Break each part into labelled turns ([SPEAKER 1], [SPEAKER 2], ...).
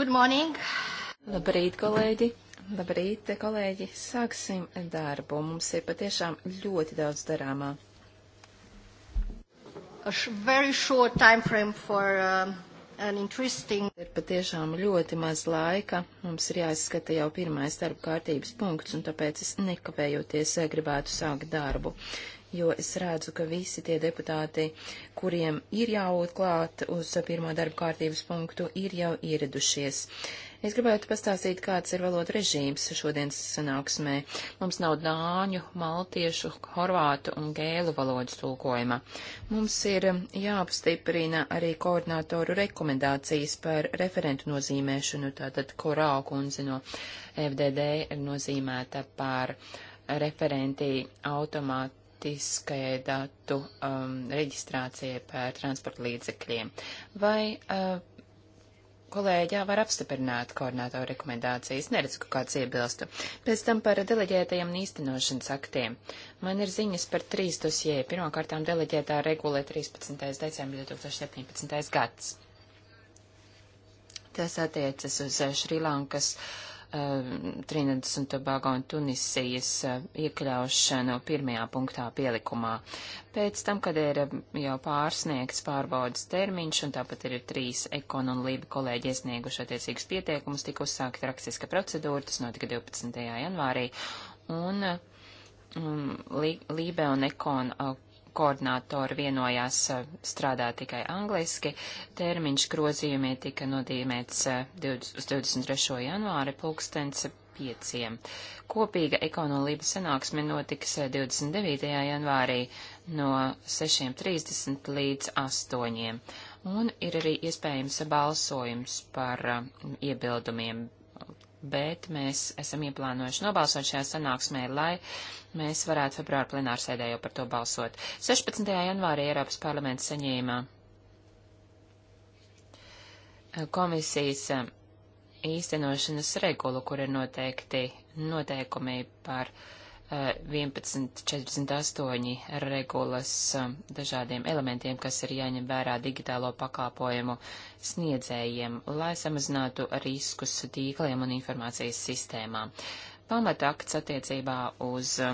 [SPEAKER 1] Good morning!
[SPEAKER 2] Labrīt, kolēģi! Labrīt, kolēģi! Sāksim darbu. Mums ir patiešām ļoti daudz darāmā. A very short time frame for um, an interesting. Ir patiešām ļoti maz laika. Mums ir jāizskata jau pirmais darba kārtības punkts, un tāpēc es nekavējoties eh, gribētu sākt darbu jo es redzu, ka visi tie deputāti, kuriem ir jābūt klāt uz pirmā darba kārtības punktu, ir jau ieradušies. Es gribētu pastāstīt, kāds ir valodu režīms šodienas sanāksmē. Mums nav dāņu, maltiešu, horvātu un gēlu valodas tulkojuma. Mums ir jāapstiprina arī koordinātoru rekomendācijas par referentu nozīmēšanu, tātad korālu kundze no FDD ir nozīmēta par referentī automātu automātiskai datu um, reģistrācijai par transporta līdzekļiem. Vai uh, kolēģi var apstiprināt koordinātoru rekomendācijas? Neredzu, ka kāds iebilstu. Pēc tam par deleģētajiem un īstenošanas aktiem. Man ir ziņas par trīs dosjē. Pirmkārtām deleģētā regulē 13. decembra 2017. gads. Tas attiecas uz Šrilankas. Uh, Um, Trinadas un Tobago un Tunisijas uh, iekļaušanu pirmajā punktā pielikumā. Pēc tam, kad ir um, jau pārsniegts pārbaudas termiņš, un tāpat ir trīs ekon un lība kolēģi iesnieguši attiecīgus pieteikumus, tika uzsākta rakstiska procedūra, tas notika 12. janvārī, un um, Lībe un ekon uh, koordinātori vienojās eh, strādāt tikai angliski. Termiņš grozījumie tika nodīmēts 20, eh, uz 23. janvāri pulkstens pieciem. Kopīga ekonomība sanāksme notiks 29. Eh, janvārī no 6.30 līdz 8. Un ir arī iespējams balsojums par iebildumiem bet mēs esam ieplānojuši nobalsot šajā sanāksmē, lai mēs varētu februāra plenārsēdē jau par to balsot. 16. janvārī Eiropas parlaments saņēma eh, komisijas eh, īstenošanas regulu, kur ir noteikti noteikumi par uh, 11.48 regulas um, dažādiem elementiem, kas ir jāņem vērā digitālo pakāpojumu sniedzējiem, lai samazinātu riskus tīkliem un informācijas sistēmām. Pamatakts attiecībā uz uh,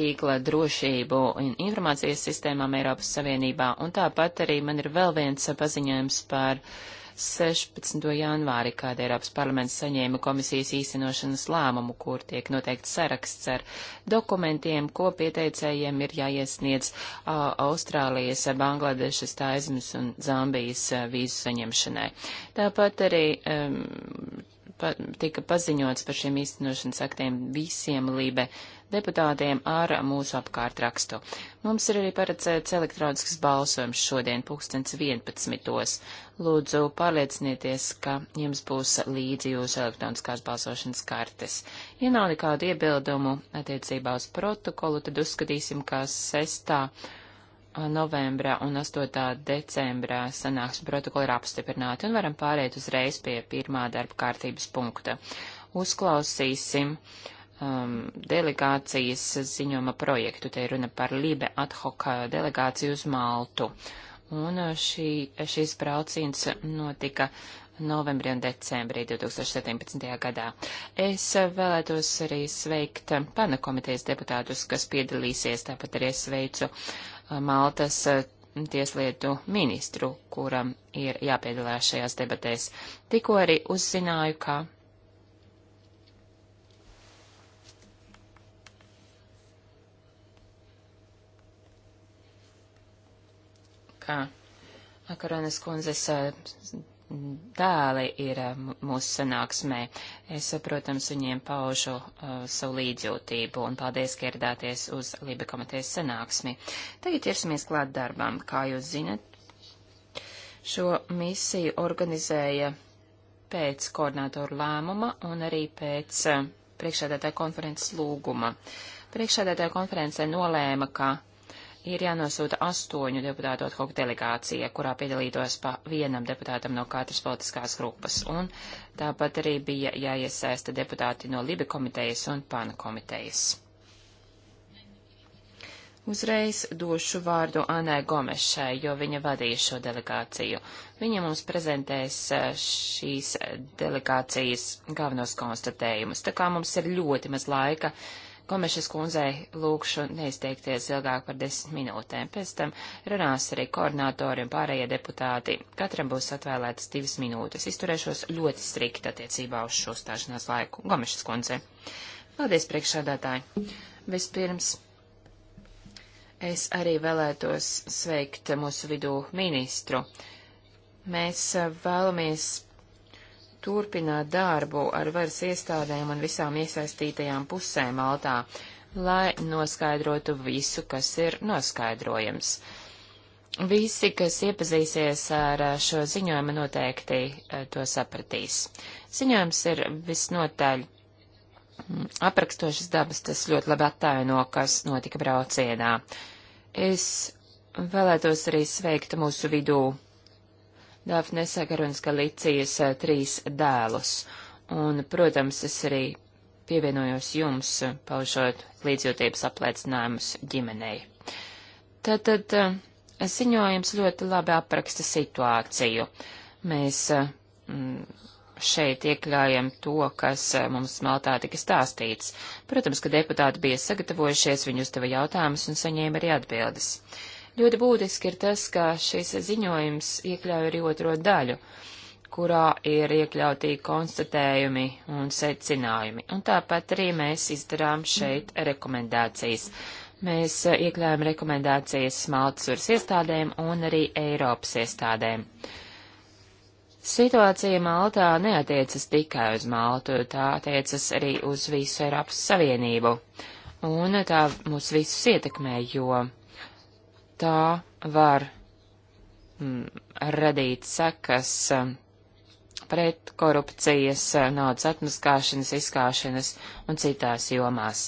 [SPEAKER 2] tīkla drošību un informācijas sistēmām Eiropas Savienībā, un tāpat arī man ir vēl viens paziņojums par uh, 16. janvāri, kad Eiropas parlaments saņēma komisijas īstenošanas lēmumu, kur tiek noteikts saraksts ar dokumentiem, ko pieteicējiem ir jāiesniedz uh, Austrālijas, Bangladešas, Taizmas un Zambijas uh, vīzu saņemšanai. Tāpat arī um, pa, tika paziņots par šiem īstenošanas aktiem visiem lībe deputātiem ar mūsu apkārtrakstu. Mums ir arī paredzēts elektronisks balsojums šodien, pulkstens 11. Lūdzu, pārliecinieties, ka jums būs līdzi jūsu elektroniskās balsošanas kartes. Ja nav nekādu iebildumu attiecībā uz protokolu, tad uzskatīsim, ka 6 novembrā un 8. decembrā sanāksmes protokoli ir apstiprināti un varam pāriet uzreiz pie pirmā darba kārtības punkta. Uzklausīsim um, delegācijas ziņojuma projektu. Te ir runa par Libe ad hoc delegāciju uz Maltu. Un uh, šī, šis brauciens notika novembrī un decembrī 2017. gadā. Es uh, vēlētos arī sveikt pana komitejas deputātus, kas piedalīsies, tāpat arī es sveicu uh, Maltas tieslietu ministru, kuram ir jāpiedalās šajās debatēs. Tikko arī uzzināju, ka ka Akaronas kundzes eh, dēli ir eh, mūsu sanāksmē. Es, eh, protams, viņiem paužu uh, savu līdzjūtību un paldies, ka ieradāties uz Lība komitejas sanāksmi. Tagad ķersimies klāt darbām. Kā jūs zinat, šo misiju organizēja pēc koordinātoru lēmuma un arī pēc uh, priekšādātāja konferences lūguma. Priekšādātāja konference nolēma, ka ir jānosūta astoņu deputātu ad hoc delegācija, kurā piedalītos pa vienam deputātam no katras politiskās grupas, un tāpat arī bija jāiesaista deputāti no Libi komitejas un Pana komitejas. Uzreiz došu vārdu Anai Gomešai, jo viņa vadīja šo delegāciju. Viņa mums prezentēs eh, šīs delegācijas galvenos konstatējumus, tā kā mums ir ļoti maz laika. Uh, Komešas kundzei lūkšu neizteikties ilgāk par desmit minūtēm. Pēc tam runās arī koordinātori un pārējie deputāti. Katram būs atvēlētas divas minūtes. Izturēšos ļoti strikti attiecībā uz šo stāšanās laiku. Komešas kundzei. Paldies, priekšsādātāji! Vispirms es arī vēlētos sveikt mūsu vidū ministru. Mēs eh, vēlamies turpināt darbu ar varas iestādēm un visām iesaistītajām pusēm Maltā, lai noskaidrotu visu, kas ir noskaidrojams. Visi, kas iepazīsies ar eh, šo ziņojumu, noteikti eh, to sapratīs. Ziņojums ir visnotaļ mm, aprakstošas dabas, tas ļoti labi attaino, kas notika braucienā. Es vēlētos arī sveikt mūsu vidū Dāfnes Agarunas Galicijas eh, trīs dēlus. Un, protams, es arī pievienojos jums, eh, paužot līdzjūtības apliecinājumus ģimenei. Tātad eh, ziņojums ļoti labi apraksta situāciju. Mēs šeit iekļājam to, kas mums smeltā tika stāstīts. Protams, ka deputāti bija sagatavojušies, viņi uzdeva jautājumus un saņēma arī atbildes. Ļoti būtiski ir tas, ka šis ziņojums iekļauj arī otro daļu, kurā ir iekļautī konstatējumi un secinājumi, un tāpat arī mēs izdarām šeit rekomendācijas. Mēs iekļaujam rekomendācijas Maltsurs iestādēm un arī Eiropas iestādēm. Situācija Maltā neatiecas tikai uz Maltu, tā attiecas arī uz visu Eiropas Savienību. Un tā mūs visus ietekmē, jo tā var mm, radīt sekas mm, pret korupcijas, mm, naudas atmaskāšanas, izkāšanas un citās jomās.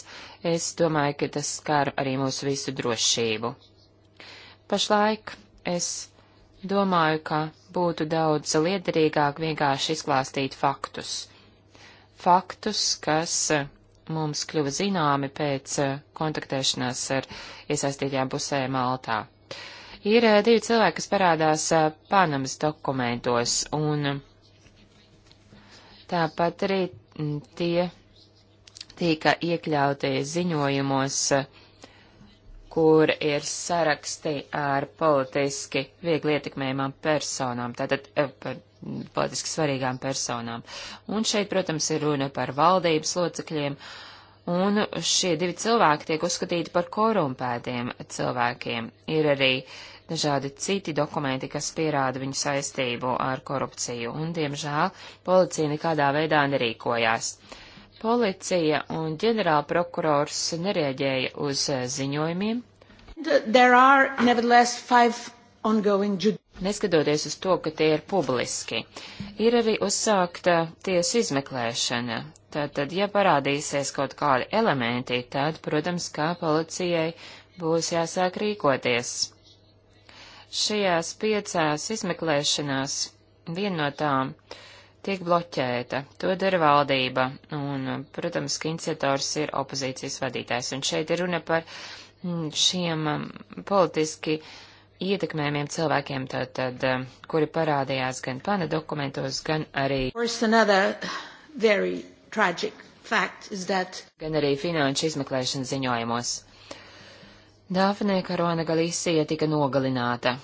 [SPEAKER 2] Es domāju, ka tas skar arī mūsu visu drošību. Pašlaik es domāju, ka būtu daudz liederīgāk vienkārši izklāstīt faktus. Faktus, kas mm, mums kļuva zināmi pēc eh, kontaktēšanās ar iesaistītajām pusēm Maltā. Ir eh, divi cilvēki, kas parādās eh, Panamas dokumentos, un tāpat arī mm, tie tika iekļauti ziņojumos, kur ir saraksti ar politiski viegli ietekmējumām personām, tātad par politiski svarīgām personām. Un šeit, protams, ir runa par valdības locekļiem, un šie divi cilvēki tiek uzskatīti par korumpētiem cilvēkiem. Ir arī dažādi citi dokumenti, kas pierāda viņu saistību ar korupciju, un, diemžēl, policija nekādā veidā nerīkojās. Policija un ģenerālprokurors nereaģēja uz eh, ziņojumiem. There are nevertheless five ongoing neskatoties uz to, ka tie ir publiski. Ir arī uzsākta tiesu izmeklēšana. Tātad, ja parādīsies kaut kādi elementi, tad, protams, kā policijai būs jāsāk rīkoties. Šajās piecās izmeklēšanās viena no tām tiek bloķēta. To dara valdība, un, protams, ka iniciators ir opozīcijas vadītājs. Un šeit ir runa par mm, šiem mm, politiski uh, ietekmējumiem cilvēkiem, tātad, eh, kuri parādījās gan pana dokumentos, gan arī. That... Gan arī finanšu izmeklēšanas ziņojumos. Dāfinē Karona Galisija tika nogalināta.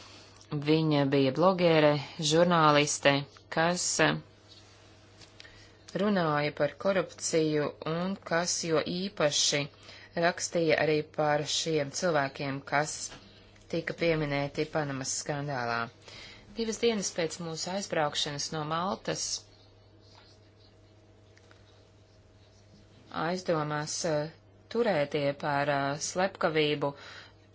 [SPEAKER 2] Viņa bija blogere, žurnāliste, kas eh, runāja par korupciju un kas jo īpaši rakstīja arī par šiem cilvēkiem, kas tika pieminēti Panamas skandālā. Divas dienas pēc mūsu aizbraukšanas no Maltas aizdomās eh, turētie par eh, slepkavību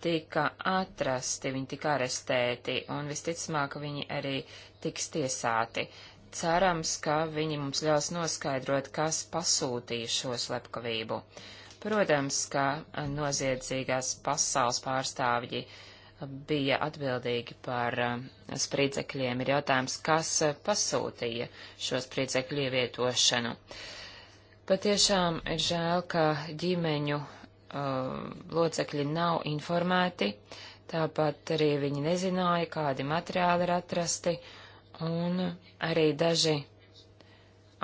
[SPEAKER 2] tika atrasti, viņi tika arestēti, un visticamāk viņi arī tiks tiesāti. Cerams, ka viņi mums ļaus noskaidrot, kas pasūtīja šo slepkavību. Protams, ka eh, noziedzīgās pasaules pārstāvji bija atbildīgi par eh, spridzekļiem, ir jautājums, kas eh, pasūtīja šo spridzekļu ievietošanu. Patiešām ir žēl, ka ģimeņu uh, locekļi nav informēti, tāpat arī viņi nezināja, kādi materiāli ir atrasti, un arī daži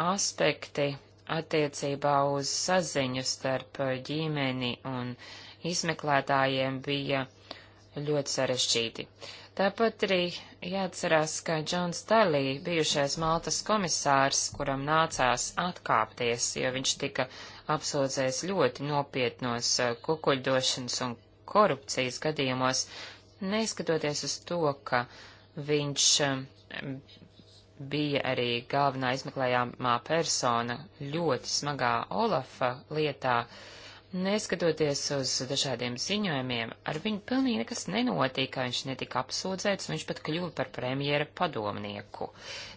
[SPEAKER 2] aspekti attiecībā uz saziņu starp ģimeni un izmeklētājiem bija ļoti sarežģīti. Tāpat arī jāatcerās, ka Džons Dalī, bijušais Maltas komisārs, kuram nācās atkāpties, jo viņš tika apsūdzēts ļoti nopietnos eh, kukuļdošanas un korupcijas gadījumos, neskatoties uz to, ka viņš eh, bija arī galvenā izmeklējāmā persona ļoti smagā Olafa lietā, uh, Neskatoties uz dažādiem ziņojumiem, ar viņu pilnīgi nekas nenotika, viņš netika apsūdzēts, viņš pat kļuva par premjera padomnieku.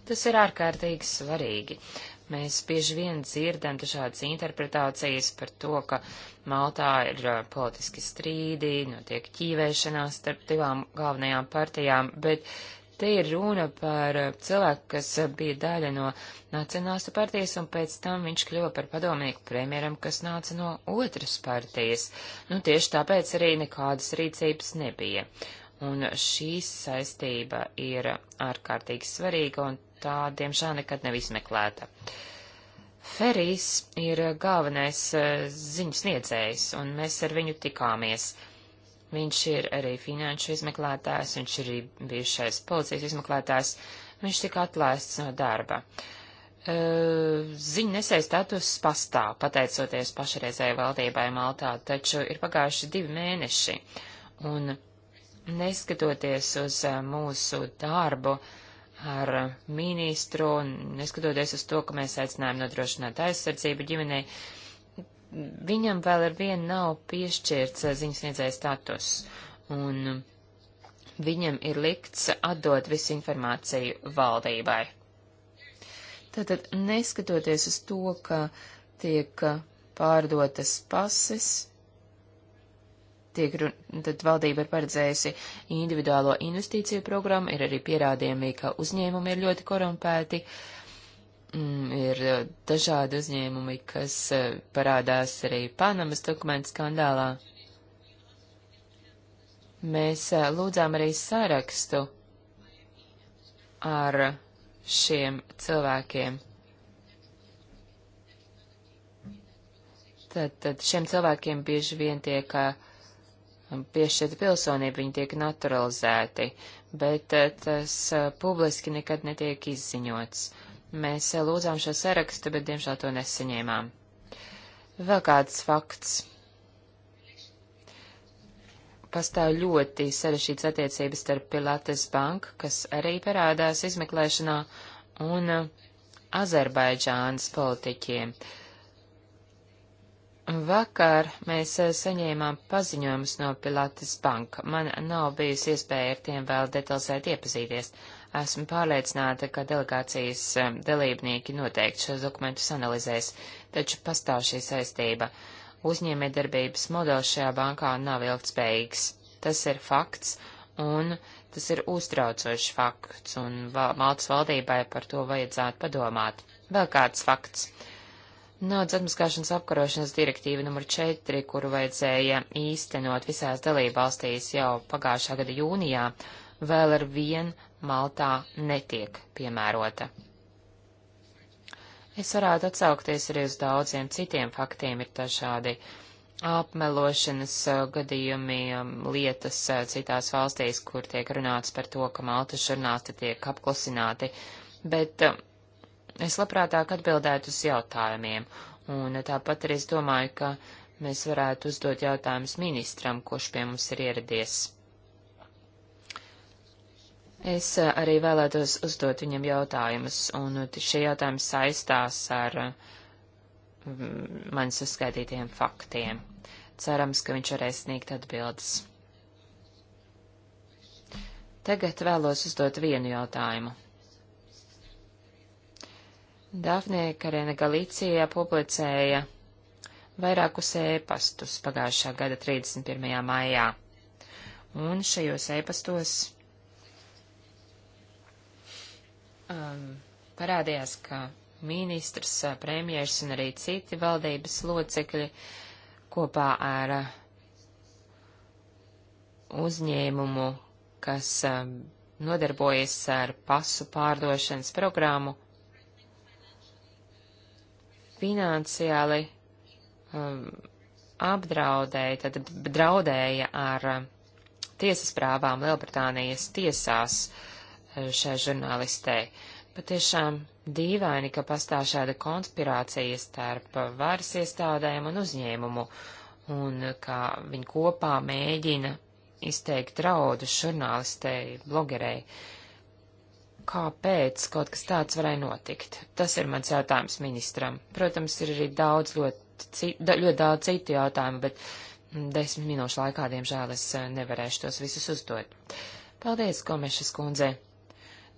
[SPEAKER 2] Tas ir ārkārtīgi svarīgi. Mēs bieži vien dzirdam dažādas interpretācijas par to, ka Maltā ir uh, politiski strīdi, notiek ķīvēšanās starp divām galvenajām partijām, bet Te ir runa par eh, cilvēku, kas eh, bija daļa no Nacionālistu partijas, un pēc tam viņš kļuva par padomnieku premjeram, kas nāca no otras partijas. Nu, tieši tāpēc arī nekādas rīcības nebija. Un šī saistība ir ārkārtīgi svarīga, un tā, diemžēl, nekad nav izmeklēta. Ferijs ir galvenais eh, ziņas niedzējs, un mēs ar viņu tikāmies. Viņš ir arī finanšu izmeklētājs, viņš ir arī bijušais policijas izmeklētājs. Viņš tika atlaists no darba. E, ziņa nesēja status pastāv, pateicoties pašreizējai valdībai Maltā, taču ir pagājuši divi mēneši, un neskatoties uz e, mūsu darbu ar ministru, un neskatoties uz to, ka mēs aicinājām nodrošināt aizsardzību ģimenei, uh, viņam vēl ar vienu nav piešķirts eh, ziņasniedzēja status, un viņam ir likts atdot visu informāciju valdībai. Tātad, neskatoties uz to, ka tiek pārdotas pases, tiek, tad valdība ir paredzējusi individuālo investīciju programmu, ir arī pierādījumi, ka uzņēmumi ir ļoti korumpēti, uh, mm, ir eh, dažādi uzņēmumi, kas eh, parādās arī Panamas dokumentu skandālā. Mēs eh, lūdzām arī sarakstu ar šiem cilvēkiem. Tad, tad šiem cilvēkiem bieži vien tiek piešķirta pilsonība, viņi tiek naturalizēti, bet tas publiski nekad netiek izziņots. Mēs eh, lūdzām šo sarakstu, bet diemžēl to nesaņēmām. Vēl kāds fakts. Pastāv ļoti sarešķīts attiecības starp Pilates banku, kas arī parādās izmeklēšanā, un eh, Azerbaidžānas politiķiem. Vakar mēs eh, saņēmām paziņojumus no Pilates banka. Man nav bijusi iespēja ar tiem vēl detalizēt iepazīties. Esmu pārliecināta, ka delegācijas eh, dalībnieki noteikti šos dokumentus analizēs, taču pastāv šī saistība. Uzņēmējdarbības modelis šajā bankā nav ilgtspējīgs. Tas ir fakts, un tas ir uztraucošs fakts, un val Maltas valdībai par to vajadzētu padomāt. Vēl kāds fakts. Naudas atmaskāšanas apkarošanas direktīva numur 4, kuru vajadzēja īstenot visās dalībvalstīs jau pagājušā gada jūnijā, vēl ar vienu Maltā netiek piemērota. Es varētu atsaukties arī uz daudziem citiem faktiem, ir dažādi apmelošanas gadījumi, lietas citās valstīs, kur tiek runāts par to, ka malta žurnālisti tiek apklusināti, bet es labprātāk atbildētu uz jautājumiem, un tāpat arī es domāju, ka mēs varētu uzdot jautājumus ministram, kurš pie mums ir ieradies. Es eh, arī vēlētos uzdot viņam jautājumus, un eh, šie jautājumi saistās ar eh, man saskaitītiem faktiem. Cerams, ka viņš varēs sniegt atbildes. Tagad vēlos uzdot vienu jautājumu. Dāfnē Karēna Galīcija publicēja vairākus ēpastus pagājušā gada 31. maijā, un šajos ēpastos um, parādījās, ka ministrs, eh, premjers un arī citi valdības locekļi kopā ar eh, uzņēmumu, kas ehm, nodarbojas ar pasu pārdošanas programmu, finansiāli um, apdraudēja, tad draudēja ar eh, tiesas prāvām Lielbritānijas tiesās. Uh, Eh, šai žurnālistei. Patiešām dīvaini, ka pastāv šāda konspirācija starp varas iestādēm un uzņēmumu, un kā viņi kopā mēģina izteikt draudu žurnālistei, blogerei. Kāpēc kaut kas tāds varēja notikt? Tas ir mans jautājums ministram. Protams, ir arī daudz ļoti, cit, da, ļoti daudz citu jautājumu, bet mm, desmit minūšu laikā, diemžēl, es eh, nevarēšu tos visus uzdot. Paldies, Komešas kundze!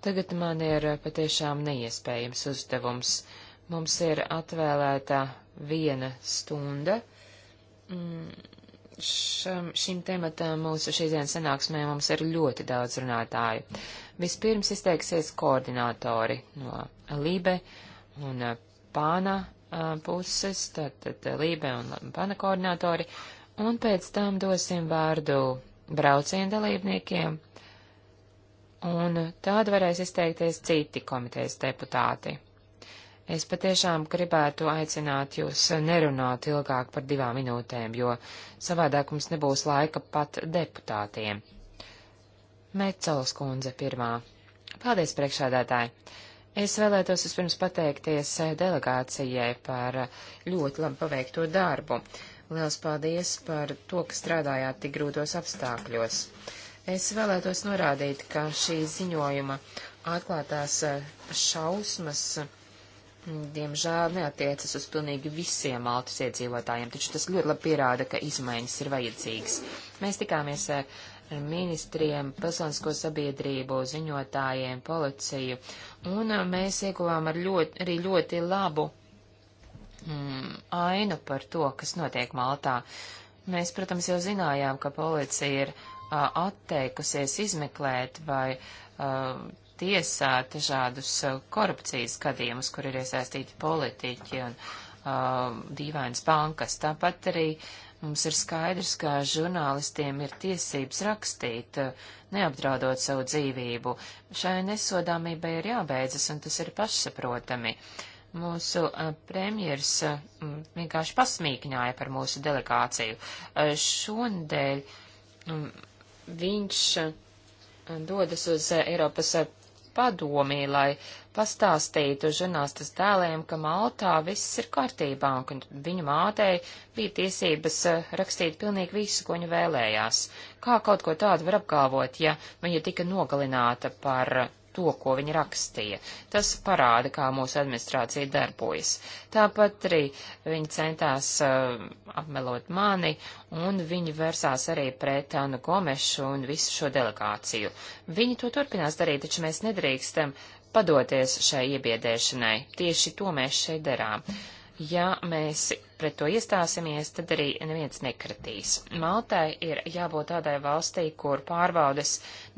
[SPEAKER 2] Tagad man ir eh, patiešām neiespējams uzdevums. Mums ir atvēlēta viena stunda. Mm, šam, šim tematam mūsu šīsdienas sanāksmē mums ir ļoti daudz runātāju. Vispirms izteiksies koordinātori no Lībe un eh, Pāna eh, puses, tātad Lībe un Pāna koordinātori, un pēc tam dosim vārdu braucienu dalībniekiem, un tad varēs izteikties citi komitejas deputāti. Es patiešām gribētu aicināt jūs nerunāt ilgāk par divām minūtēm, jo savādāk mums nebūs laika pat deputātiem. Mecalas kundze pirmā. Paldies, priekšādātāji! Es vēlētos vispirms pateikties delegācijai par ļoti labi paveikto darbu. Liels paldies par to, ka strādājāt tik grūtos apstākļos. Uh, Es vēlētos norādīt, ka šī ziņojuma atklātās eh, šausmas, mm, diemžēl, neatiecas uz pilnīgi visiem Maltas iedzīvotājiem, taču tas ļoti labi pierāda, ka izmaiņas ir vajadzīgas. Mēs tikāmies eh, ar ministriem, pilsonisko sabiedrību, ziņotājiem, policiju, un eh, mēs ieguvām ar ļoti, arī ļoti labu mm, ainu par to, kas notiek Maltā. Mēs, protams, jau zinājām, ka policija ir atteikusies izmeklēt vai tiesāt dažādus korupcijas gadījumus, kur ir iesaistīti politiķi un dīvainas bankas. Tāpat arī mums ir skaidrs, ka žurnālistiem ir tiesības rakstīt, neapdraudot savu dzīvību. Šai nesodāmībai ir jābeidzas, un tas ir pašsaprotami. Mūsu premjers vienkārši pasmīkņāja par mūsu delegāciju. Šonadēļ viņš eh, dodas uz eh, Eiropas eh, padomī, lai pastāstītu žurnālistas tēliem, ka Maltā viss ir kārtībā un ka viņu mātei bija tiesības rakstīt pilnīgi visu, ko viņa vēlējās. Kā kaut ko tādu var apgalvot, ja viņa tika nogalināta par to, ko viņi rakstīja. Tas parāda, kā mūsu administrācija darbojas. Tāpat arī viņi centās uh, apmelot mani, un viņi vērsās arī pret Anu Gomešu un visu šo delegāciju. Viņi to turpinās darīt, taču mēs nedrīkstam padoties šai iebiedēšanai. Tieši to mēs šeit darām. Uh, Ja mēs pret to iestāsimies, tad arī neviens nekritīs. Maltai ir jābūt tādai valstī, kur pārbaudas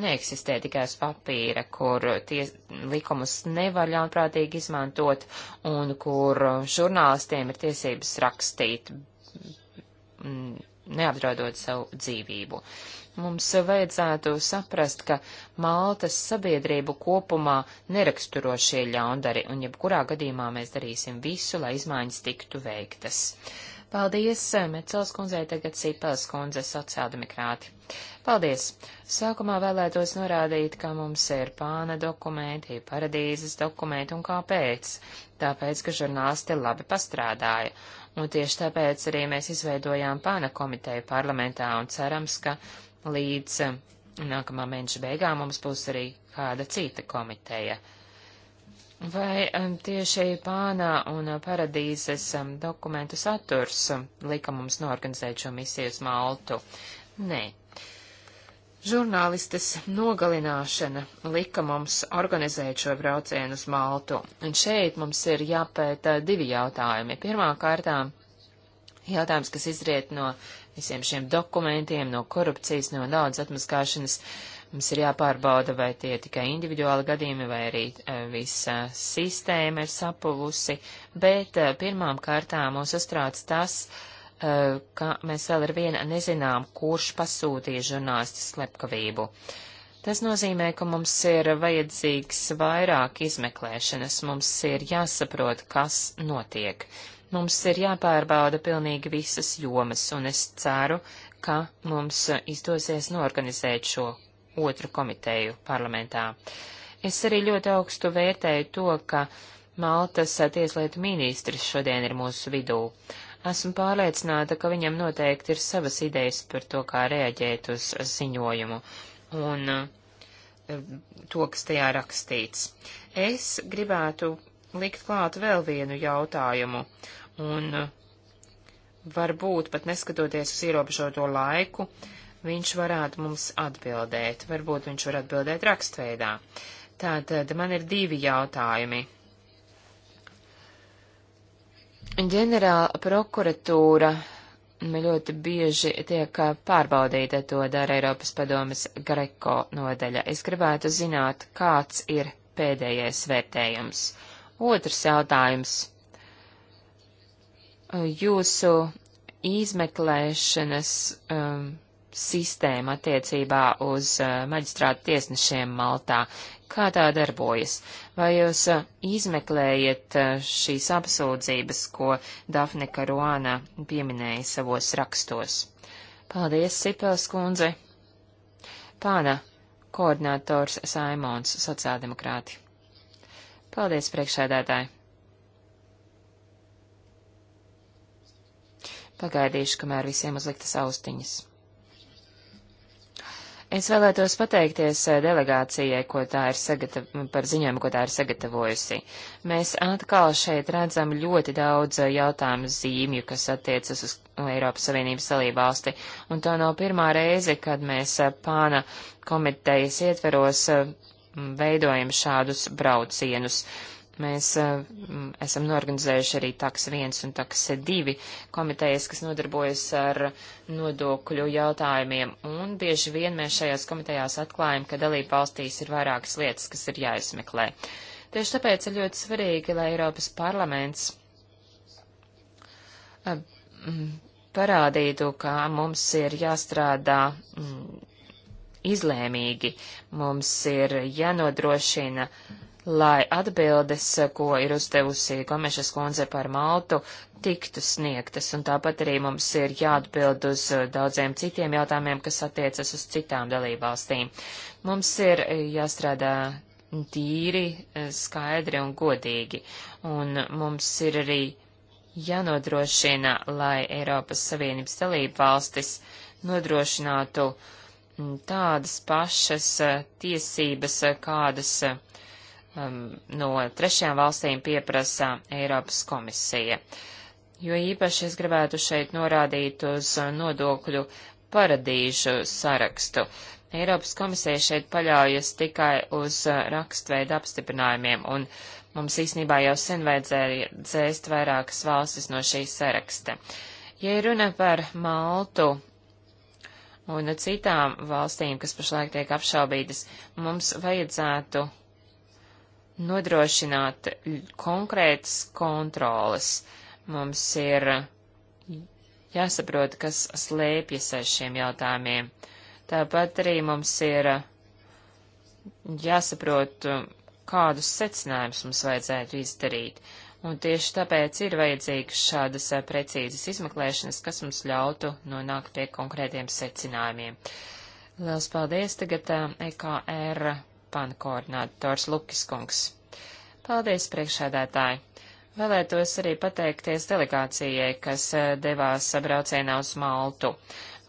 [SPEAKER 2] neeksistē tikai uz papīra, kur ties, likumus nevar ļaunprātīgi izmantot un kur žurnālistiem ir tiesības rakstīt, mm, neapdraudot savu dzīvību. Mums vajadzētu saprast, ka Maltas sabiedrību kopumā neraksturo šie ļaundari, un jebkurā gadījumā mēs darīsim visu, lai izmaiņas tiktu veiktas. Paldies, Mecels kundzei, tagad Sīpels kundze, sociāldemokrāti. Paldies! Sākumā vēlētos norādīt, ka mums ir pāna dokumenti, paradīzes dokumenti un kāpēc. Tāpēc, ka žurnālisti labi pastrādāja. Un tieši tāpēc arī mēs izveidojām pāna komiteju parlamentā un cerams, ka līdz eh, nākamā mēneša beigām mums būs arī kāda cita komiteja. Vai eh, tieši pānā un eh, paradīzes dokumentu saturs lika mums norganizēt šo misiju uz Maltu? Nē. Žurnālistes nogalināšana lika mums organizēt šo braucienu uz Maltu, un šeit mums ir jāpēta divi jautājumi. Pirmā kārtā jautājums, kas izriet no visiem šiem dokumentiem, no korupcijas, no naudas atmaskāšanas. Mums ir jāpārbauda, vai tie tikai individuāli gadījumi, vai arī eh, visa sistēma ir sapuvusi, bet eh, pirmām kārtām mūs uztrauc tas, eh, ka mēs vēl ar vienu nezinām, kurš pasūtīja žurnālistu slepkavību. Tas nozīmē, ka mums ir vajadzīgs vairāk izmeklēšanas, mums ir jāsaprot, kas notiek. Uh, Mums ir jāpārbauda pilnīgi visas jomas, un es ceru, ka mums izdosies norganizēt šo otru komiteju parlamentā. Es arī ļoti augstu vērtēju to, ka Maltas tieslietu ministrs šodien ir mūsu vidū. Esmu pārliecināta, ka viņam noteikti ir savas idejas par to, kā reaģēt uz ziņojumu un eh, to, kas tajā rakstīts. Es gribētu likt klāt vēl vienu jautājumu, un uh, varbūt pat neskatoties uz ierobežoto laiku, viņš varētu mums atbildēt. Varbūt viņš var atbildēt rakstveidā. Tātad man ir divi jautājumi. Ģenerāla prokuratūra nu, ļoti bieži tiek uh, pārbaudīta, to dara Eiropas padomas Greko nodaļa. Es gribētu zināt, kāds ir pēdējais vērtējums. Otrs jautājums jūsu izmeklēšanas um, sistēma attiecībā uz uh, maģistrātu tiesnešiem Maltā? Kā tā darbojas? Vai jūs uh, izmeklējat uh, šīs apsūdzības, ko Dafne Karuāna pieminēja savos rakstos? Paldies, Sipels kundze! Pāna, koordinators Saimons, sociāldemokrāti. Paldies, priekšsēdētāji! Pagaidīšu, kamēr visiem uzliktas austiņas. Es vēlētos pateikties eh, delegācijai, ko tā ir sagatav... par ziņojumu, ko tā ir sagatavojusi. Mēs atkal šeit redzam ļoti daudz eh, jautājumu zīmju, kas attiecas uz Eiropas Savienības dalību valsti, un to nav pirmā reize, kad mēs eh, pāna komitejas ietveros veidojam šādus braucienus. Uh, Mēs uh, esam norganizējuši arī taks 1 un taks 2 komitejas, kas nodarbojas ar nodokļu jautājumiem, un bieži vien mēs šajās komitejās atklājam, ka dalība valstīs ir vairākas lietas, kas ir jāizmeklē. Tieši tāpēc ir ļoti svarīgi, lai Eiropas parlaments uh, parādītu, ka mums ir jāstrādā mm, izlēmīgi, mums ir jānodrošina. Mm lai atbildes, ko ir uzdevusi Gomešas kundze par Maltu, tiktu sniegtas, un tāpat arī mums ir jāatbild uz eh, daudziem citiem jautājumiem, kas attiecas uz citām dalībvalstīm. Mums ir eh, jāstrādā tīri, eh, skaidri un godīgi, un mums ir arī jānodrošina, lai Eiropas Savienības dalība valstis nodrošinātu tādas pašas tiesības, kādas um, no trešajām valstīm pieprasa Eiropas komisija. Jo īpaši es gribētu šeit norādīt uz nodokļu paradīžu sarakstu. Eiropas komisija šeit paļaujas tikai uz uh, rakstveida apstiprinājumiem, un mums īsnībā jau sen vajadzēja dzēst vairākas valstis no šīs saraksta. Ja runa par Maltu un citām valstīm, kas pašlaik tiek apšaubītas, mums vajadzētu nodrošināt konkrētas kontroles. Mums ir jāsaprot, kas slēpjas aiz šiem jautājumiem. Tāpat arī mums ir jāsaprot, kādus secinājumus mums vajadzētu izdarīt. Un tieši tāpēc ir vajadzīgas šādas eh, precīzas izmeklēšanas, kas mums ļautu nonākt pie konkrētiem secinājumiem. Liels paldies tagad EKR eh, e pana koordinātors Lukiskungs. Paldies, priekšēdētāji! Vēlētos arī pateikties delegācijai, kas eh, devās braucienā uz Maltu.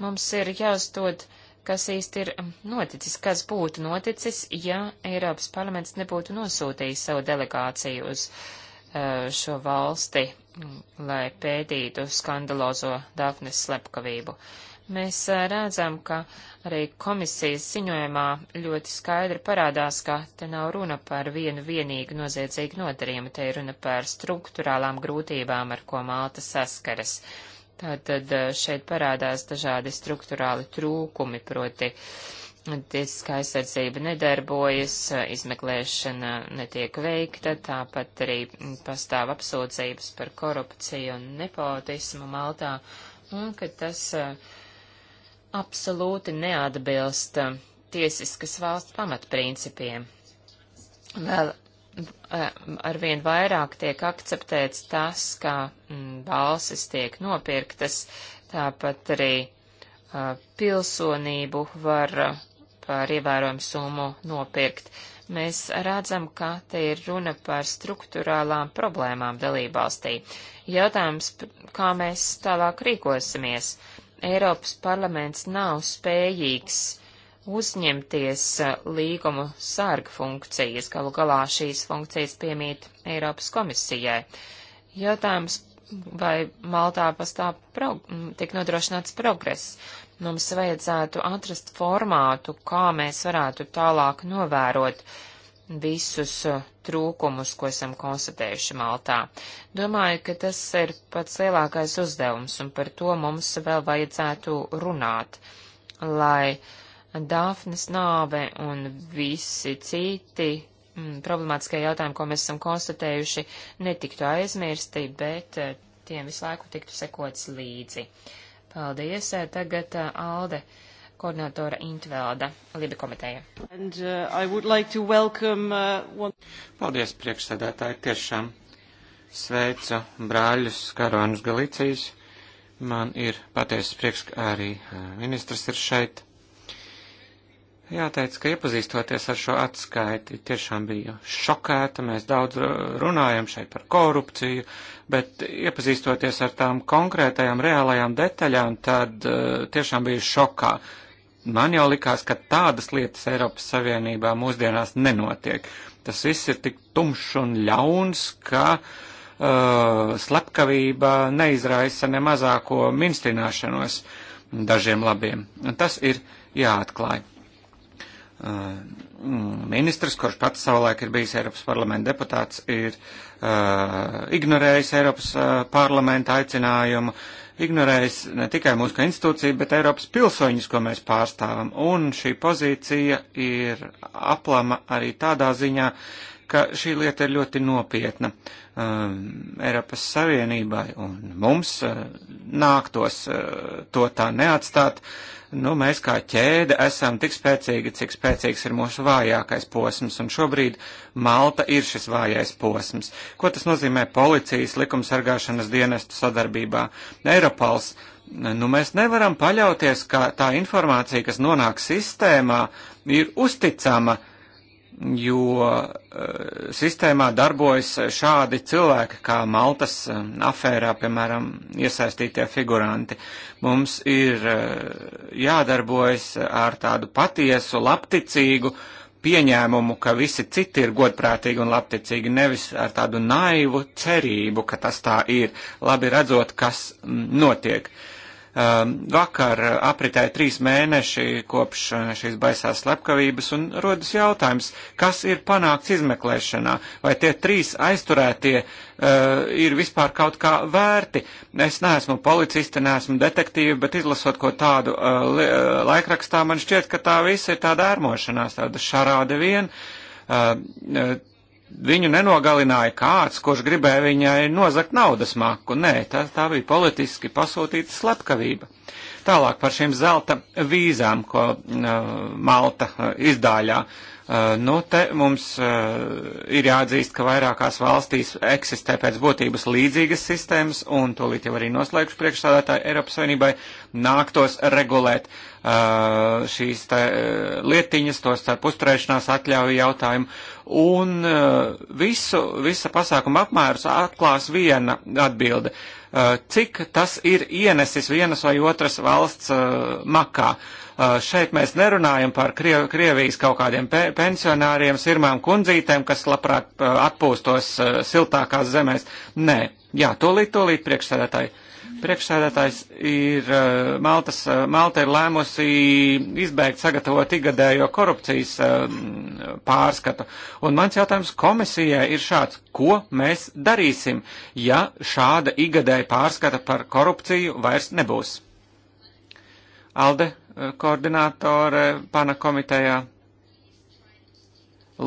[SPEAKER 2] Mums ir jāuzdod kas īsti ir mm, noticis, kas būtu noticis, ja Eiropas parlaments nebūtu nosūtījis savu delegāciju uz eh, šo valsti, mm, lai pētītu skandalozo Dafnes slepkavību. Mēs redzam, ka arī komisijas ziņojumā ļoti skaidri parādās, ka te nav runa par vienu vienīgu noziedzīgu nodarījumu, te ir runa par struktūrālām grūtībām, ar ko Malta saskaras. Tātad šeit parādās dažādi struktūrāli trūkumi, proti tiesiskā aizsardzība nedarbojas, izmeklēšana netiek veikta, tāpat arī pastāv apsūdzības par korupciju un nepotismu Maltā, un ka tas uh, absolūti neatbilst um, tiesiskas valsts pamatprincipiem. Vēl um, arvien vairāk tiek akceptēts tas, ka mm, balsis tiek nopirktas, tāpat arī uh, pilsonību var uh, par ievērojumu summu nopirkt. Mēs redzam, ka te ir runa par struktūrālām problēmām dalībvalstī. Jautājums, kā mēs tālāk rīkosimies? Uh, Eiropas parlaments nav spējīgs uzņemties uh, līgumu sarga funkcijas, galu galā šīs funkcijas piemīt Eiropas komisijai. Jautājums, vai Maltā pastāv prog tik nodrošināts progress? Mums vajadzētu atrast formātu, kā mēs varētu tālāk novērot uh, visus uh, trūkumus, ko esam konstatējuši Maltā. Domāju, ka tas ir pats lielākais uzdevums, un par to mums vēl vajadzētu runāt, lai Dāfnes nāve un visi citi mm, problemātiskie jautājumi, ko mēs esam konstatējuši, netiktu aizmirsti, bet uh, tiem visu laiku tiktu sekots līdzi. Paldies, uh, tagad Alde koordinatora Intvelda Libi komiteja. And, uh, like welcome, uh, one...
[SPEAKER 3] Paldies, priekšsēdētāji, tiešām sveicu brāļus Karonus Galicijas. Man ir patiesas prieks, ka arī uh, ministrs ir šeit. Jāteic, ka iepazīstoties ar šo atskaiti, tiešām biju šokēta. Mēs daudz runājam šeit par korupciju, bet iepazīstoties ar tām konkrētajām reālajām detaļām, tad uh, tiešām biju šokā man jau likās, ka tādas lietas Eiropas Savienībā mūsdienās nenotiek. Tas viss ir tik tumšs un ļauns, ka uh, slepkavība neizraisa ne mazāko minstrināšanos dažiem labiem. Un tas ir jāatklāj. Uh, mm, ministrs, kurš pats savulaik ir bijis Eiropas parlamenta deputāts, ir uh, ignorējis Eiropas uh, parlamenta aicinājumu, ignorējis ne tikai mūsu kā institūciju, bet Eiropas pilsoņus, ko mēs pārstāvam. Un šī pozīcija ir aplama arī tādā ziņā, uh, ka šī lieta ir ļoti nopietna um, Eiropas Savienībai un mums uh, nāktos uh, to tā neatstāt. Nu, mēs kā ķēde esam tik spēcīgi, cik spēcīgs ir mūsu vājākais posms, un šobrīd Malta ir šis vājais posms. Ko tas nozīmē policijas likumsargāšanas dienestu sadarbībā? Eiropals, nu, mēs nevaram paļauties, ka tā informācija, kas nonāk sistēmā, ir uzticama. Uh, jo eh, sistēmā darbojas šādi cilvēki, kā Maltas eh, afērā, piemēram, iesaistītie figuranti. Mums ir eh, jādarbojas ar tādu patiesu, labticīgu pieņēmumu, ka visi citi ir godprātīgi un labticīgi, nevis ar tādu naivu cerību, ka tas tā ir, labi redzot, kas mm, notiek. Uh, Um, vakar apritēja trīs mēneši kopš uh, šīs baisās slepkavības un rodas jautājums, kas ir panākts izmeklēšanā, vai tie trīs aizturētie uh, ir vispār kaut kā vērti. Es neesmu policiste, neesmu detektīva, bet izlasot ko tādu uh, uh, laikrakstā, man šķiet, ka tā visa ir tāda ērmošanās, tāda šarāde vien. Uh, uh viņu nenogalināja kāds, kurš gribēja viņai nozakt naudas maku. Nē, tā, tā bija politiski pasūtīta slepkavība. Tālāk par šīm zelta vīzām, ko uh, Malta uh, izdāļā. Uh, nu, te mums uh, ir jāatzīst, ka vairākās valstīs eksistē pēc būtības līdzīgas sistēmas, un tūlīt jau arī noslēgšu priekšstādātāju Eiropas Savienībai nāktos regulēt uh, šīs te, uh, lietiņas, tos starp uzturēšanās atļauju jautājumu. Uh, un eh, visu, visa pasākuma apmērus atklās viena atbilde. Eh, cik tas ir ienesis vienas vai otras valsts eh, makā? Šeit mēs nerunājam par Krievijas kaut kādiem pe pensionāriem, sirmām kundzītēm, kas labprāt atpūstos siltākās zemēs. Nē, jā, tolīt, tolīt priekšsēdētāji. Priekšsēdētājs ir, eh, Maltas, eh, Malta ir lēmusi izbeigt sagatavot igadējo korupcijas eh, pārskatu. Un mans jautājums komisijai ir šāds, ko mēs darīsim, ja šāda igadēja pārskata par korupciju vairs nebūs? Alde, koordinātore pana komitejā.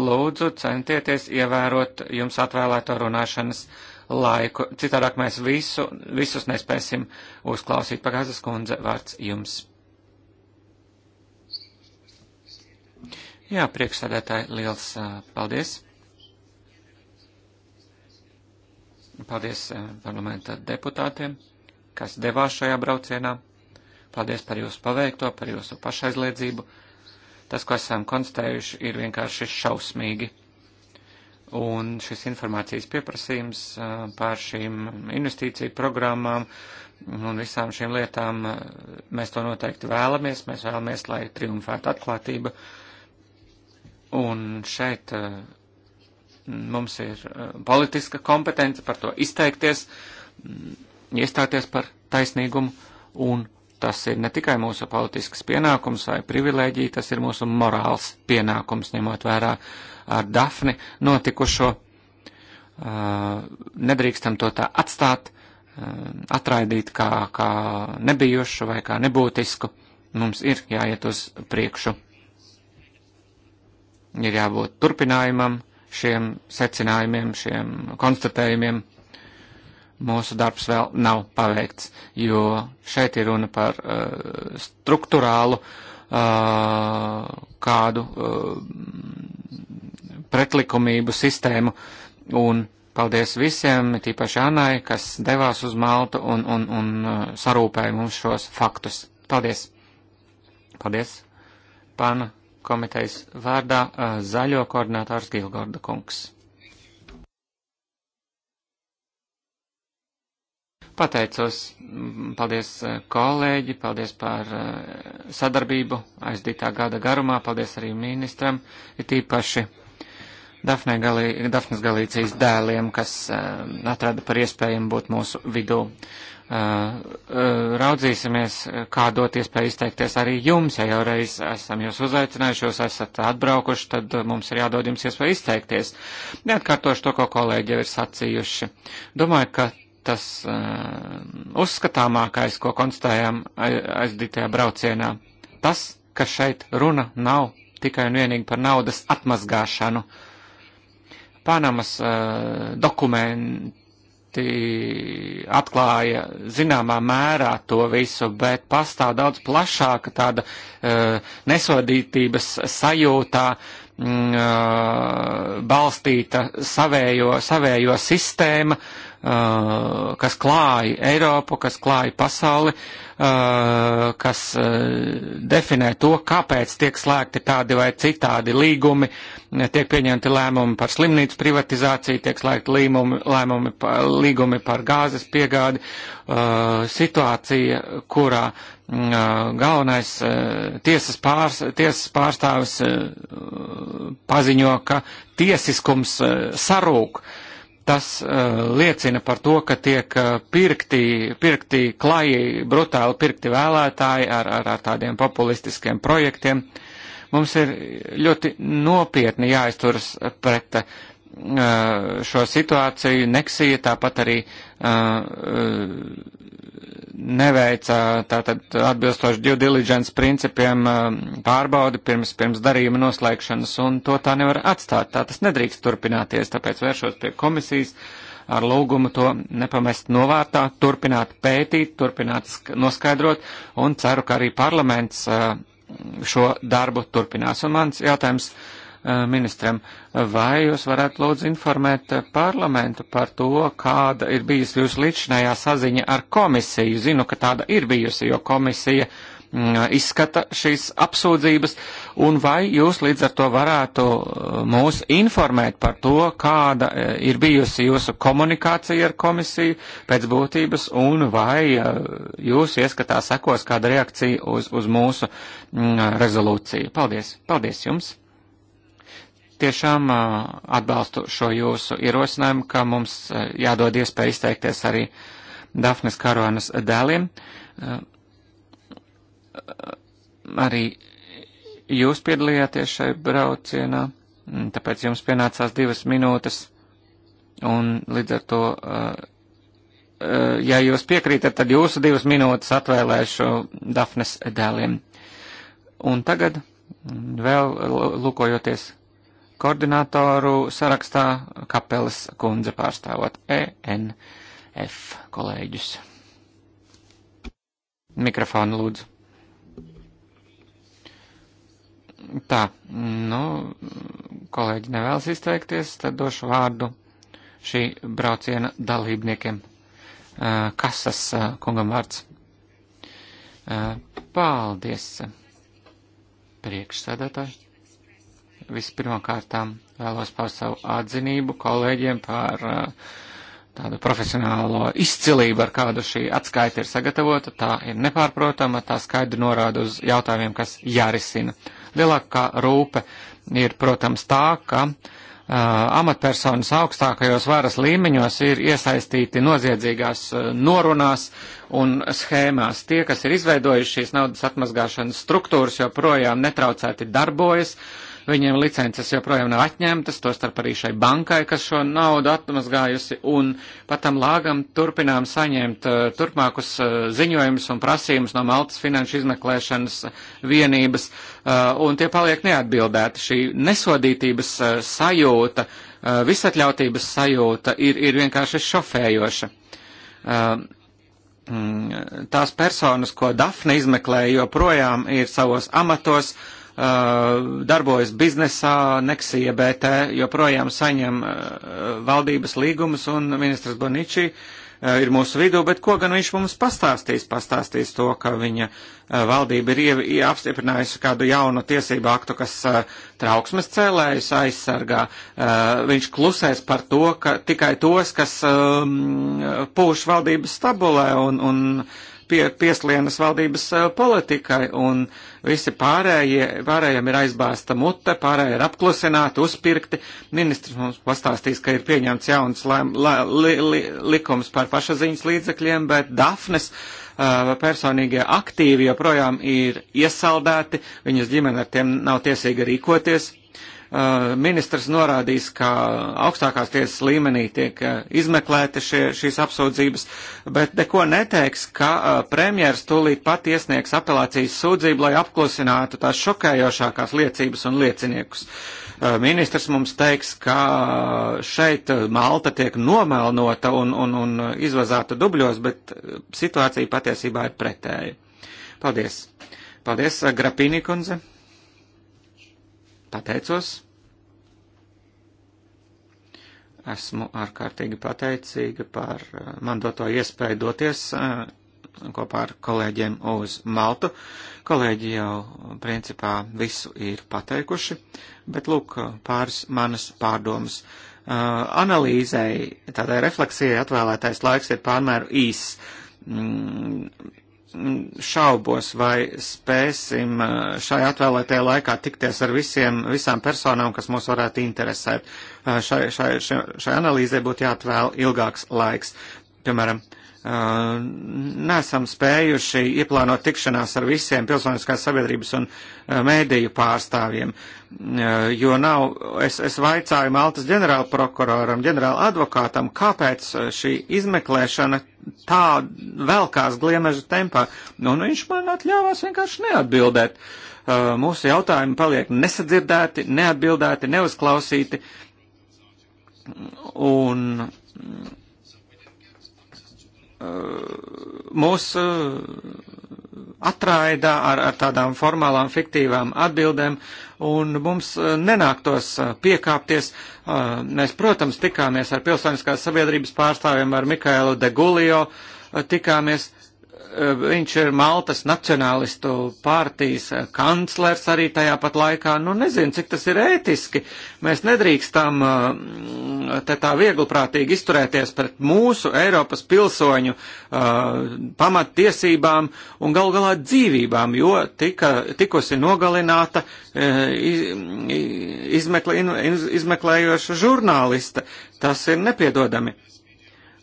[SPEAKER 3] Lūdzu, centieties ievērot jums atvēlēto runāšanas laiku. Citādāk mēs visu, visus nespēsim uzklausīt. Pagāzes kundze, vārds jums. Jā, priekšsādētāji, liels paldies. Paldies parlamenta deputātiem, kas devās šajā braucienā. Paldies par jūsu paveikto, par jūsu pašaizliedzību. Tas, ko esam konstatējuši, ir vienkārši šausmīgi un šis informācijas pieprasījums pār šīm investīciju programmām un visām šīm lietām, mēs to noteikti vēlamies, mēs vēlamies, lai triumfētu atklātība. Un šeit mums ir politiska kompetence par to izteikties, iestāties par taisnīgumu un Tas ir ne tikai mūsu politisks pienākums vai privilēģija, tas ir mūsu morāls pienākums, ņemot vērā ar Dafni notikušo. Uh, nedrīkstam to tā atstāt, uh, atraidīt kā, kā nebijušu vai kā nebūtisku. Mums ir jāiet uz priekšu. Ir jābūt turpinājumam šiem secinājumiem, šiem konstatējumiem mūsu darbs vēl nav paveikts, jo šeit ir runa par uh, struktūrālu uh, kādu uh, pretlikumību sistēmu. Un paldies visiem, tīpaši Anai, kas devās uz Maltu un, un, un uh, sarūpēja mums šos faktus. Paldies! Paldies! Pana komitejas vārdā uh, zaļo koordinātors Gilgorda kungs. Pateicos, paldies eh, kolēģi, paldies par eh, sadarbību aizdītā gada garumā, paldies arī ministram, ir tīpaši Dafne Galī, Dafnes Galīcijas dēliem, kas eh, atrada par iespējumu būt mūsu vidū. Raudzīsimies, kā dot iespēju izteikties arī jums, ja jau reiz esam jūs uzaicinājušos, esat atbraukuši, tad mums ir jādod jums iespēju izteikties. Neatkārtošu to, ko kolēģi jau ir sacījuši. Domāju, ka tas uh, uzskatāmākais, ko konstatējām aizdītajā braucienā. Tas, ka šeit runa nav tikai un vienīgi par naudas atmazgāšanu. Panamas uh, dokumenti atklāja zināmā mērā to visu, bet pastāv daudz plašāka tāda uh, nesodītības sajūtā, uh, balstīta savējo, savējo sistēma, kas klāja Eiropu, kas klāja pasauli, kas definē to, kāpēc tiek slēgti tādi vai citādi līgumi, tiek pieņemti lēmumi par slimnīcu privatizāciju, tiek slēgti līmumi, lēmumi, līgumi par gāzes piegādi, situācija, kurā galvenais tiesas, pārs, tiesas pārstāvis paziņo, ka tiesiskums sarūk Tas uh, liecina par to, ka tiek uh, pirkti, pirkti klaji, brutāli pirkti vēlētāji ar, ar, ar tādiem populistiskiem projektiem. Mums ir ļoti nopietni jāizturas pret uh, šo situāciju. Neksija tāpat arī uh, neveica tātad atbilstoši due diligence principiem eh, pārbaudi pirms, pirms darījuma noslēgšanas, un to tā nevar atstāt. Tā tas nedrīkst turpināties, tāpēc vēršos pie komisijas ar lūgumu to nepamest novārtā, turpināt pētīt, turpināt noskaidrot, un ceru, ka arī parlaments eh, šo darbu turpinās. Un mans jautājums. Uh, ministram, vai jūs varētu lūdzu informēt parlamentu par to, kāda ir bijusi jūsu līdzinājā saziņa ar komisiju? Zinu, ka tāda ir bijusi, jo komisija mm, izskata šīs apsūdzības, un vai jūs līdz ar to varētu mūs informēt par to, kāda ir bijusi jūsu komunikācija ar komisiju pēc būtības, un vai jūs ieskatā sekos kāda reakcija uz, uz mūsu mm, rezolūciju. Paldies! Paldies jums! tiešām atbalstu šo jūsu ierosinājumu, ka mums jādod iespēja izteikties arī Dafnes Karonas dēliem. Arī jūs piedalījāties šai braucienā, tāpēc jums pienācās divas minūtes, un līdz ar to, ja jūs piekrītat, tad jūsu divas minūtes atvēlēšu Dafnes dēliem. Un tagad, vēl lūkojoties koordinatoru sarakstā Kapelas kundze pārstāvot ENF kolēģus. Mikrofonu lūdzu. Tā, nu, kolēģi nevēlas izteikties, tad došu vārdu šī brauciena dalībniekiem. Kasas kungam vārds. Paldies, priekšsēdētāji vispirmkārtām vēlos paust savu atzinību kolēģiem par uh, tādu profesionālo izcilību, ar kādu šī atskaita ir sagatavota. Tā ir nepārprotama, tā skaidri norāda uz jautājumiem, kas jārisina. Lielākā rūpe ir, protams, tā, ka uh, amatpersonas augstākajos varas līmeņos ir iesaistīti noziedzīgās uh, norunās un schēmās. Tie, kas ir izveidojuši šīs naudas atmazgāšanas struktūras, joprojām netraucēti darbojas, uh, Viņiem licences joprojām nav atņemtas, tostarp arī šai bankai, kas šo naudu atmazgājusi, un pat tam lāgam turpinām saņemt uh, turpmākus uh, ziņojumus un prasījumus no Maltas finanšu izmeklēšanas vienības, uh, un tie paliek neatbildēti. Šī nesodītības uh, sajūta, uh, visatļautības sajūta ir, ir vienkārši šofējoša. Uh, tās personas, ko Dafne izmeklēja, joprojām ir savos amatos, uh, Uh, darbojas biznesā, Neksija BT joprojām saņem uh, valdības līgumus un ministrs Boniči uh, ir mūsu vidū, bet ko gan viņš mums pastāstīs? Pastāstīs to, ka viņa valdība ir apstiprinājusi kādu jaunu tiesību aktu, kas trauksmes cēlējus aizsargā. Viņš klusēs par to, ka tikai tos, kas um, pūš valdības stabulē un, un pie, pieslienas valdības eh, politikai, un visi pārējie, pārējiem ir aizbāsta mute, pārējie ir apklusināti, uzpirkti. Ministrs mums pastāstīs, ka ir pieņemts jauns lēm, lē, li, li, likums par pašaziņas līdzekļiem, bet Dafnes eh, personīgie aktīvi joprojām ir iesaldēti, viņas ģimene ar tiem nav tiesīga rīkoties Uh, ministrs norādījis, ka augstākās tiesas līmenī tiek uh, izmeklēta šie, šīs apsūdzības, bet neko neteiks, ka uh, premjeras tūlīt pat iesniegs apelācijas sūdzību, lai apklusinātu tās šokējošākās liecības un lieciniekus. Ministrs mums teiks, ka šeit Malta tiek nomelnota un, un, un izvazāta dubļos, bet situācija patiesībā ir pretēja. Paldies! Paldies, Grapīnī kundze! pateicos. Esmu ārkārtīgi pateicīga par eh, man doto iespēju doties eh, kopā ar kolēģiem uz Maltu. Kolēģi jau principā visu ir pateikuši, bet lūk pāris manas pārdomas. Eh, analīzei, tādai refleksijai atvēlētais laiks ir pārmēru īss mm, šaubos, vai spēsim uh, šai atvēlētajā laikā tikties ar visiem, visām personām, kas mūs varētu interesēt. Uh, šai, šai, šai, šai analīzē būtu jāatvēl ilgāks laiks. Piemēram, uh, nesam spējuši ieplānot tikšanās ar visiem pilsoniskās sabiedrības un mēdīju pārstāvjiem, jo nav, es, es vaicāju Maltas ģenerāla prokuroram, ģenerāla advokātam, kāpēc šī izmeklēšana tā velkās gliemeža tempā, nu, un viņš man atļāvās vienkārši neatbildēt. Mūsu jautājumi paliek nesadzirdēti, neatbildēti, neuzklausīti, un Eh, mūs eh, atraida ar, ar tādām formālām, fiktīvām atbildēm, un mums eh, nenāktos piekāpties. Mēs, protams, tikāmies ar pilsoniskās sabiedrības pārstāvjiem, ar Mikaelu Degulio, tikāmies Eh, viņš ir Maltas Nacionālistu partijas kanclers arī tajā pat laikā. Nu, nezinu, cik tas ir ētiski. Mēs nedrīkstam eh, te tā viegliprātīgi izturēties pret mūsu Eiropas pilsoņu uh, pamattiesībām un gal galā dzīvībām, jo tika, tikusi nogalināta uh, izmekle, izmeklējoša žurnālista. Tas ir nepiedodami.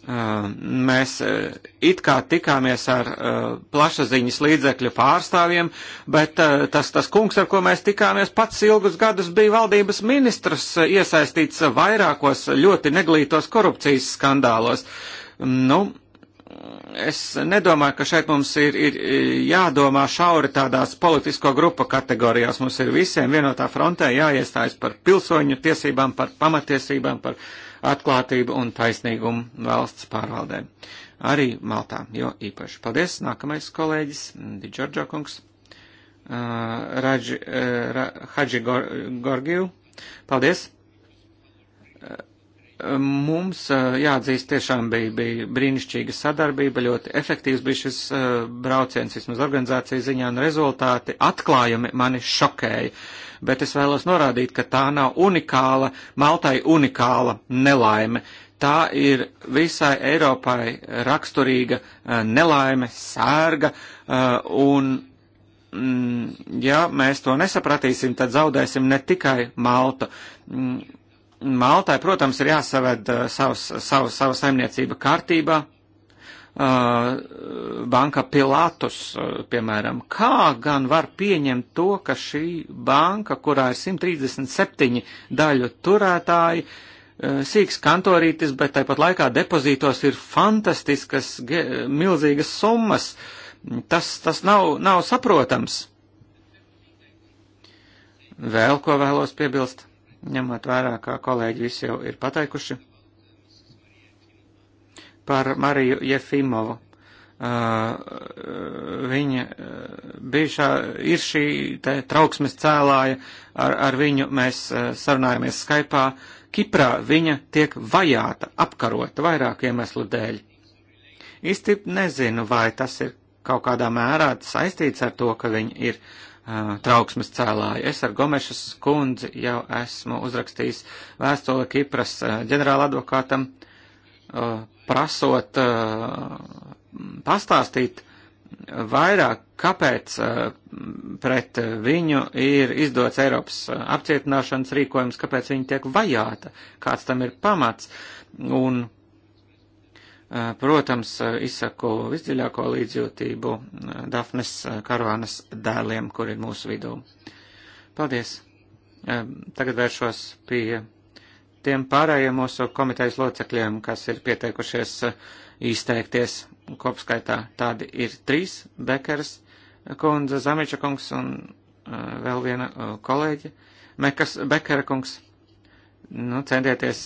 [SPEAKER 3] Uh, mēs uh, it kā tikāmies ar uh, plašsaziņas līdzekļu pārstāvjiem, bet tas, tas kungs, ar ko mēs tikāmies, pats ilgus gadus bija valdības ministrs iesaistīts vairākos ļoti neglītos korupcijas skandālos. Nu, es nedomāju, ka šeit mums ir, ir jādomā šauri tādās politisko grupu kategorijās. Mums ir visiem vienotā frontē jāiestājas par pilsoņu tiesībām, par pamatiesībām, par atklātību un taisnīgumu valsts pārvaldē. Arī Maltā, jo īpaši. Paldies, nākamais kolēģis, Džordžo kungs, uh, Radži, uh, Hadži Gor Gorgiju. Paldies! Uh, mums jāatzīst, tiešām bija, bija brīnišķīga sadarbība, ļoti efektīvs bija šis brauciens, vismaz organizācijas ziņā, un rezultāti atklājumi mani šokēja. Bet es vēlos norādīt, ka tā nav unikāla, Maltai unikāla nelaime. Tā ir visai Eiropai raksturīga nelaime, sērga, un, mm, ja mēs to nesapratīsim, tad zaudēsim ne tikai Maltu mm, Maltai, protams, ir jāsaved uh, savs, savs, sava saimniecība kārtībā. Uh, banka Pilatus, uh, piemēram, kā gan var pieņemt to, ka šī banka, kurā ir 137 daļu turētāji, sīks kantorītis, bet tāpat laikā depozītos ir fantastiskas, milzīgas summas. Tas, tas nav, nav saprotams. Vēl ko vēlos piebilst? ņemot vērā, kā kolēģi visi jau ir pateikuši, par Mariju Jefimovu. Uh, uh viņa uh, bija šā, ir šī te trauksmes cēlāja, ar, ar viņu mēs uh, sarunājamies Skypā. Kiprā viņa tiek vajāta, apkarota vairāku iemeslu dēļ. Īsti nezinu, vai tas ir kaut kādā mērā saistīts ar to, ka viņa ir uh, trauksmes cēlāji. Es ar Gomešas kundzi jau esmu uzrakstījis vēstuli Kipras ģenerāla advokātam, prasot pastāstīt vairāk, kāpēc pret viņu ir izdots Eiropas apcietināšanas rīkojums, kāpēc viņa tiek vajāta, kāds tam ir pamats. Un Eh, protams, eh, izsaku visdziļāko līdzjūtību eh, Dafnes Karuanas dēliem, kur ir mūsu vidū. Paldies! Tagad vēršos pie tiem pārējiem mūsu komitejas locekļiem, kas ir pieteikušies izteikties kopskaitā. Tādi ir trīs - Bekers, kundze, Zamiča kungs un vēl viena kolēģe. Mekas Bekera kungs, nu, centieties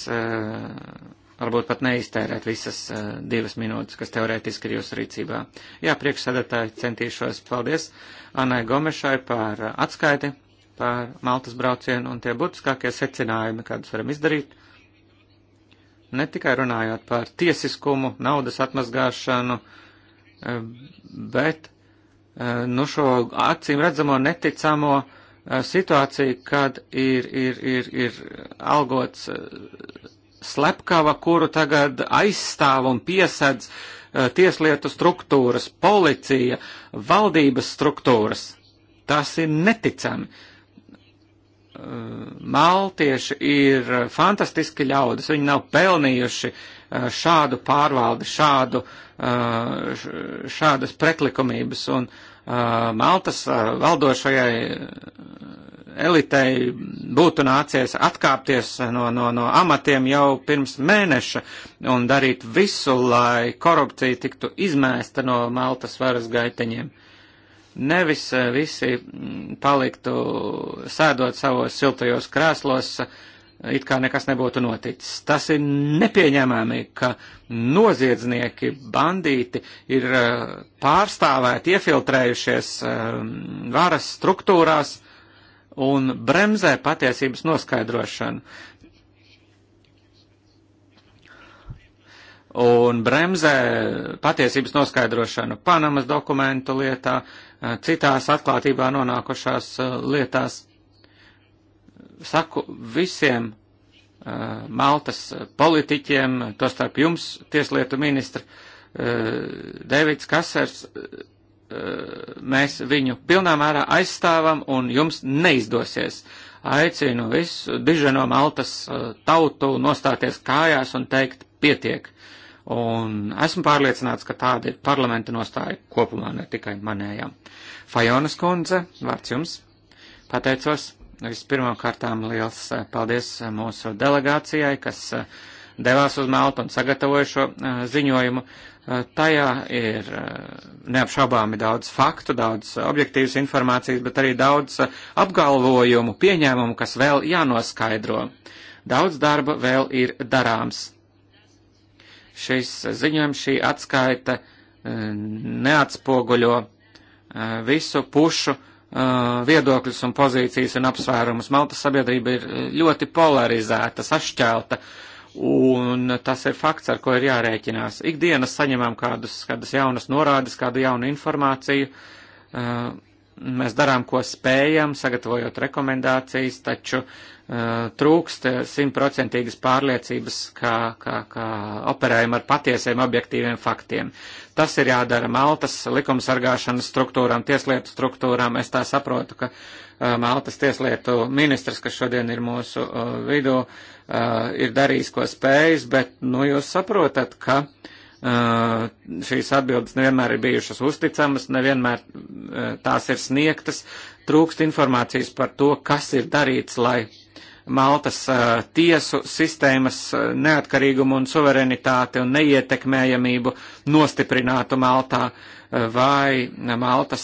[SPEAKER 3] varbūt pat neiztērēt visas uh, divas minūtes, kas teorētiski ir jūsu rīcībā. Jā, priekšsēdētāji centīšos paldies Anai Gomešai par uh, atskaiti, par Maltas braucienu un tie būtiskākie secinājumi, kādus varam izdarīt. Ne tikai runājot par tiesiskumu, naudas atmazgāšanu, uh, bet uh, nu šo acīm redzamo neticamo uh, situāciju, kad ir, ir, ir, ir algots slepkava, kuru tagad aizstāv un piesedz uh, tieslietu struktūras, policija, valdības struktūras. Tas ir neticami. Uh, maltieši ir fantastiski ļaudis, viņi nav pelnījuši uh, šādu pārvaldi, šādu, šādas pretlikumības, un Maltas valdošajai elitei būtu nācies atkāpties no, no, no amatiem jau pirms mēneša un darīt visu, lai korupcija tiktu izmēsta no Maltas varas gaiteņiem. Nevis eh, visi mm, paliktu sēdot savos siltajos krēslos, eh, it kā nekas nebūtu noticis. Tas ir nepieņemami, ka noziedznieki, bandīti ir eh, pārstāvēti, iefiltrējušies varas struktūrās, un bremzē patiesības noskaidrošanu. Un bremzē patiesības noskaidrošanu Panamas dokumentu lietā, eh, citās atklātībā nonākušās eh, lietās. Saku visiem eh, Maltas politiķiem, tostarp jums, tieslietu ministri, Dēvids Kasers Eh, mēs viņu pilnā mērā aizstāvam un jums neizdosies. Aicinu visu diženo Maltas eh, tautu nostāties kājās un teikt pietiek. Un esmu pārliecināts, ka tāda ir parlamenta nostāja kopumā, ne tikai manējām. Fajonas kundze, vārds jums. Pateicos. Vispirmām kārtām liels eh, paldies mūsu delegācijai, kas devās uz Maltu un sagatavoja šo ziņojumu. Uh, Eh, tajā ir eh, neapšaubāmi daudz faktu, daudz eh, objektīvas informācijas, bet arī daudz apgalvojumu, pieņēmumu, kas vēl jānoskaidro. Daudz darba vēl ir darāms. Šis ziņojums, šī atskaita neatspoguļo visu pušu viedokļus un pozīcijas un apsvērumus. Maltas sabiedrība ir ļoti polarizēta, sašķelta, un tas ir fakts, ar ko ir jārēķinās. Ikdienas saņemam kādus, kādas jaunas norādes, kādu jaunu informāciju. Uh, mēs darām, ko spējam, sagatavojot rekomendācijas, taču uh, trūkst simtprocentīgas pārliecības, kā, kā, kā operējam ar patiesiem objektīviem faktiem. Tas ir jādara Maltas likumsargāšanas struktūrām, tieslietu struktūrām. Es tā saprotu, ka uh, Maltas tieslietu ministrs, kas šodien ir mūsu vidū, Uh, ir darījis, ko spējis, bet, nu, jūs saprotat, ka Uh, šīs atbildes nevienmēr ir bijušas uzticamas, nevienmēr uh, tās ir sniegtas, trūkst informācijas par to, kas ir darīts, lai Maltas uh, tiesu sistēmas uh, neatkarīgumu un suverenitāti un neietekmējamību nostiprinātu Maltā uh, vai Maltas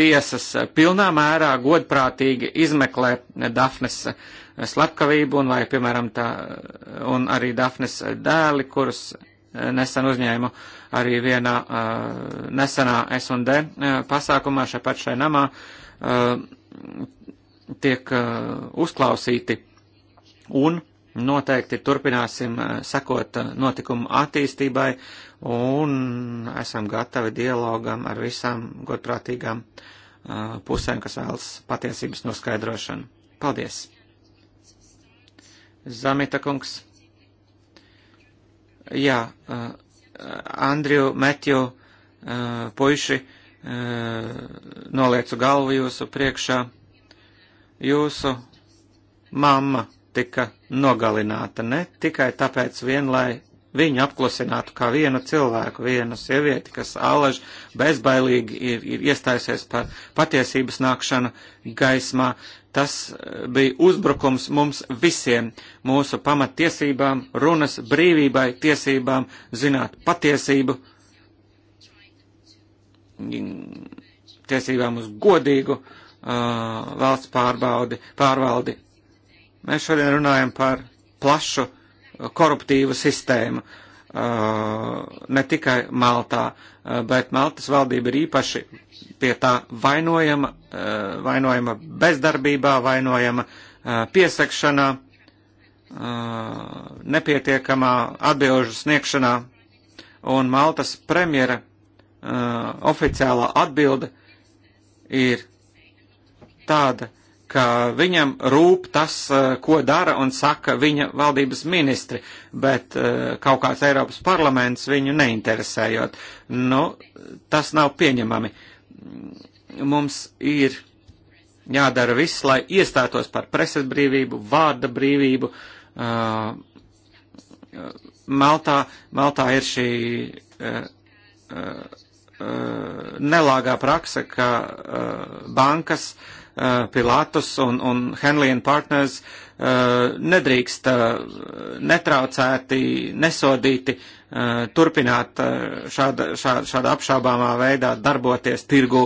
[SPEAKER 3] tiesas pilnā mērā godprātīgi izmeklē Dafnes uh, slepkavību un vai, piemēram, tā, un arī Dafnes dēli, kurus eh, nesen uzņēmu arī vienā uh, nesenā S&D uh, eh, pasākumā šai pašai namā, uh, tiek uh, uzklausīti un noteikti turpināsim uh, sekot uh, notikumu attīstībai un esam gatavi dialogam ar visām godprātīgām uh, pusēm, kas vēlas patiesības noskaidrošanu. Paldies! Zamita kungs. Jā, uh, Andriju, Metju, uh, puiši, uh, noliecu galvu jūsu priekšā. Jūsu mamma tika nogalināta ne tikai tāpēc vien, lai viņu apklusinātu kā vienu cilvēku, vienu sievieti, kas alaž bezbailīgi ir, ir iestājusies par patiesības nākšanu gaismā, Tas eh, bija uzbrukums mums visiem, mūsu pamatiesībām, runas brīvībai, tiesībām zināt patiesību, tiesībām uz godīgu uh, valsts pārbaudi, pārvaldi. Mēs šodien runājam par plašu eh, koruptīvu sistēmu, Uh, ne tikai Maltā, uh, bet Maltas valdība ir īpaši pie tā vainojama, uh, vainojama bezdarbībā, vainojama piesakšanā, nepietiekamā atbilžu sniegšanā, un Maltas premjera oficiālā atbilde ir tāda, ka viņam rūp tas, eh, ko dara un saka viņa valdības ministri, bet eh, kaut kāds Eiropas parlaments viņu neinteresējot. Nu, tas nav pieņemami. Mums ir jādara viss, lai iestātos par preses brīvību, vārda brīvību. Eh, Maltā, Maltā ir šī nelāgā praksa, ka bankas uh, Uh, Pilatus un, un Henley Partners uh, nedrīkst uh, netraucēti, nesodīti turpināt šāda, šāda, šāda apšaubāmā veidā darboties tirgu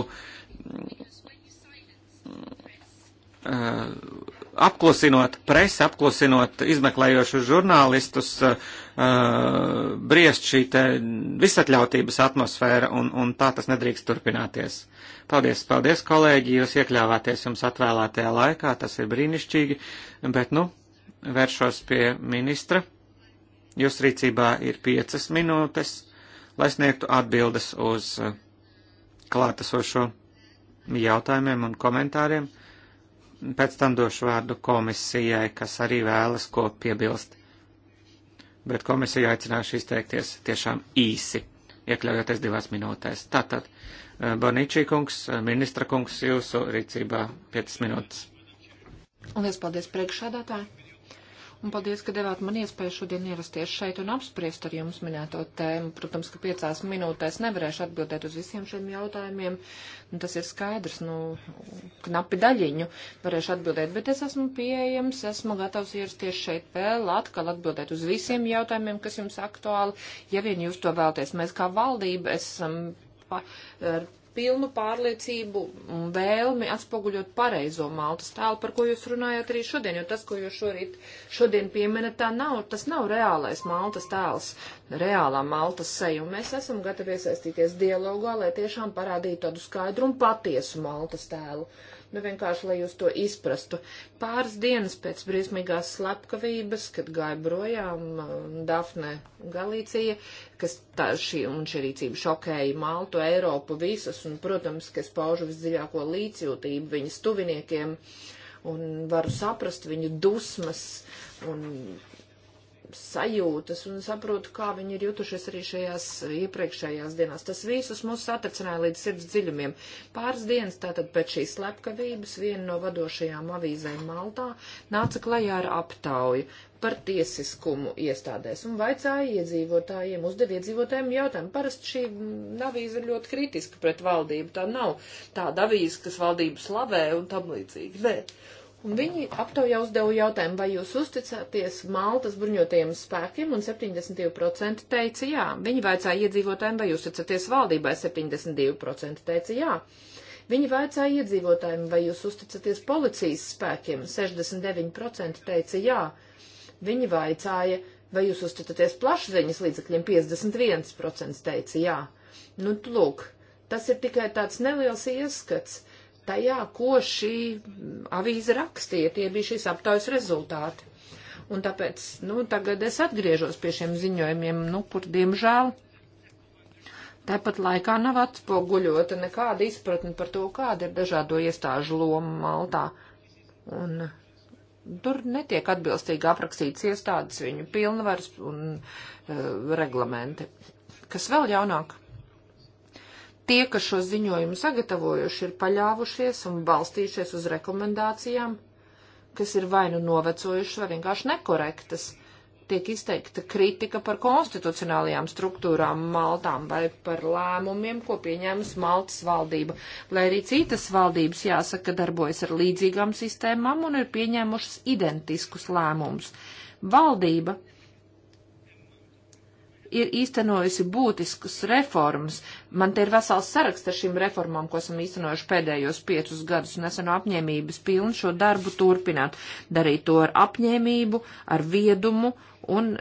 [SPEAKER 3] apklusinot presi, apklusinot izmeklējošus žurnālistus, briest šī visatļautības atmosfēra, un, un tā tas nedrīkst turpināties. Paldies, paldies, kolēģi, jūs iekļāvāties jums atvēlētajā laikā, tas ir brīnišķīgi, bet, nu, vēršos pie ministra. Jūs rīcībā ir piecas minūtes, lai sniegtu atbildes uz uh, klātesošo jautājumiem un komentāriem. Pēc tam došu vārdu komisijai, kas arī vēlas ko piebilst. Bet komisija aicināšu izteikties tiešām īsi, iekļaujoties divās minūtēs. Tātad Eh, Barnīčī kungs, eh, ministra kungs, jūsu rīcībā 5 minūtes.
[SPEAKER 1] Lielas paldies priekšādātāji! Un paldies, ka devāt man iespēju šodien ierasties šeit un apspriest ar jums minēto tēmu. Protams, ka piecās minūtēs nevarēšu atbildēt uz visiem šiem jautājumiem. Nu, tas ir skaidrs, nu, knapi daļiņu varēšu atbildēt, bet es esmu pieejams, esmu gatavs ierasties šeit vēl atkal atbildēt uz visiem jautājumiem, kas jums aktuāli. Ja vien jūs to vēlaties, mēs kā valdība esam pa, ar pilnu pārliecību un vēlmi atspoguļot pareizo maltas tēlu, par ko jūs runājat arī šodien, jo tas, ko jūs šorīt, šodien pieminat, tā nav, tas nav reālais maltas tēls, reālā maltas seja, un mēs esam gatavi iesaistīties dialogā, lai tiešām parādītu tādu skaidru un patiesu maltas tēlu. Uh, Nu, vienkārši, lai jūs to izprastu. Pāris dienas pēc briesmīgās slepkavības, kad gāja brojām um, Dafne Galīcija, kas tā šī un šī rīcība šokēja Maltu, Eiropu, visas, un, protams, ka es paužu visdziļāko līdzjūtību viņas tuviniekiem un varu saprast viņu dusmas un sajūtas un saprotu, kā viņi ir jutušies arī šajās iepriekšējās dienās. Tas visus mūs satracināja līdz sirds dziļumiem. Pāris dienas tātad pēc šīs slepkavības viena no vadošajām avīzēm Maltā nāca klajā ar aptauju par tiesiskumu iestādēs un vaicāja iedzīvotājiem, uzdev iedzīvotājiem jautājumu. Parasti šī avīze ir ļoti kritiska pret valdību. Tā nav tāda avīze, kas valdību slavē un tam līdzīgi. Nē. Un viņi aptaujā uzdeva jautājumu, vai jūs uzticaties Maltas bruņotajiem spēkiem, un 72% teica jā. Viņi vaicāja iedzīvotājiem, vai jūs uzticaties valdībai, 72% teica jā. Viņi vaicāja iedzīvotājiem, vai jūs uzticaties policijas spēkiem, 69% teica jā. Viņi vaicāja, vai jūs uzticaties plašsaziņas līdzekļiem, 51% teica jā. Nu, lūk, tas ir tikai tāds neliels ieskats tajā, ko šī avīze rakstīja. Tie bija šīs aptaujas rezultāti. Un tāpēc, nu, tagad es atgriežos pie šiem ziņojumiem, nu, kur, diemžēl, tāpat laikā nav atspoguļota nekāda izpratne par to, kāda ir dažādo iestāžu loma Maltā. Un tur netiek atbilstīgi aprakstīts iestādes, viņu pilnvars un uh, reglamenti. Kas vēl jaunāk? tie, kas šo ziņojumu sagatavojuši, ir paļāvušies un balstījušies uz rekomendācijām, kas ir vai nu novecojušas, vai vienkārši nekorektas. Tiek izteikta kritika par konstitucionālajām struktūrām Maltām vai par lēmumiem, ko pieņēmas Maltas valdība, lai arī citas valdības, jāsaka, darbojas ar līdzīgām sistēmām un ir pieņēmušas identiskus lēmumus. Valdība ir īstenojusi būtiskas reformas. Man te ir vesels saraksts ar šīm reformām, ko esam īstenojuši pēdējos piecus gadus, un esam apņēmības pilni šo darbu turpināt, darīt to ar apņēmību, ar viedumu un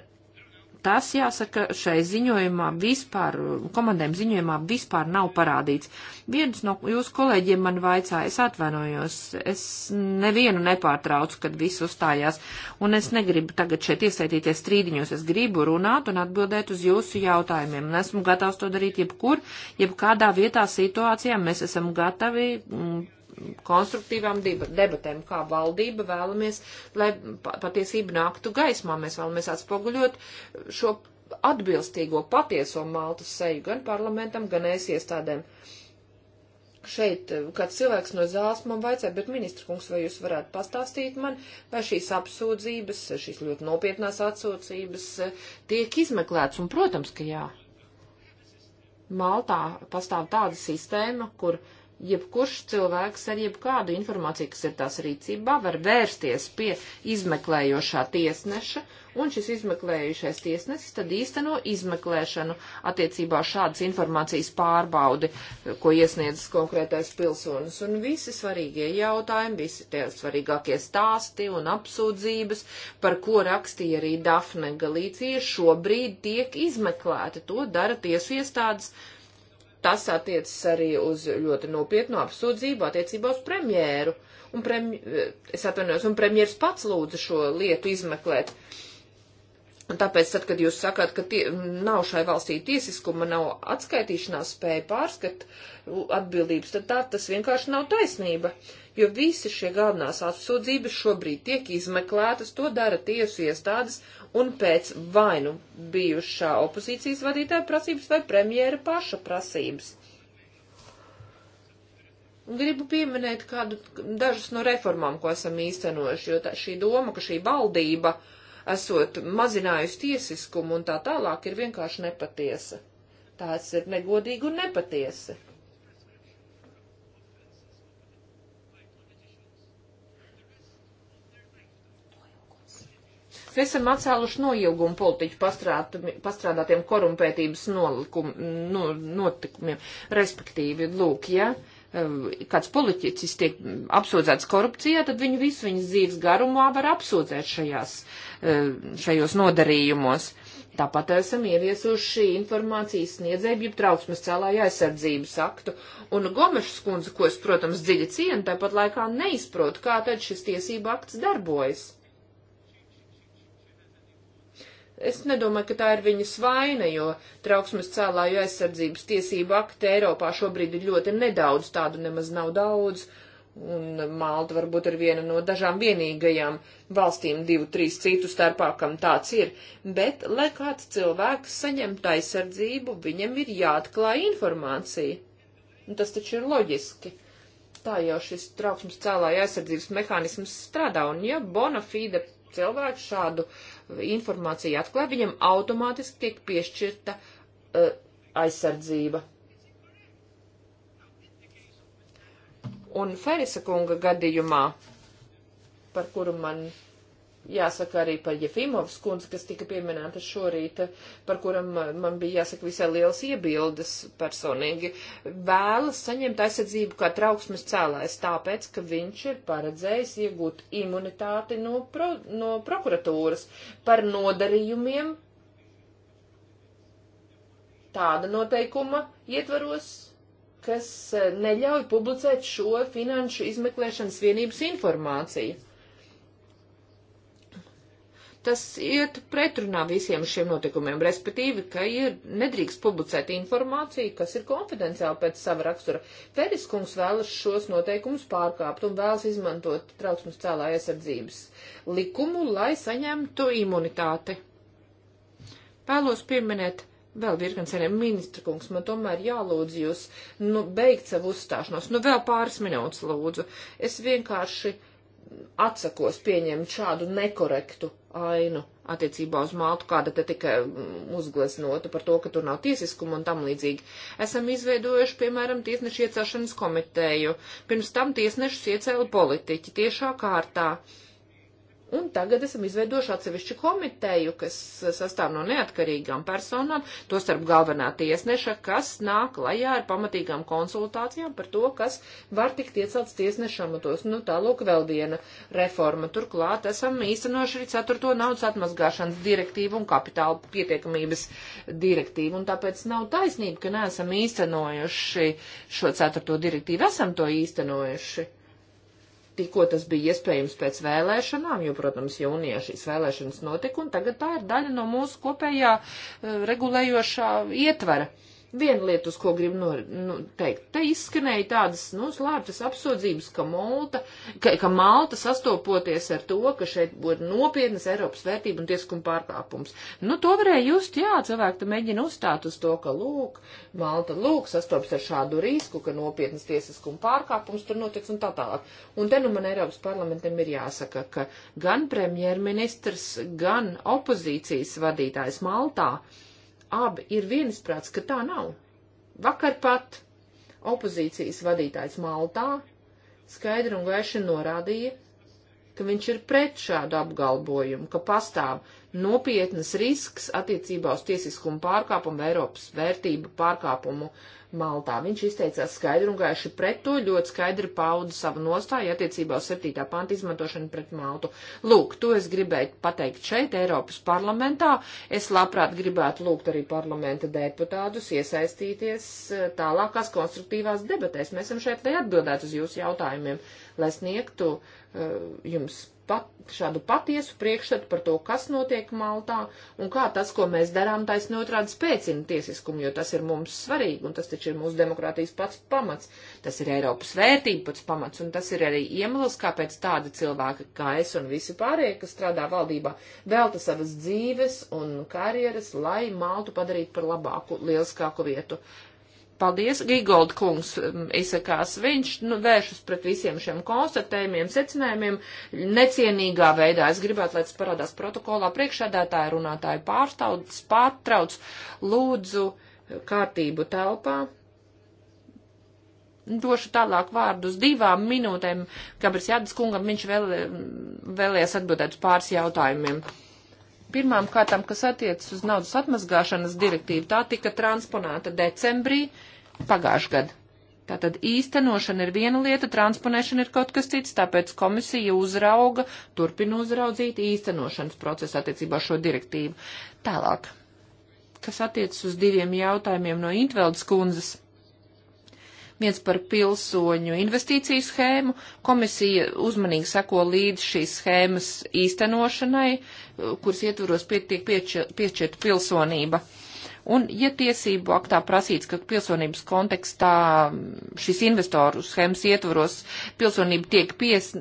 [SPEAKER 1] tas, jāsaka, šai ziņojumā vispār, komandēm ziņojumā vispār nav parādīts. Viens no jūsu kolēģiem man vaicāja, es atvainojos, es nevienu nepārtraucu, kad viss uzstājās, un es negribu tagad šeit iesaistīties strīdiņos, es gribu runāt un atbildēt uz jūsu jautājumiem, un esmu gatavs to darīt jebkur, jebkādā vietā situācijā mēs esam gatavi mm, konstruktīvām debatēm, kā valdība vēlamies, lai patiesība nāktu gaismā. Mēs vēlamies atspoguļot šo atbilstīgo patieso maltu seju gan parlamentam, gan es iestādēm. Šeit eh, kāds cilvēks no zāles man vajadzēja, bet ministra kungs, vai jūs varētu pastāstīt man, vai šīs apsūdzības, šīs ļoti nopietnās atsūdzības eh, tiek izmeklēts? Un, protams, ka jā. Maltā pastāv tāda sistēma, kur uh, jebkurš cilvēks ar jebkādu informāciju, kas ir tās rīcībā, var vērsties pie izmeklējošā tiesneša, un šis izmeklējušais tiesnesis tad īsteno izmeklēšanu attiecībā šādas informācijas pārbaudi, ko iesniedz konkrētais pilsonis. Un visi svarīgie jautājumi, visi tie svarīgākie stāsti un apsūdzības, par ko rakstīja arī Dafne Galīcija, šobrīd tiek izmeklēti. To dara tiesu iestādes tas attiecas arī uz ļoti nopietnu apsūdzību attiecībā uz premjēru. Un premj... es atvainojos, un premjērs pats lūdza šo lietu izmeklēt. Un tāpēc, tad, kad jūs sakāt, ka tie, nav šai valstī tiesiskuma, nav atskaitīšanās spēja pārskat atbildības, tad tā tas vienkārši nav taisnība. Jo visi šie galvenās apsūdzības šobrīd tiek izmeklētas, to dara tiesu iestādes, un pēc vainu bijušā opozīcijas vadītāja prasības vai premjera paša prasības. Gribu pieminēt kādu, dažas no reformām, ko esam īstenojuši, jo tā, šī doma, ka šī valdība esot mazinājusi tiesiskumu un tā tālāk, ir vienkārši nepatiesa. Tās ir negodīgi un nepatiesa. valsts esam atcēluši noilgumu politiķu pastrādātiem korumpētības nolikum, no, notikumiem. Respektīvi, lūk, ja um, kāds politiķis tiek apsūdzēts korupcijā, tad viņu visu viņas dzīves garumā var apsūdzēt šajās, um, šajos nodarījumos. Tāpat esam ieviesuši informācijas sniedzēju, jeb trauksmes cēlāju aizsardzības aktu. Un Gomešas kundze, ko es, protams, dziļi cienu, tāpat laikā neizprot, kā tad šis tiesība akts darbojas. Es nedomāju, ka tā ir viņas vaina, jo trauksmes cēlāju aizsardzības tiesību akti Eiropā šobrīd ir ļoti nedaudz, tādu nemaz nav daudz, un Malta varbūt ir viena no dažām vienīgajām valstīm, divu, trīs citu starpā, kam tāds ir. Bet, lai kāds cilvēks saņemtu aizsardzību, viņam ir jāatklāj informācija. Un tas taču ir loģiski tā jau šis trauksmes cēlāja aizsardzības mehānisms strādā, un ja bona fide cilvēks šādu informācija atklāja, viņam automātiski tiek piešķirta uh, aizsardzība. Un Ferisa kunga gadījumā, par kuru man jāsaka arī par Jefimovs kundzi, kas tika pieminēta šorīt, par kuram man bija jāsaka visai liels iebildes personīgi, vēlas saņemt aizsardzību kā trauksmes cēlājs, tāpēc, ka viņš ir paredzējis iegūt imunitāti no, pro, no prokuratūras par nodarījumiem tāda noteikuma ietvaros, kas eh, neļauj publicēt šo finanšu izmeklēšanas vienības informāciju tas iet pretrunā visiem šiem notikumiem, respektīvi, ka ir nedrīkst publicēt informāciju, kas ir konfidenciāli pēc sava rakstura. Feriskungs vēlas šos noteikumus pārkāpt un vēlas izmantot trauksmes cēlā aizsardzības likumu, lai saņemtu imunitāti. Vēlos pieminēt vēl virkni seniem ministra kungs, man tomēr jālūdz jūs, nu, beigt savu uzstāšanos, nu, vēl pāris minūtes lūdzu. Es vienkārši atsakos pieņemt šādu nekorektu ainu attiecībā uz Maltu, kāda te tika mm, uzgleznota par to, ka tur nav tiesiskuma un tam līdzīgi. Esam izveidojuši, piemēram, tiesnešu iecelšanas komiteju. Pirms tam tiesnešus iecēla politiķi tiešā kārtā. Uh, Un tagad esam izveidojuši atsevišķu komiteju, kas sastāv no neatkarīgām personām, to starp galvenā tiesneša, kas nāk lajā ar pamatīgām konsultācijām par to, kas var tikt iecelts tiesneša amatos. Nu, tālūk vēl viena reforma. Turklāt esam īstenojuši arī ceturto naudas atmazgāšanas direktīvu un kapitāla pietiekamības direktīvu. Un tāpēc nav taisnība, ka neesam īstenojuši šo ceturto direktīvu. Esam to īstenojuši tikko tas bija iespējams pēc vēlēšanām, jo, protams, jūnijā šīs vēlēšanas notika, un tagad tā ir daļa no mūsu kopējā eh, regulējošā ietvara. Uh, viena lieta, uz ko gribu no, nu, teikt. Te izskanēja tādas, nu, slēptas apsūdzības, ka Malta, ka, ka Malta sastopoties ar to, ka šeit būtu nopietnas Eiropas vērtība un tieskuma pārkāpums. Nu, to varēja just, jā, cilvēki te mēģina uzstāt uz to, ka, lūk, Malta, lūk, sastopas ar šādu risku, ka nopietnas tiesiskuma pārkāpums tur notiks un tā tālāk. Un te nu man Eiropas parlamentam ir jāsaka, ka gan premjerministrs, gan opozīcijas vadītājs Maltā, abi ir viensprāts, ka tā nav. Vakar pat opozīcijas vadītājs Maltā skaidri un gaiši norādīja, ka viņš ir pret šādu apgalvojumu, ka pastāv nopietnas risks attiecībā uz tiesiskumu pārkāpumu, Eiropas vērtību pārkāpumu Maltā. Viņš izteicās skaidri un gaiši pret to, ļoti skaidri pauda savu nostāju attiecībā uz 7. pantu izmantošanu pret Maltu. Lūk, to es gribēju pateikt šeit, Eiropas parlamentā. Es labprāt gribētu lūgt arī parlamenta deputātus iesaistīties eh, tālākās konstruktīvās debatēs. Mēs esam šeit, lai atbildētu uz jūsu jautājumiem, lai sniegtu uh, jums pat, šādu patiesu priekšstatu par to, kas notiek Maltā un kā tas, ko mēs darām, taisni otrādi spēcina tiesiskumu, jo tas ir mums svarīgi un tas taču ir mūsu demokrātijas pats pamats. Tas ir Eiropas vērtība pats pamats un tas ir arī iemesls, kāpēc tādi cilvēki kā es un visi pārējie, kas strādā valdībā, velta savas dzīves un karjeras, lai Maltu padarītu par labāku, lieliskāku vietu Paldies, Gigold kungs izsakās, viņš nu, vēršas pret visiem šiem konstatējumiem, secinājumiem necienīgā veidā. Es gribētu, lai tas parādās protokolā priekšādātāja runātāja pārstāvds, pārtrauc, lūdzu kārtību telpā. Došu tālāk vārdu uz divām minūtēm, kāpēc Jādas kungam viņš vēl, vēlēs atbildēt uz pāris jautājumiem. Pirmām kārtām, kas attiecas uz naudas atmazgāšanas direktīvu, tā tika transponēta decembrī pagājušajā gadā. Tātad īstenošana ir viena lieta, transponēšana ir kaut kas cits, tāpēc komisija uzrauga, turpina uzraudzīt īstenošanas procesu attiecībā šo direktīvu. Tālāk, kas attiecas uz diviem jautājumiem no Intveldes kundzes viens par pilsoņu investīciju schēmu. Komisija uzmanīgi seko līdz šīs schēmas īstenošanai, kuras ietvaros pie, tiek piešķirta pilsonība. Un, ja tiesību aktā prasīts, ka pilsonības kontekstā šis investoru schēmas ietvaros pilsonība tiek pies,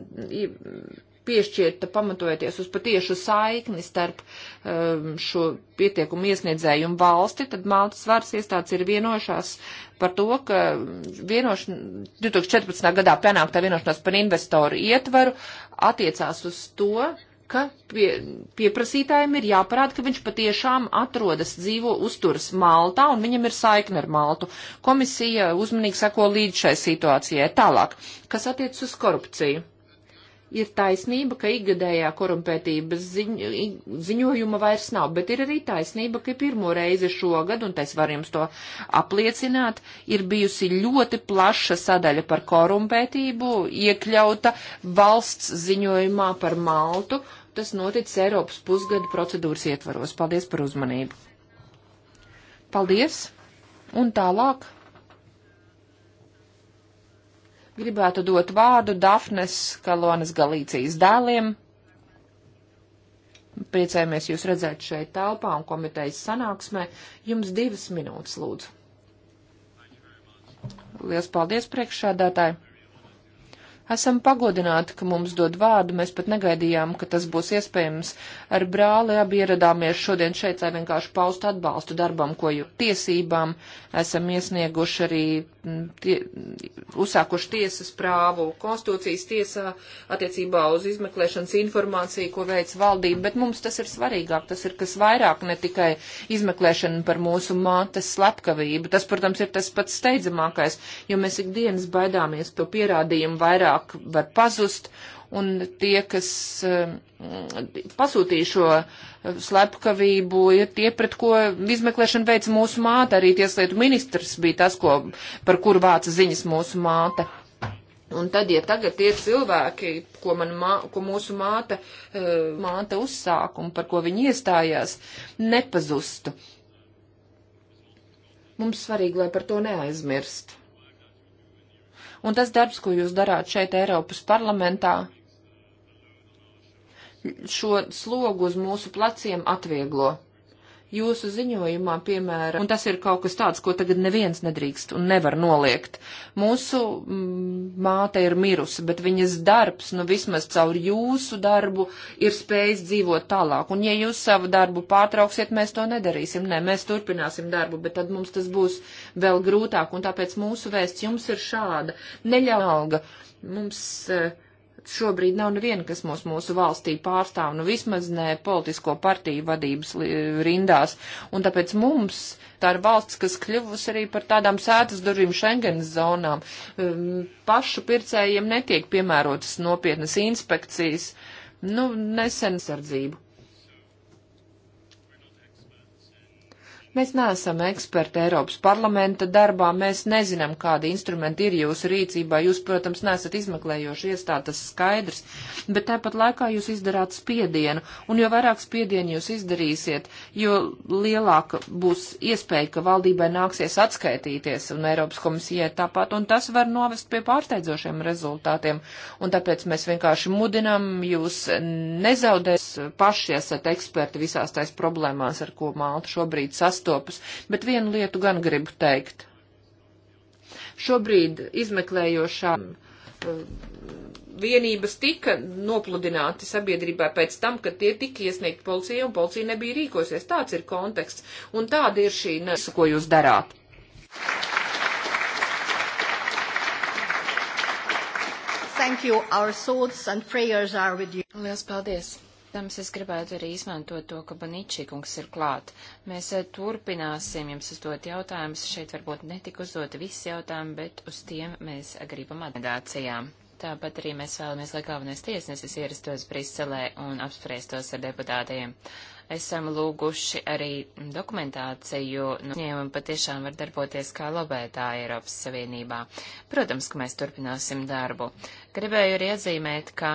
[SPEAKER 1] piešķirta pamatojoties uz patiešu saikni starp um, šo pietiekumu iesniedzēju un valsti, tad Maltas varas iestādes ir vienošās par to, ka vienoš... 2014. gadā panāktā vienošanās par investoru ietvaru attiecās uz to, ka pie, pieprasītājiem ir jāparāda, ka viņš patiešām atrodas dzīvo uzturas Maltā un viņam ir saikne ar Maltu. Komisija uzmanīgi sako līdz šai situācijai. Tālāk, kas attiec uz korupciju ir taisnība, ka ikgadējā korumpētības ziņ, ziņojuma vairs nav, bet ir arī taisnība, ka pirmo reizi šogad, un es varu jums to apliecināt, ir bijusi ļoti plaša sadaļa par korumpētību iekļauta valsts ziņojumā par Maltu. Tas noticis Eiropas pusgada procedūras ietvaros. Paldies par uzmanību. Paldies! Un tālāk Gribētu dot vārdu Dafnes Kalonas Galīcijas dēliem. Priecājamies jūs redzēt šeit telpā un komitejas sanāksmē. Jums divas minūtes, lūdzu. Lielas paldies priekšsādātāji. Esam pagodināti, ka mums dod vārdu, mēs pat negaidījām, ka tas būs iespējams. Ar brāli abi ieradāmies šodien šeit, lai vienkārši paust atbalstu darbam, ko jau tiesībām esam iesnieguši arī, tie, uzsākuši tiesas prāvu konstitūcijas tiesā attiecībā uz izmeklēšanas informāciju, ko veic valdība, bet mums tas ir svarīgāk, tas ir kas vairāk, ne tikai izmeklēšana par mūsu mātes slepkavību. Tas, protams, ir tas pats steidzamākais, jo mēs ikdienas baidāmies to pierādījumu vairāk vieglāk var pazust, un tie, kas eh, pasūtīja šo eh, slepkavību, ir tie, pret ko izmeklēšana veica mūsu māte. Arī tieslietu ministrs bija tas, ko, par kuru vāca ziņas mūsu māte. Un tad, ja tagad tie cilvēki, ko, mā, ko mūsu māte, eh, māte uzsāka un par ko viņi iestājās, nepazustu. Mums svarīgi, lai par to neaizmirst. Un tas darbs, ko jūs darāt šeit Eiropas parlamentā, šo slogu uz mūsu pleciem atvieglo jūsu ziņojumā, piemēram, un tas ir kaut kas tāds, ko tagad neviens nedrīkst un nevar noliegt. Mūsu mm, māte ir mirusi, bet viņas darbs, nu vismaz caur jūsu darbu, ir spējis dzīvot tālāk. Un ja jūs savu darbu pārtrauksiet, mēs to nedarīsim. Nē, mēs turpināsim darbu, bet tad mums tas būs vēl grūtāk. Un tāpēc mūsu vēsts jums ir šāda. Neļauga. Mums. Uh, šobrīd nav neviena, kas mūs mūsu valstī pārstāv, nu vismaz ne politisko partiju vadības rindās. Un tāpēc mums tā ir valsts, kas kļuvusi arī par tādām sētas durvīm Schengenas zonām. Ehm, pašu pircējiem netiek piemērotas nopietnas inspekcijas, nu, nesen sardzību. Mēs neesam eksperti Eiropas parlamenta darbā, mēs nezinām, kādi instrumenti ir jūsu rīcībā. Jūs, protams, nesat izmeklējoši iestādi, tas skaidrs, bet tāpat laikā jūs izdarāt spiedienu, un jo vairāk spiedienu jūs izdarīsiet, jo lielāka būs iespēja, ka valdībai nāksies atskaitīties un Eiropas komisijai tāpat, un tas var novest pie pārsteidzošiem rezultātiem. Un tāpēc mēs vienkārši mudinam jūs nezaudēs paši esat eksperti visās tais problēmās, ar ko Malta šobrīd sastāv uztopus, bet vienu lietu gan gribu teikt. Šobrīd izmeklējošām eh, vienības tika nopludināti sabiedrībā pēc tam, kad tie tika iesniegti policijai un policija nebija rīkosies. Tāds ir konteksts un tāda ir šī nesa, ko jūs darāt. Thank you. Our thoughts
[SPEAKER 2] and prayers are with you. Lielas paldies. Protams, es gribētu arī izmantot to, ka Baničīkungs ir klāt. Mēs eh, turpināsim jums uzdot jautājumus. Šeit varbūt netika uzdoti visi jautājumi, bet uz tiem mēs gribam atbildācijām. Tāpat arī mēs vēlamies, lai galvenais tiesnesis ierastos Briselē un apspriestos ar deputātiem. Esam lūguši arī dokumentāciju, nu, no ņēmumi patiešām var darboties kā lobētāji Eiropas Savienībā. Protams, ka mēs turpināsim darbu. Gribēju arī atzīmēt, ka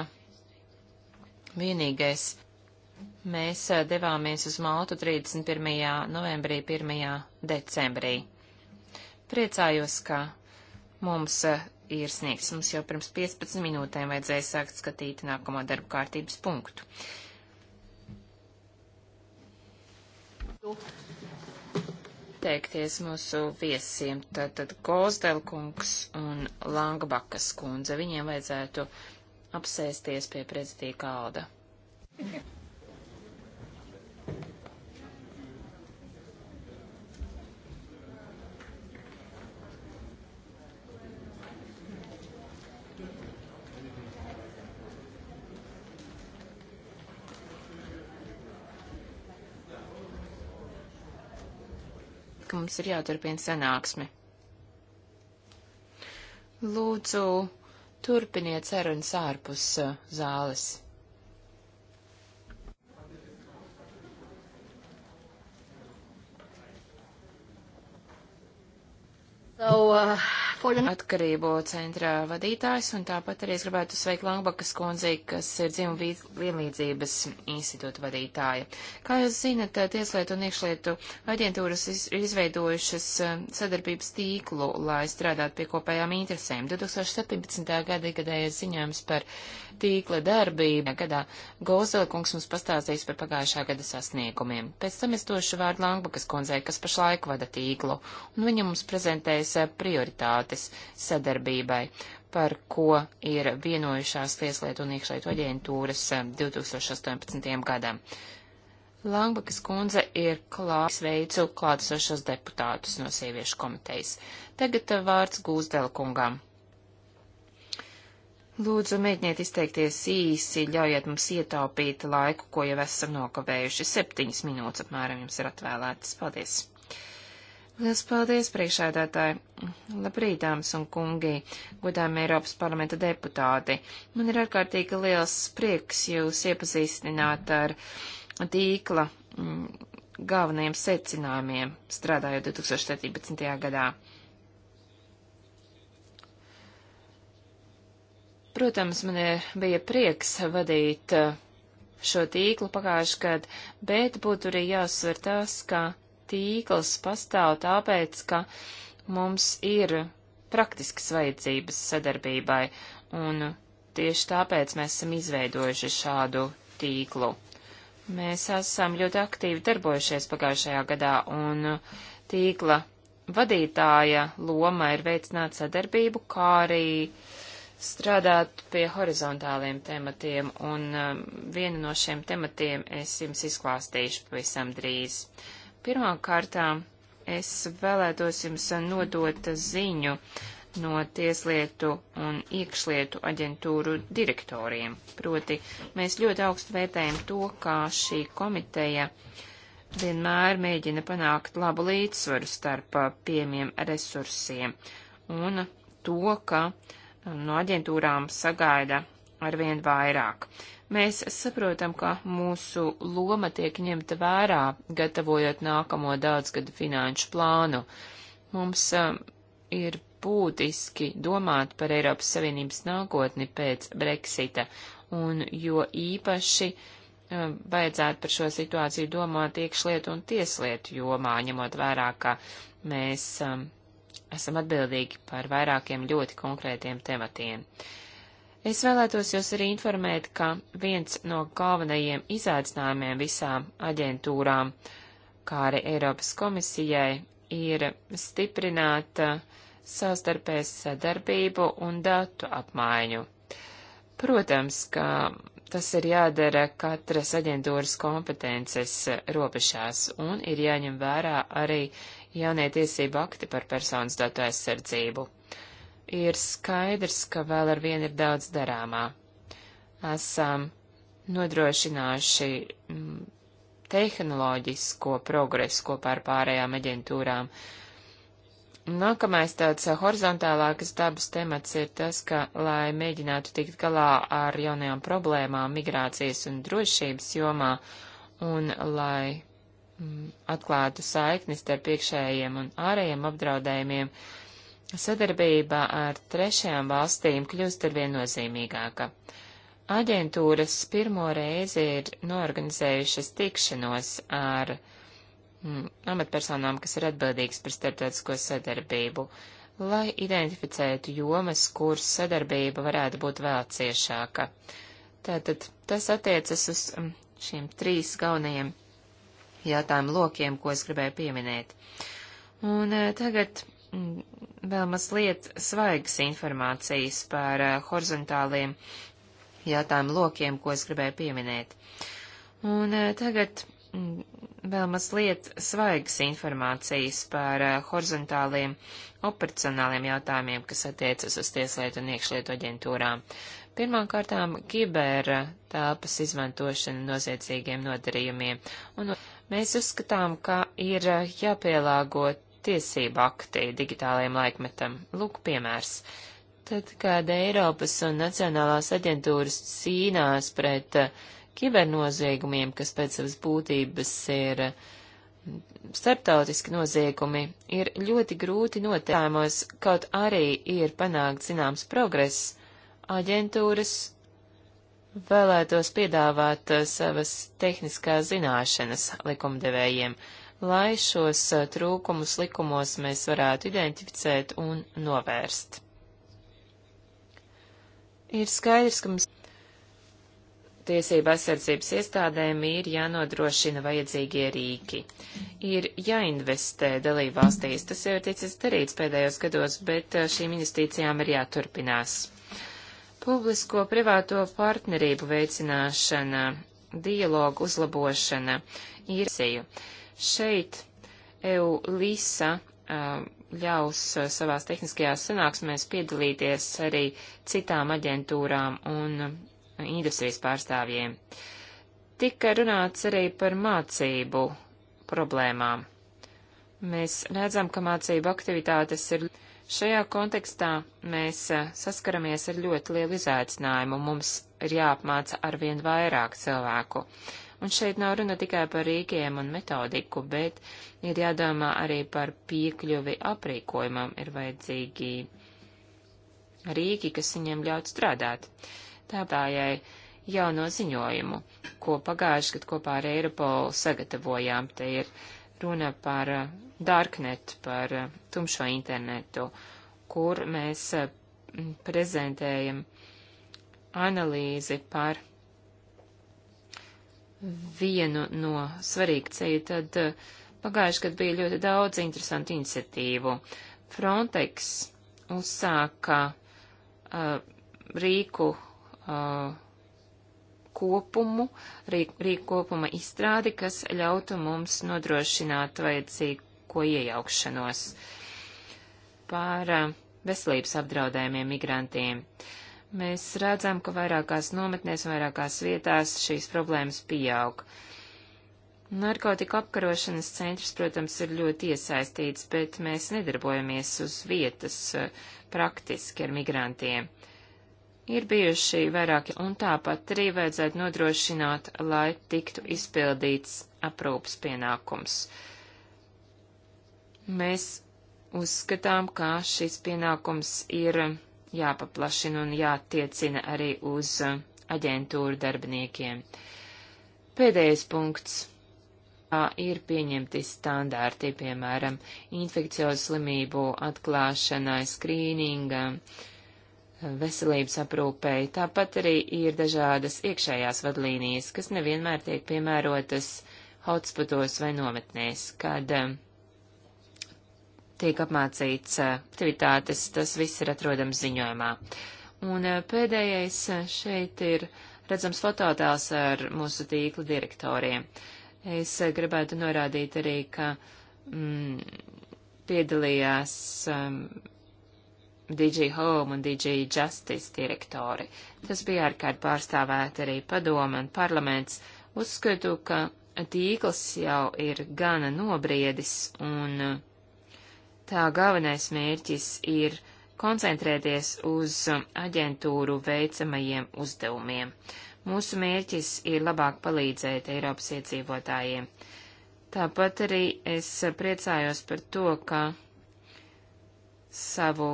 [SPEAKER 2] Vienīgais. Mēs eh, devāmies uz Maltu 31. novembrī, 1. decembrī. Priecājos, ka mums eh, ir sniegs. Mums jau pirms 15 minūtēm vajadzēja sākt skatīt nākamo darba kārtības punktu. Teikties mūsu viesiem, tātad Gozdelkungs un Langbakas kundze. Viņiem vajadzētu apsēsties pie prezidija kāda. Mums ir jāturpina sanāksme. Lūdzu, Turpiniet sarunas ārpus uh, zāles. neatkarību centra vadītājs, un tāpat arī es gribētu sveikt Langbakas kundzi, kas ir dzimu vienlīdzības institūta vadītāja. Kā jūs zinat, Tieslietu un iekšlietu aģentūras iz, ir izveidojušas eh, sadarbības tīklu, lai strādātu pie kopējām interesēm. 2017. gada gadējais ziņojums par tīkla darbību gadā Gozelikungs mums pastāstīs par pagājušā gada sasniegumiem. Pēc tam es došu vārdu Langbakas kundzei, kas pašlaik vada tīklu, un viņa mums prezentēs eh, prioritātes sadarbībai, par ko ir vienojušās Tieslietu un iekšlietu aģentūras 2018. Eh, gadam. Langbakas kundze ir klāts veicu klātesošos deputātus no sieviešu komitejas. Tagad eh, vārds Gūzdela kungām. Lūdzu, mēģiniet izteikties īsi, ļaujiet mums ietaupīt laiku, ko jau esam nokavējuši. Septiņas minūtes apmēram jums ir atvēlētas. Paldies! Liels paldies, priekšēdētāji! Labrīt, dāmas un kungi, godām Eiropas parlamenta deputāti! Man ir ārkārtīgi liels prieks jūs iepazīstināt ar tīkla mm, galvenajiem secinājumiem, strādājot 2017. gadā. Protams, man bija prieks vadīt uh, šo tīklu pagājuši gadu, bet būtu arī jāsver tas, ka tīkls pastāv tāpēc, ka mums ir praktiskas vajadzības sadarbībai, un tieši tāpēc mēs esam izveidojuši šādu tīklu. Mēs esam ļoti aktīvi darbojušies pagājušajā gadā, un tīkla vadītāja loma ir veicināt sadarbību, kā arī strādāt pie horizontāliem tematiem, un um, vienu no šiem tematiem es jums izklāstīšu pavisam drīz. Uh, Pirmām kārtām es vēlētos jums nodot ziņu no Tieslietu un iekšlietu aģentūru direktoriem. Proti, mēs ļoti augstu vērtējam to, kā šī komiteja vienmēr mēģina panākt labu līdzsvaru starp uh, piemiem resursiem un to, ka uh, no aģentūrām sagaida arvien vairāk. Mēs saprotam, ka mūsu loma tiek ņemta vērā, gatavojot nākamo daudzgadu finanšu plānu. Mums um, ir būtiski domāt par Eiropas Savienības nākotni pēc Brexita, un jo īpaši um, vajadzētu par šo situāciju domāt iekšlietu un tieslietu jomā, ņemot vērā, ka mēs um, esam atbildīgi par vairākiem ļoti konkrētiem tematiem. Uh, Es vēlētos jūs arī informēt, ka viens no galvenajiem izaicinājumiem visām aģentūrām, kā arī Eiropas komisijai, ir stiprināt uh, savstarpējas sadarbību un datu apmaiņu. Protams, ka tas ir jādara katras aģentūras kompetences uh, robežās un ir jāņem vērā arī jaunie tiesību akti par personas datu aizsardzību ir skaidrs, ka vēl ar vienu ir daudz darāmā. Esam nodrošinājuši mm, tehnoloģisko progresu kopā ar pārējām aģentūrām. Nākamais tāds horizontālākas dabas temats ir tas, ka, lai mēģinātu tikt galā ar jaunajām problēmām migrācijas un drošības jomā, un lai mm, atklātu saiknis starp iekšējiem un ārējiem apdraudējumiem, uh, sadarbība ar trešajām valstīm kļūst arvien nozīmīgāka. Aģentūras pirmo reizi ir norganizējušas tikšanos ar mm, amatpersonām, kas ir atbildīgas par starptautisko sadarbību, lai identificētu jomas, kuras sadarbība varētu būt vēl ciešāka. Tātad tas attiecas uz mm, šiem trīs galvenajiem jautājumu lokiem, ko es gribēju pieminēt. Un eh, tagad Mm, vēl mazliet svaigas informācijas par eh, horizontāliem jautājumu lokiem, ko es gribēju pieminēt. Un eh, tagad mm, vēl mazliet svaigas informācijas par eh, horizontāliem operacionāliem jautājumiem, kas attiecas uz tieslietu un iekšlietu aģentūrām. Pirmkārtām, kiber telpas izmantošana noziedzīgiem nodarījumiem. Un mēs uzskatām, ka ir jāpielāgot tiesību akti digitālajiem laikmetam. Lūk, piemērs. Tad, kad Eiropas un Nacionālās aģentūras cīnās pret eh, kibernoziegumiem, kas pēc savas būtības ir eh, starptautiski noziegumi, ir ļoti grūti notēmos, kaut arī ir panākt zināms progress, aģentūras vēlētos piedāvāt eh, savas tehniskās zināšanas likumdevējiem lai šos eh, trūkumus likumos mēs varētu identificēt un novērst. Ir skaidrs, ka mums tiesība aizsardzības iestādēm ir jānodrošina vajadzīgie rīki. Ir jāinvestē dalībvalstīs, tas jau ir ticis darīts pēdējos gados, bet eh, šīm investīcijām ir jāturpinās. Publisko-privāto partnerību veicināšana, dialogu uzlabošana ir sēju. Šeit EU Lisa ļaus savās tehniskajās sanāksmēs piedalīties arī citām aģentūrām un industrijas pārstāvjiem. Tika runāts arī par mācību problēmām. Mēs redzam, ka mācību aktivitātes ir. Šajā kontekstā mēs saskaramies ar ļoti lielu izaicinājumu. Mums ir jāapmāca arvien vairāk cilvēku. Un šeit nav runa tikai par rīkiem un metodiku, bet ir jādomā arī par piekļuvi aprīkojumam, ir vajadzīgi rīki, kas viņiem ļaut strādāt. Tāpājai jauno ziņojumu, ko pagājuši, kad kopā ar Eiropolu sagatavojām, te ir runa par eh, darknet, par eh, tumšo internetu, kur mēs eh, prezentējam analīzi par vienu no svarīgceļu, tad eh, pagājuši, kad bija ļoti daudz interesantu iniciatīvu. Frontex uzsāka uh, rīku uh, kopumu, rīk, rīku kopuma izstrādi, kas ļautu mums nodrošināt vajadzīgo iejaukšanos par uh, veselības apdraudējumiem migrantiem. Uh, Mēs redzam, ka vairākās nometnēs, vairākās vietās šīs problēmas pieaug. Narkotika apkarošanas centrs, protams, ir ļoti iesaistīts, bet mēs nedarbojamies uz vietas eh, praktiski ar migrantiem. Ir bijuši vairāki, un tāpat arī vajadzētu nodrošināt, lai tiktu izpildīts aprūpas pienākums. Mēs uzskatām, ka šis pienākums ir jāpaplašina un jātiecina arī uz uh, aģentūru darbiniekiem. Pēdējais punkts ir pieņemti standārti, piemēram, infekcijos slimību atklāšanai, skrīningam, veselības aprūpēji. Tāpat arī ir dažādas iekšējās vadlīnijas, kas nevienmēr tiek piemērotas hotspotos vai nometnēs, kad tiek apmācīts eh, aktivitātes, tas viss ir atrodams ziņojumā. Un eh, pēdējais eh, šeit ir redzams fototēls ar mūsu tīkla direktoriem. Es gribētu norādīt arī, ka mm, piedalījās um, ehm, DG Home un DG Justice direktori. Tas bija ārkārt pārstāvēt arī padoma un parlaments. Uzskatu, ka tīkls jau ir gana nobriedis un uh, tā galvenais mērķis ir koncentrēties uz um, aģentūru veicamajiem uzdevumiem. Mūsu mērķis ir labāk palīdzēt Eiropas iedzīvotājiem. Tāpat arī es priecājos par to, ka savu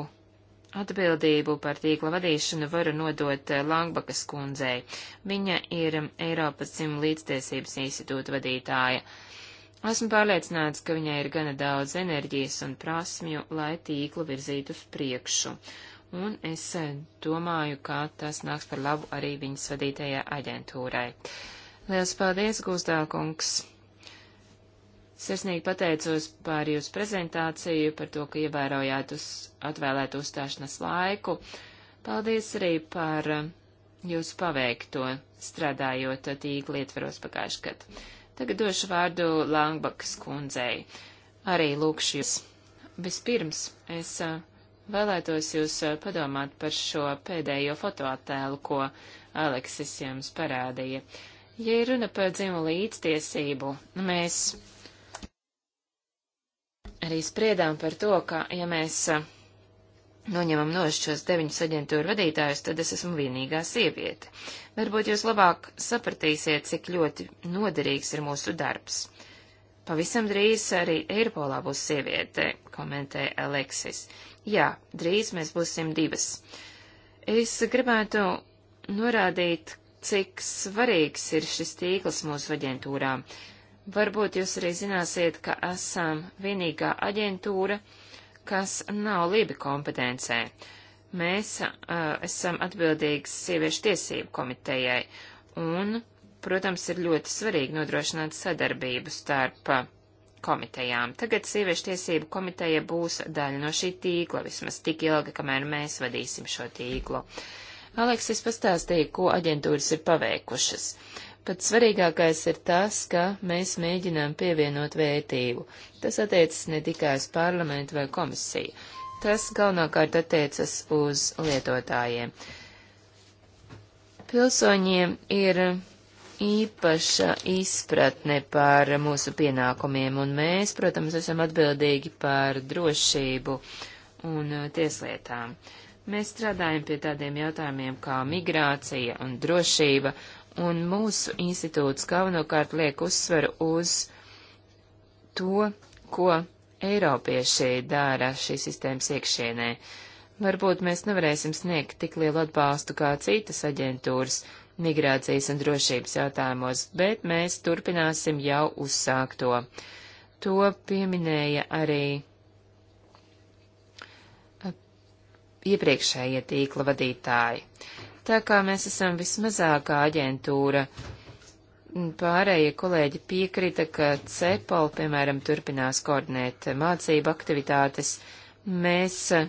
[SPEAKER 2] atbildību par tīkla vadīšanu varu nodot eh, Langbakas kundzei. Viņa ir um, Eiropas dzimuma līdztiesības institūta vadītāja. Esmu pārliecināts, ka viņai ir gana daudz enerģijas un prasmju, lai tīklu virzītu uz priekšu, un es e, domāju, ka tas nāks par labu arī viņas vadītajai aģentūrai. Lielas paldies, Guzdākungs! Sirsnīgi pateicos par jūsu prezentāciju, par to, ka ievērojāt uz atvēlēt uzstāšanas laiku. Paldies arī par e, jūsu paveikto strādājot tīkli ietveros pagājušajā gadā. Tagad došu vārdu Langbakas kundzei. Arī lūkšu jūs. Vispirms es vēlētos jūs padomāt par šo pēdējo fotoattēlu, ko Aleksis jums parādīja. Ja ir runa par dzimumu līdztiesību, mēs arī spriedām par to, ka, ja mēs noņemam nošķ šos deviņus aģentūru vadītājus, tad es esmu vienīgā sieviete. Varbūt jūs labāk sapratīsiet, cik ļoti noderīgs ir mūsu darbs. Pavisam drīz arī Eiropolā būs sieviete, komentē Aleksis. Jā, drīz mēs būsim divas. Es gribētu norādīt, cik svarīgs ir šis tīkls mūsu aģentūrām. Varbūt jūs arī zināsiet, ka esam vienīgā aģentūra, uh, kas nav Lībi kompetencē. Mēs uh, esam atbildīgs sieviešu tiesību komitejai, un, protams, ir ļoti svarīgi nodrošināt sadarbību starp uh, komitejām. Tagad sieviešu tiesību komiteja būs daļa no šī tīkla, vismaz tik ilgi, kamēr mēs vadīsim šo tīklu. Aleksis pastāstīja, ko aģentūras ir paveikušas. Pats svarīgākais ir tas, ka mēs mēģinām pievienot vērtību. Tas attiecas ne tikai uz parlamentu vai komisiju. Tas galvenokārt attiecas uz lietotājiem. Pilsoņiem ir īpaša izpratne par mūsu pienākumiem, un mēs, protams, esam atbildīgi par drošību un uh, tieslietām. Mēs strādājam pie tādiem jautājumiem kā migrācija un drošība, Un mūsu institūts galvenokārt liek uzsveru uz to, ko Eiropieši dara šīs sistēmas iekšienē. Varbūt mēs nevarēsim sniegt tik lielu atbalstu kā citas aģentūras migrācijas un drošības jautājumos, bet mēs turpināsim jau uzsākto. To pieminēja arī iepriekšējie tīkla vadītāji tā kā mēs esam vismazākā aģentūra. Pārējie kolēģi piekrita, ka CEPOL, piemēram, turpinās koordinēt mācību aktivitātes. Mēs eh,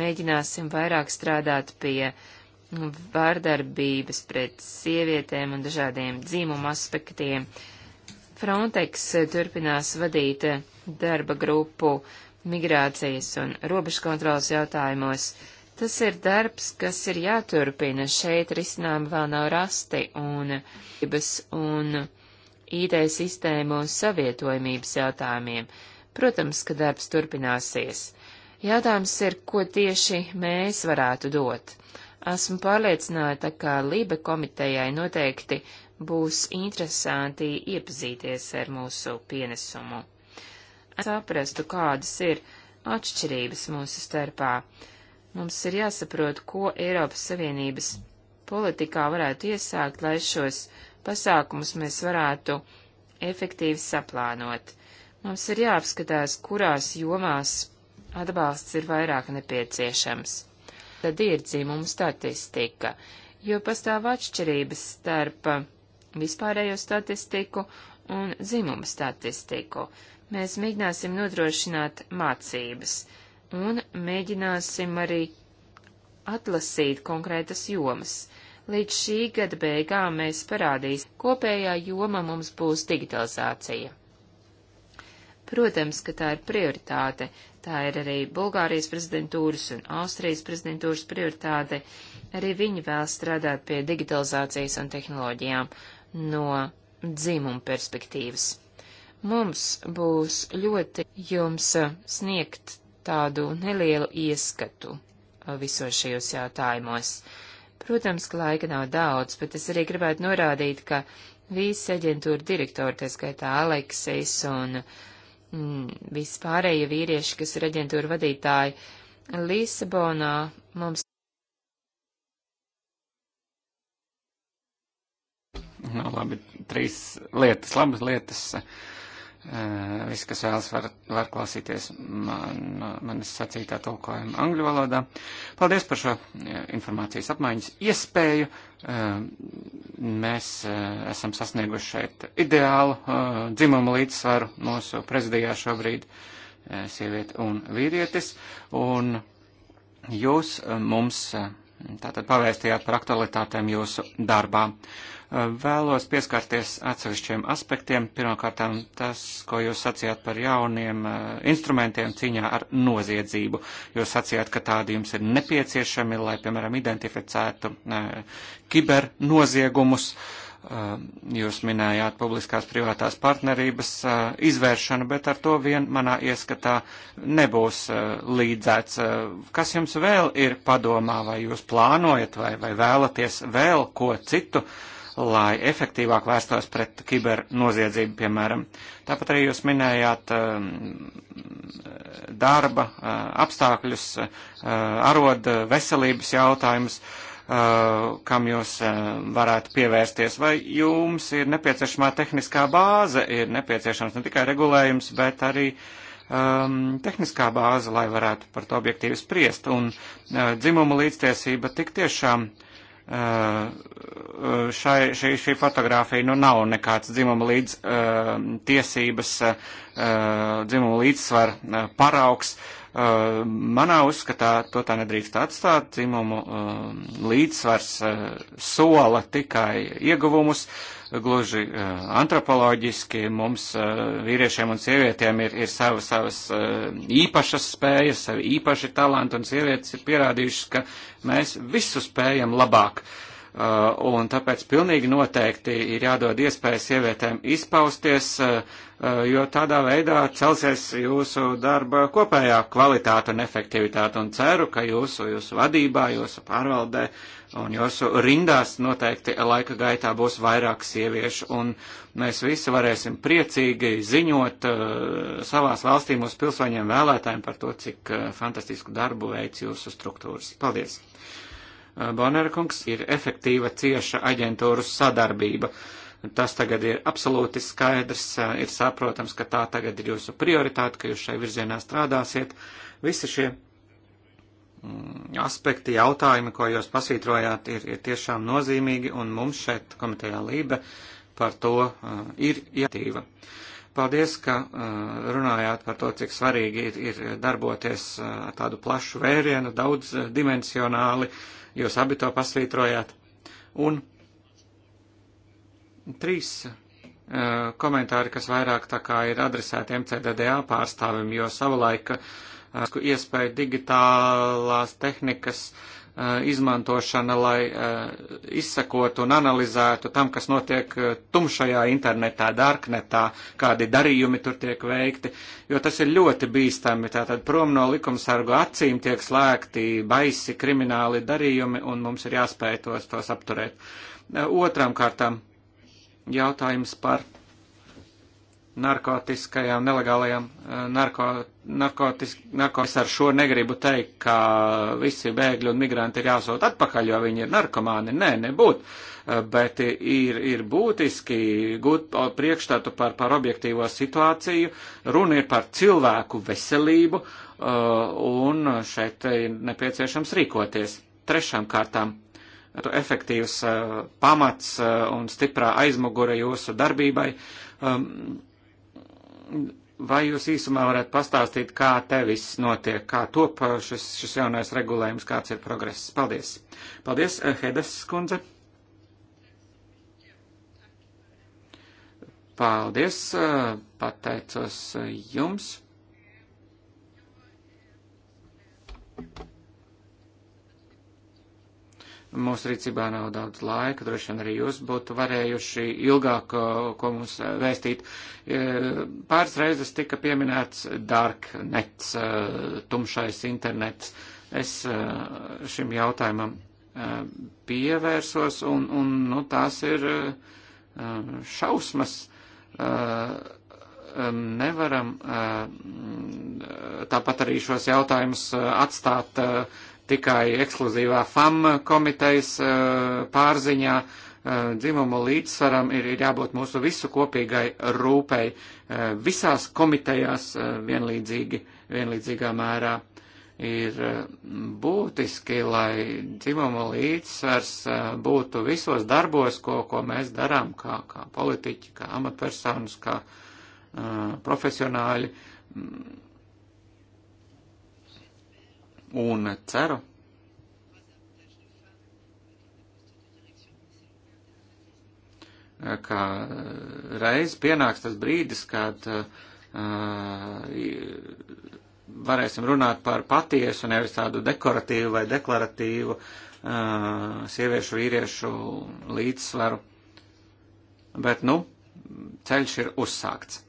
[SPEAKER 2] mēģināsim vairāk strādāt pie vārdarbības pret sievietēm un dažādiem dzīmumu aspektiem. Frontex eh, turpinās vadīt eh, darba grupu migrācijas un robežkontrolas jautājumos. Tas ir darbs, kas ir jāturpina. Šeit risinājumi vēl nav rasti un, un IT sistēmu savietojamības jautājumiem. Protams, ka darbs turpināsies. Jautājums ir, ko tieši mēs varētu dot. Esmu pārliecināta, ka Lībe komitejai noteikti būs interesanti iepazīties ar mūsu pienesumu. Saprastu, kādas ir atšķirības mūsu starpā. Mums ir jāsaprot, ko Eiropas Savienības politikā varētu iesākt, lai šos pasākumus mēs varētu efektīvi saplānot. Mums ir jāapskatās, kurās jomās atbalsts ir vairāk nepieciešams. Tad ir dzimuma statistika, jo pastāv atšķirības starp vispārējo statistiku un dzimuma statistiku. Mēs mēģināsim nodrošināt mācības un mēģināsim arī atlasīt konkrētas jomas. Līdz šī gada beigām mēs parādīs, kopējā joma mums būs digitalizācija. Protams, ka tā ir prioritāte, tā ir arī Bulgārijas prezidentūras un Austrijas prezidentūras prioritāte, arī viņi vēl strādāt pie digitalizācijas un tehnoloģijām no dzimuma perspektīvas. Mums būs ļoti jums sniegt tādu nelielu ieskatu uh, visos šajos jautājumos. Protams, ka laika nav daudz, bet es arī gribētu norādīt, ka visi aģentūra direktori, tā skaitā Aleksis un mm, visi pārējie vīrieši, kas ir aģentūra vadītāji, Lisabonā mums.
[SPEAKER 3] Nu, labi, trīs lietas, labas lietas. Uh, Visi, kas vēlas, var, var klausīties man, manis sacītā tulkojuma angļu valodā. Paldies par šo informācijas apmaiņas iespēju. Mēs esam sasnieguši šeit ideālu dzimumu līdzsvaru mūsu prezidijā šobrīd sieviete un vīrietis. Un jūs mums tātad pavēstījāt par aktualitātēm jūsu darbā. Vēlos pieskarties atsevišķiem aspektiem. Pirmkārtām tas, ko jūs sacījāt par jauniem instrumentiem cīņā ar noziedzību. Jūs sacījāt, ka tādi jums ir nepieciešami, lai, piemēram, identificētu kibernoziegumus. Jūs minējāt publiskās privātās partnerības izvēršanu, bet ar to vien manā ieskatā nebūs līdzēts. Kas jums vēl ir padomā, vai jūs plānojat vai, vai vēlaties vēl ko citu? Uh, lai efektīvāk vērstos pret kibernoziedzību, piemēram. Tāpat arī jūs minējāt um, darba uh, apstākļus, uh, aroda veselības jautājumus uh, kam jūs varētu pievērsties, vai jums ir nepieciešamā tehniskā bāze, ir nepieciešams ne tikai regulējums, bet arī um, tehniskā bāze, lai varētu par to objektīvi spriest. Un uh, dzimuma līdztiesība tik tiešām uh, Eh, šai, šī, šī fotografija nu nav nekāds dzimuma līdz eh, tiesības, eh, dzimuma līdzsvar paraugs. Manā uzskatā to tā nedrīkst atstāt. Dzimumu līdzsvars sola tikai ieguvumus gluži eh, antropoloģiski. Mums eh, vīriešiem un sievietēm ir, ir sava, savas eh, īpašas spējas, savi īpaši talanti, un sievietes ir pierādījušas, ka mēs visu spējam labāk. Uh, Uh, un tāpēc pilnīgi noteikti ir jādod iespēja sievietēm izpausties, uh, uh, jo tādā veidā celsies jūsu darba kopējā kvalitāte un efektivitāte, un ceru, ka jūsu, jūsu vadībā, jūsu pārvaldē un jūsu rindās noteikti laika gaitā būs vairāk sieviešu, un mēs visi varēsim priecīgi ziņot savās valstī mūsu pilsoņiem vēlētājiem par to, cik fantastisku darbu veic jūsu struktūras. Paldies! Eh, Bonerkungs, ir efektīva cieša aģentūru sadarbība. Tas tagad ir absolūti skaidrs, eh, ir saprotams, ka tā tagad ir jūsu prioritāte, ka jūs šai virzienā strādāsiet. Visi šie mm, aspekti, jautājumi, ko jūs pasvītrojāt, ir, ir tiešām nozīmīgi, un mums šeit komitejā Lība par to eh, ir jātīva. Ja Paldies, ka uh, runājāt par to, cik svarīgi ir, ir darboties uh, ar tādu plašu vērienu, daudz uh, dimensionāli. Jūs abi to pasvītrojāt. Un trīs komentāri, kas vairāk tā kā ir adresēti MCDDA pārstāvim, jo savulaika iespēja digitālās tehnikas uh, Eh, izmantošana, lai eh, izsekotu un analizētu tam, kas notiek eh, tumšajā internetā, darknetā, kādi darījumi tur tiek veikti, jo tas ir ļoti bīstami. Tātad prom no likumsargu acīm tiek slēgti baisi krimināli darījumi, un mums ir jāspēj tos, tos apturēt. Otram kārtam jautājums par narkotiskajām, nelegālajām eh, narko, narkotisk, narkotis ar šo negribu teikt, ka visi bēgļi un migranti ir jāsūt atpakaļ, jo viņi ir narkomāni. Nē, nebūt. Eh, bet ir, ir būtiski gūt priekšstatu par, par objektīvo situāciju. Runa ir par cilvēku veselību eh, un šeit ir nepieciešams rīkoties. Trešām kārtām efektīvs uh, pamats uh, un stiprā aizmugure jūsu darbībai. Um, Vai jūs īsumā varētu pastāstīt, kā te viss notiek, kā top šis, šis jaunais regulējums, kāds ir progress? Paldies. Paldies, eh, Hedes skundze. Paldies, eh, pateicos eh, jums. Mūsu rīcībā nav daudz laika, droši vien arī jūs būtu varējuši ilgāk, ko mums vēstīt. E, pāris reizes tika pieminēts darknets, e, tumšais internets. Es e, šim jautājumam pievērsos, un, un nu, tās ir šausmas nevaram tāpat arī šos jautājumus atstāt tikai ekskluzīvā FAM komitejas eh, pārziņā. Eh, dzimumu līdzsvaram ir jābūt mūsu visu kopīgai rūpei eh, visās komitejās vienlīdzīgi, vienlīdzīgā mērā. Ir būtiski, lai dzimumu līdzsvars būtu visos darbos, ko, ko mēs darām, kā, kā politiķi, kā amatpersonas, kā uh, profesionāļi. Uh, un ceru, ka reiz pienāks tas brīdis, kad uh, varēsim runāt par patiesu, nevis tādu dekoratīvu vai deklaratīvu uh, sieviešu vīriešu līdzsvaru. Bet, nu, ceļš ir uzsākts.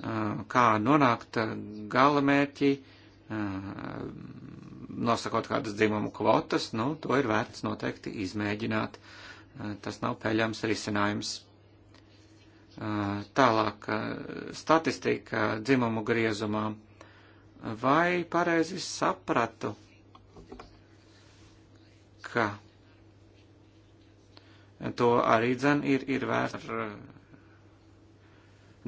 [SPEAKER 3] Uh, kā nonākt gala mērķi, uh, nosakot kādas dzimumu kvotas, nu, to ir vērts noteikti izmēģināt. Eh, tas nav peļams risinājums. Eh, tālāk, eh, statistika dzimumu griezumā. Vai pareizi sapratu, ka to arī dzen ir, ir vērts ar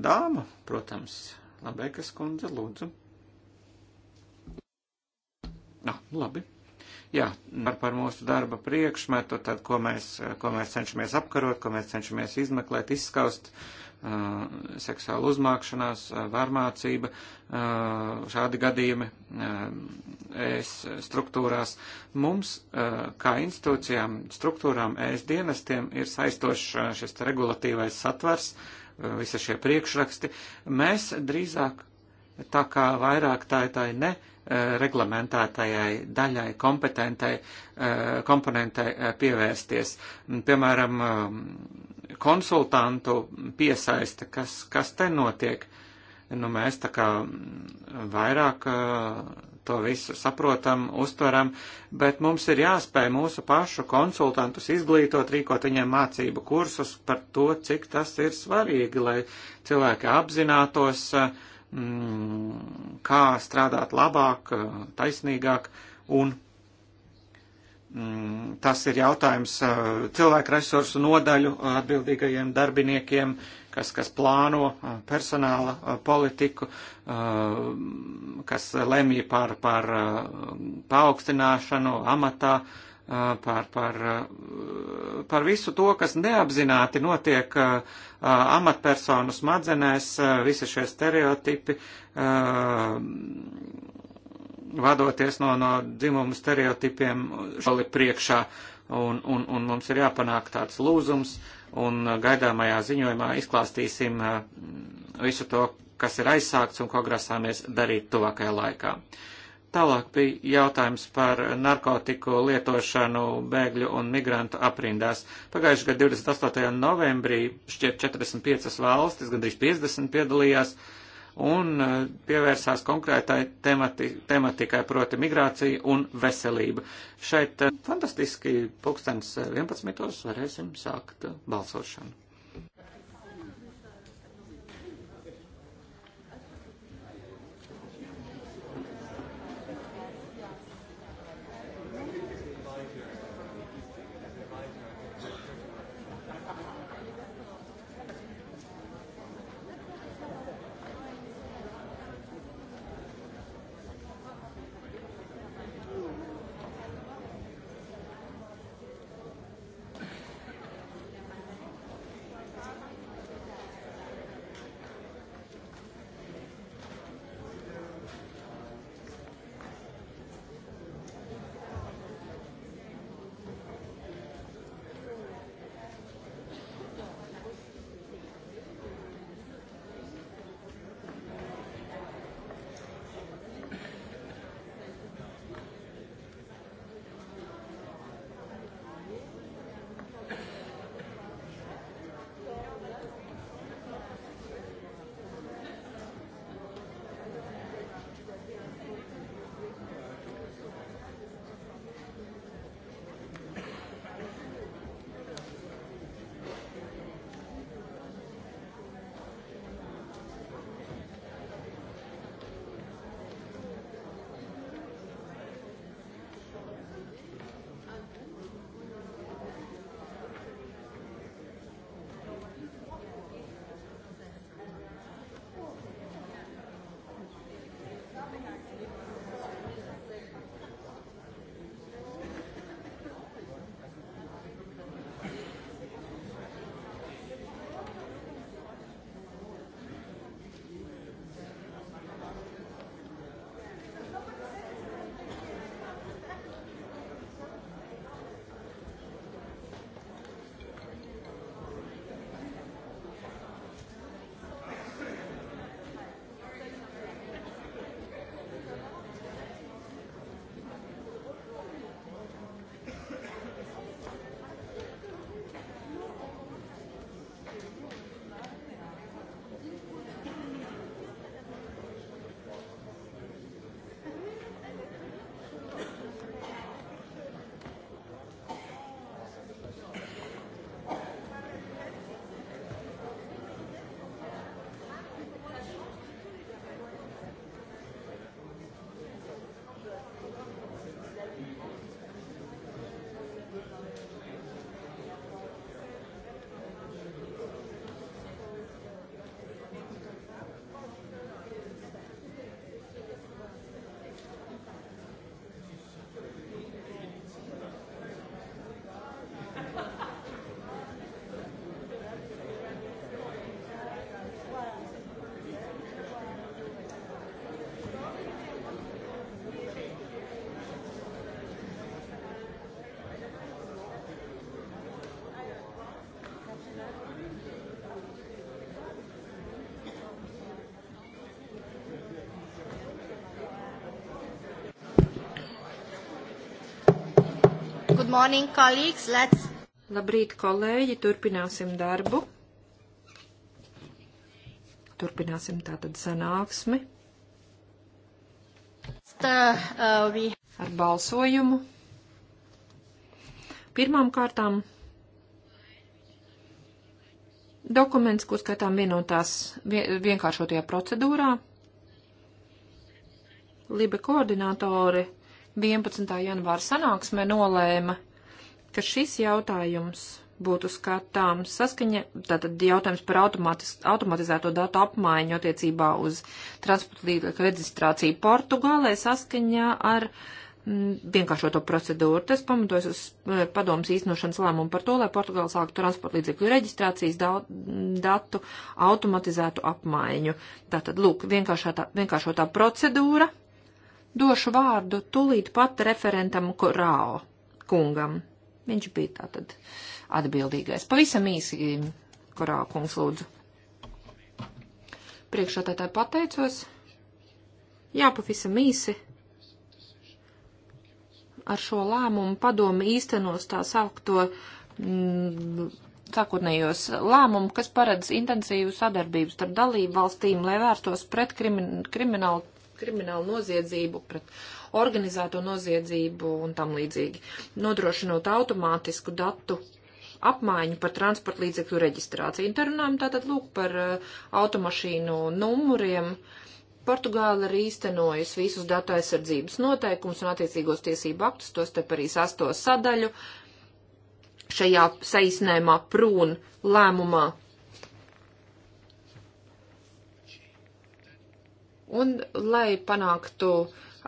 [SPEAKER 3] dāmu, protams, Labekas kundze, lūdzu. Ah, Nā, nu labi. Jā, par, par mūsu darba priekšmetu, tad, ko mēs, ko mēs cenšamies apkarot, ko mēs cenšamies izmeklēt, izskaust, uh, seksuāla uzmākšanās, vārmācība, uh, šādi gadījumi uh, ES struktūrās. Mums, uh, kā institūcijām, struktūrām, ES dienestiem, ir saistošs uh, šis regulatīvais satvers, uh, visi šie priekšraksti. Mēs drīzāk tā kā vairāk tā ir tā ne Eh, reglamentētajai daļai, kompetentai eh, komponentai eh, pievērsties. Piemēram, konsultantu piesaista, kas, kas te notiek. Nu, mēs tā kā mm, vairāk to visu saprotam, uztveram, bet mums ir jāspēj mūsu pašu konsultantus izglītot, rīkot viņiem mācību kursus par to, cik tas ir svarīgi, lai cilvēki apzinātos, uh, Mm, kā strādāt labāk, taisnīgāk, un mm, tas ir jautājums eh, cilvēku resursu nodaļu eh, atbildīgajiem darbiniekiem, kas, kas plāno eh, personāla politiku, kas lemj par, par paaugstināšanu amatā, par, par, par visu to, kas neapzināti notiek amatpersonu smadzenēs, visi šie stereotipi, vadoties no, no dzimumu stereotipiem šoli priekšā, un, un, un mums ir jāpanāk tāds lūzums, un gaidāmajā ziņojumā izklāstīsim visu to, kas ir aizsākts un ko grasāmies darīt tuvākajā laikā. Uh, Tālāk bija jautājums par narkotiku lietošanu bēgļu un migrantu aprindās. Pagājušajā gadā 28. novembrī šķiet 45 valstis, gandrīz 50 piedalījās un e, pievērsās konkrētai temati, tematikai, proti migrācija un veselība. Šeit e, fantastiski pulkstens 11. E, varēsim sākt balsošanu.
[SPEAKER 1] morning, colleagues. Let's... Labrīt, kolēģi, turpināsim darbu. Turpināsim tātad sanāksmi.
[SPEAKER 3] Uh, uh,
[SPEAKER 1] Ar balsojumu. Pirmām kārtām dokuments, ko skatām vienotās vienkāršotajā procedūrā. Liba koordinātori 11. janvāra sanāksmē nolēma, ka šis jautājums būtu skatāms saskaņa, tātad jautājums par automatiz, automatizēto datu apmaiņu attiecībā uz transporta līdzekļu reģistrāciju Portugālē saskaņā ar m, mm, vienkāršoto procedūru. Tas pamatojas uz eh, padomas īstenošanas lēmumu par to, lai Portugāla sāktu transporta līdzekļu reģistrācijas da, datu automatizētu apmaiņu. Tātad, lūk, vienkāršotā procedūra Došu vārdu tulīt pat referentam Rāo kungam. Viņš bija tātad atbildīgais. Pavisam īsi, Korāo kungs lūdzu. Priekšā tā tā pateicos. Jā, pavisam īsi ar šo lēmumu padomi īstenos tā saukto mm, sākotnējos lēmumu, kas paredz intensīvu sadarbību starp dalību valstīm, lai vērstos pret krimin kriminālu kriminālu noziedzību, pret organizēto noziedzību un tam līdzīgi, nodrošinot automātisku datu apmaiņu par transporta līdzekļu reģistrāciju. Un te runājam tātad lūk par uh, automašīnu numuriem. Portugāla ir īstenojusi visus datu aizsardzības noteikumus un attiecīgos tiesību aktus, tos te arī sasto sadaļu šajā saīsinājumā prūn lēmumā Un, lai panāktu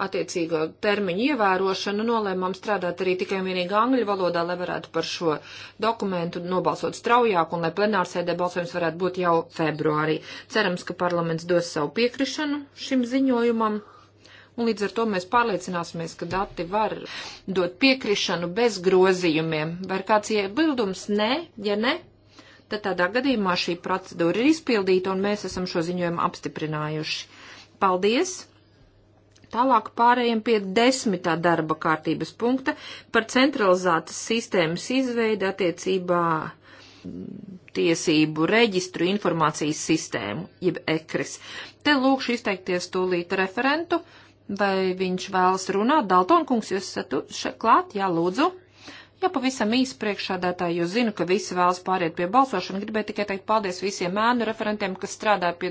[SPEAKER 1] attiecīgo termiņu ievērošanu, nolēmām strādāt arī tikai un vienīgi angļu valodā, lai varētu par šo dokumentu nobalsot straujāk un lai plenārsēdē balsojums varētu būt jau februārī. Cerams, ka parlaments dos savu piekrišanu šim ziņojumam. Un līdz ar to mēs pārliecināsimies, ka dati var dot piekrišanu bez grozījumiem. Vai ir kāds iebildums? Nē, ja ne, tad tādā gadījumā šī procedūra ir izpildīta un mēs esam šo ziņojumu apstiprinājuši. Paldies! Tālāk pārējiem pie desmitā darba kārtības punkta par centralizētas sistēmas izveidu attiecībā tiesību reģistru informācijas sistēmu, jeb ekris. Te lūkšu izteikties tūlīt referentu, vai viņš vēlas runāt. Daltonkungs, jūs esat klāt? Jā, lūdzu. Ja pavisam īsi priekšādātāji, jo zinu, ka visi vēlas pāriet pie balsošana, gribēju tikai teikt paldies visiem ēnu referentiem, kas strādā pie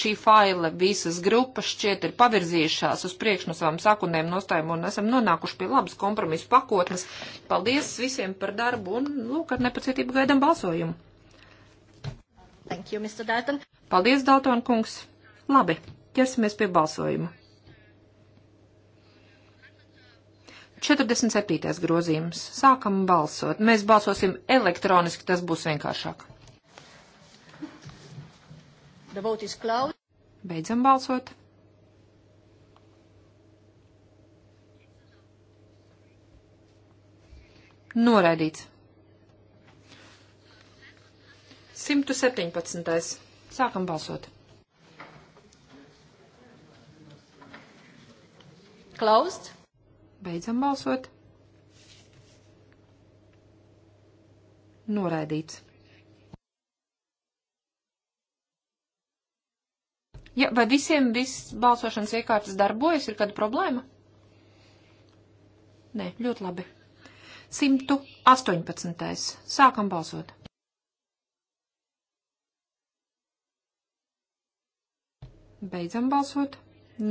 [SPEAKER 1] šī faila. Visas grupas šķiet ir pavirzījušās uz priekšu no savām sākotnēm nostājumiem un esam nonākuši pie labas kompromisu pakotnes. Paldies visiem par darbu un, lūk, ar nepacietību gaidam balsojumu. Thank you, Mr. Dalton. Paldies, Dalton kungs. Labi, ķersimies pie balsojuma. 47. grozījums. Sākam balsot. Mēs balsosim elektroniski, tas būs vienkāršāk. Beidzam balsot. Noraidīts. 117. Sākam balsot. Closed. Beidzam balsot. Noraidīts. Ja, vai visiem viss balsošanas iekārtas darbojas, ir kāda problēma? Nē, ļoti labi. 118. Sākam balsot. Beidzam balsot.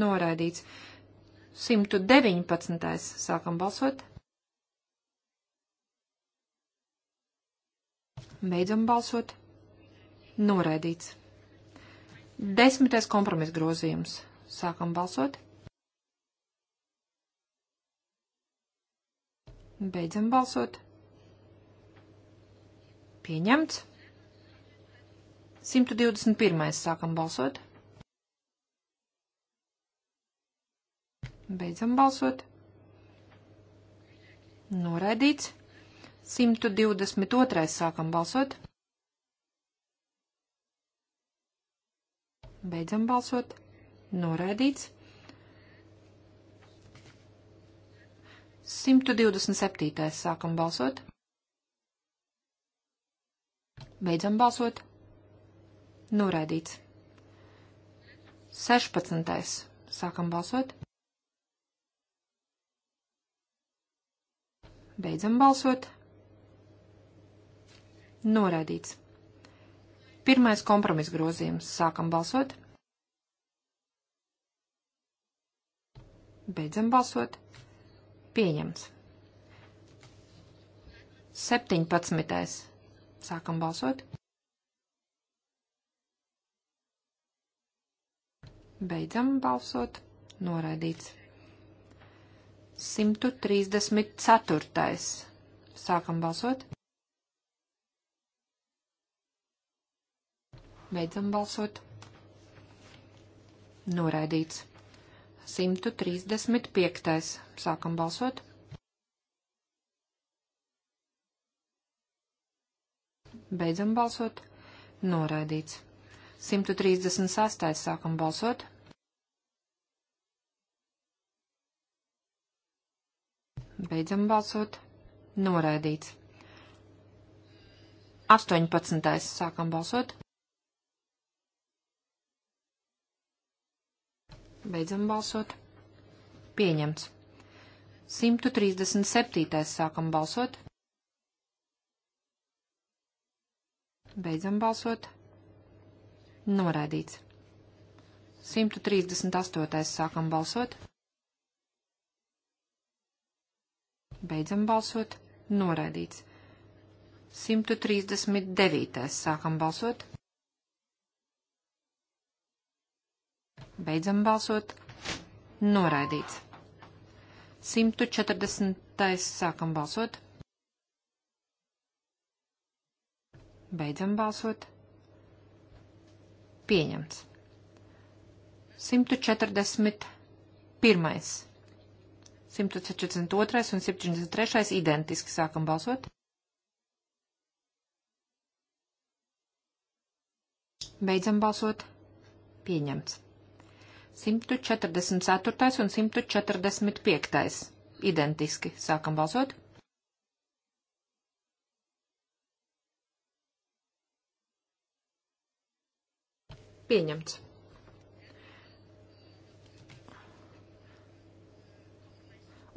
[SPEAKER 1] Noraidīts. 119. Sākam balsot. Beidzam balsot. Noraidīts. Desmitais kompromis grozījums. Sākam balsot. Beidzam balsot. Pieņemts. 121. Sākam balsot. Beidzam balsot. Noraidīts. 122. sākam balsot. Beidzam balsot. Noraidīts. 127. sākam balsot. Beidzam balsot. Noraidīts. 16. sākam balsot. Beidzam balsot. Noraidīts. Pirmais kompromis grozījums. Sākam balsot. Beidzam balsot. Pieņemts. 17. Sākam balsot. Beidzam balsot. Noraidīts. 134. Sākam balsot. Beidzam balsot. Noraidīts. 135. Sākam balsot. Beidzam balsot. Noraidīts. 136. Sākam balsot. Beidzam balsot. Noraidīts. 18. Sākam balsot. Beidzam balsot. Pieņemts. 137. Sākam balsot. Beidzam balsot. Noraidīts. 138. Sākam balsot. Beidzam balsot. Noraidīts. 139. Sākam balsot. Beidzam balsot. Noraidīts. 140. Sākam balsot. Beidzam balsot. Pieņemts. 141. 142 un 73 identiski sākam balsot. Beidzam balsot. Pieņemts. 144 un 145. Identiski. Sākam balsot. Pieņemts.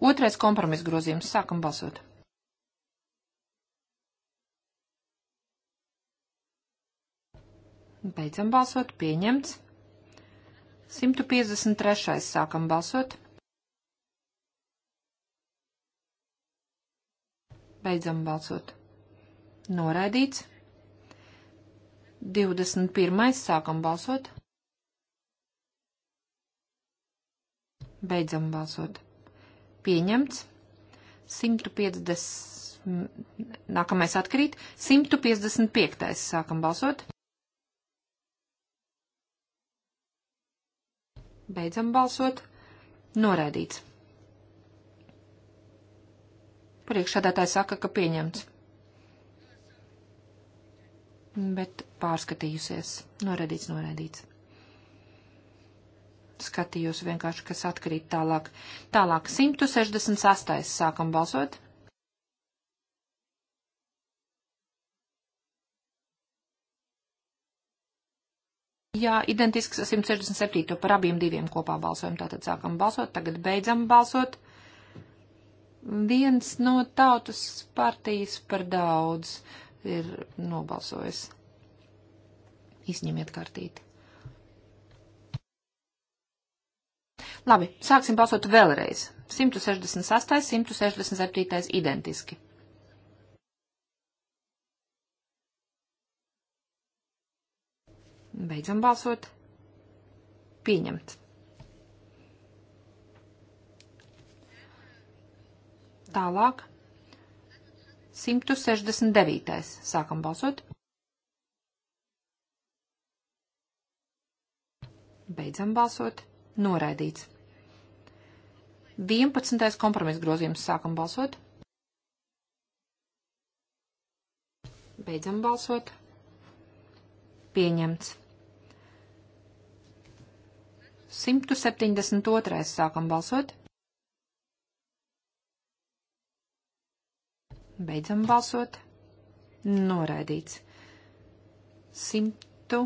[SPEAKER 1] Otrais kompromis grozījums. Sākam balsot. Beidzam balsot. Pieņemts. 153. Sākam balsot. Beidzam balsot. Noraidīts. 21. Sākam balsot. Beidzam balsot pieņemts. 150. Nākamais atkrīt. 155. Sākam balsot. Beidzam balsot. Noraidīts. Priekšādātājs saka, ka pieņemts. Bet pārskatījusies. Noraidīts, noraidīts skatījos vienkārši, kas atkrīt tālāk. Tālāk 168. sākam balsot. Jā, identisks 167. par abiem diviem kopā balsojam. Tātad sākam balsot, tagad beidzam balsot. Viens no tautas partijas par daudz ir nobalsojis. Izņemiet kartīti. Labi, sāksim balsot vēlreiz. 168, 167 identiski. Beidzam balsot. Pieņemt. Tālāk. 169. Sākam balsot. Beidzam balsot. Noraidīts. 11. kompromisa grozījums. Sākam balsot. Beidzam balsot. Pieņemts. 172. Sākam balsot. Beidzam balsot. Noraidīts. 100.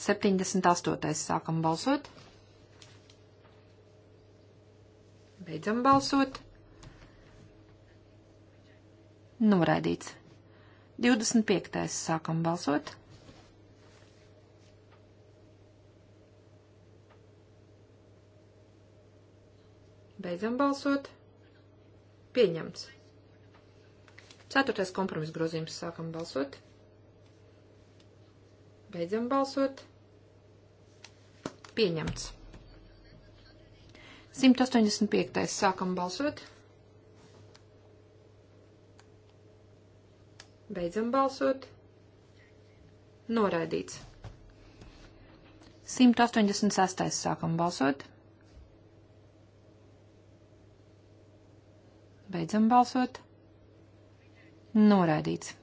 [SPEAKER 1] 78. sākam balsot. Beidzam balsot. Noraidīts. 25. sākam balsot. Beidzam balsot. Pieņemts. Ceturtais kompromiss grozījums sākam balsot. Beidzam balsot. Pieņemts. 185. Sākam balsot. Beidzam balsot. Noraidīts. 186. Sākam balsot. Beidzam balsot. Noraidīts.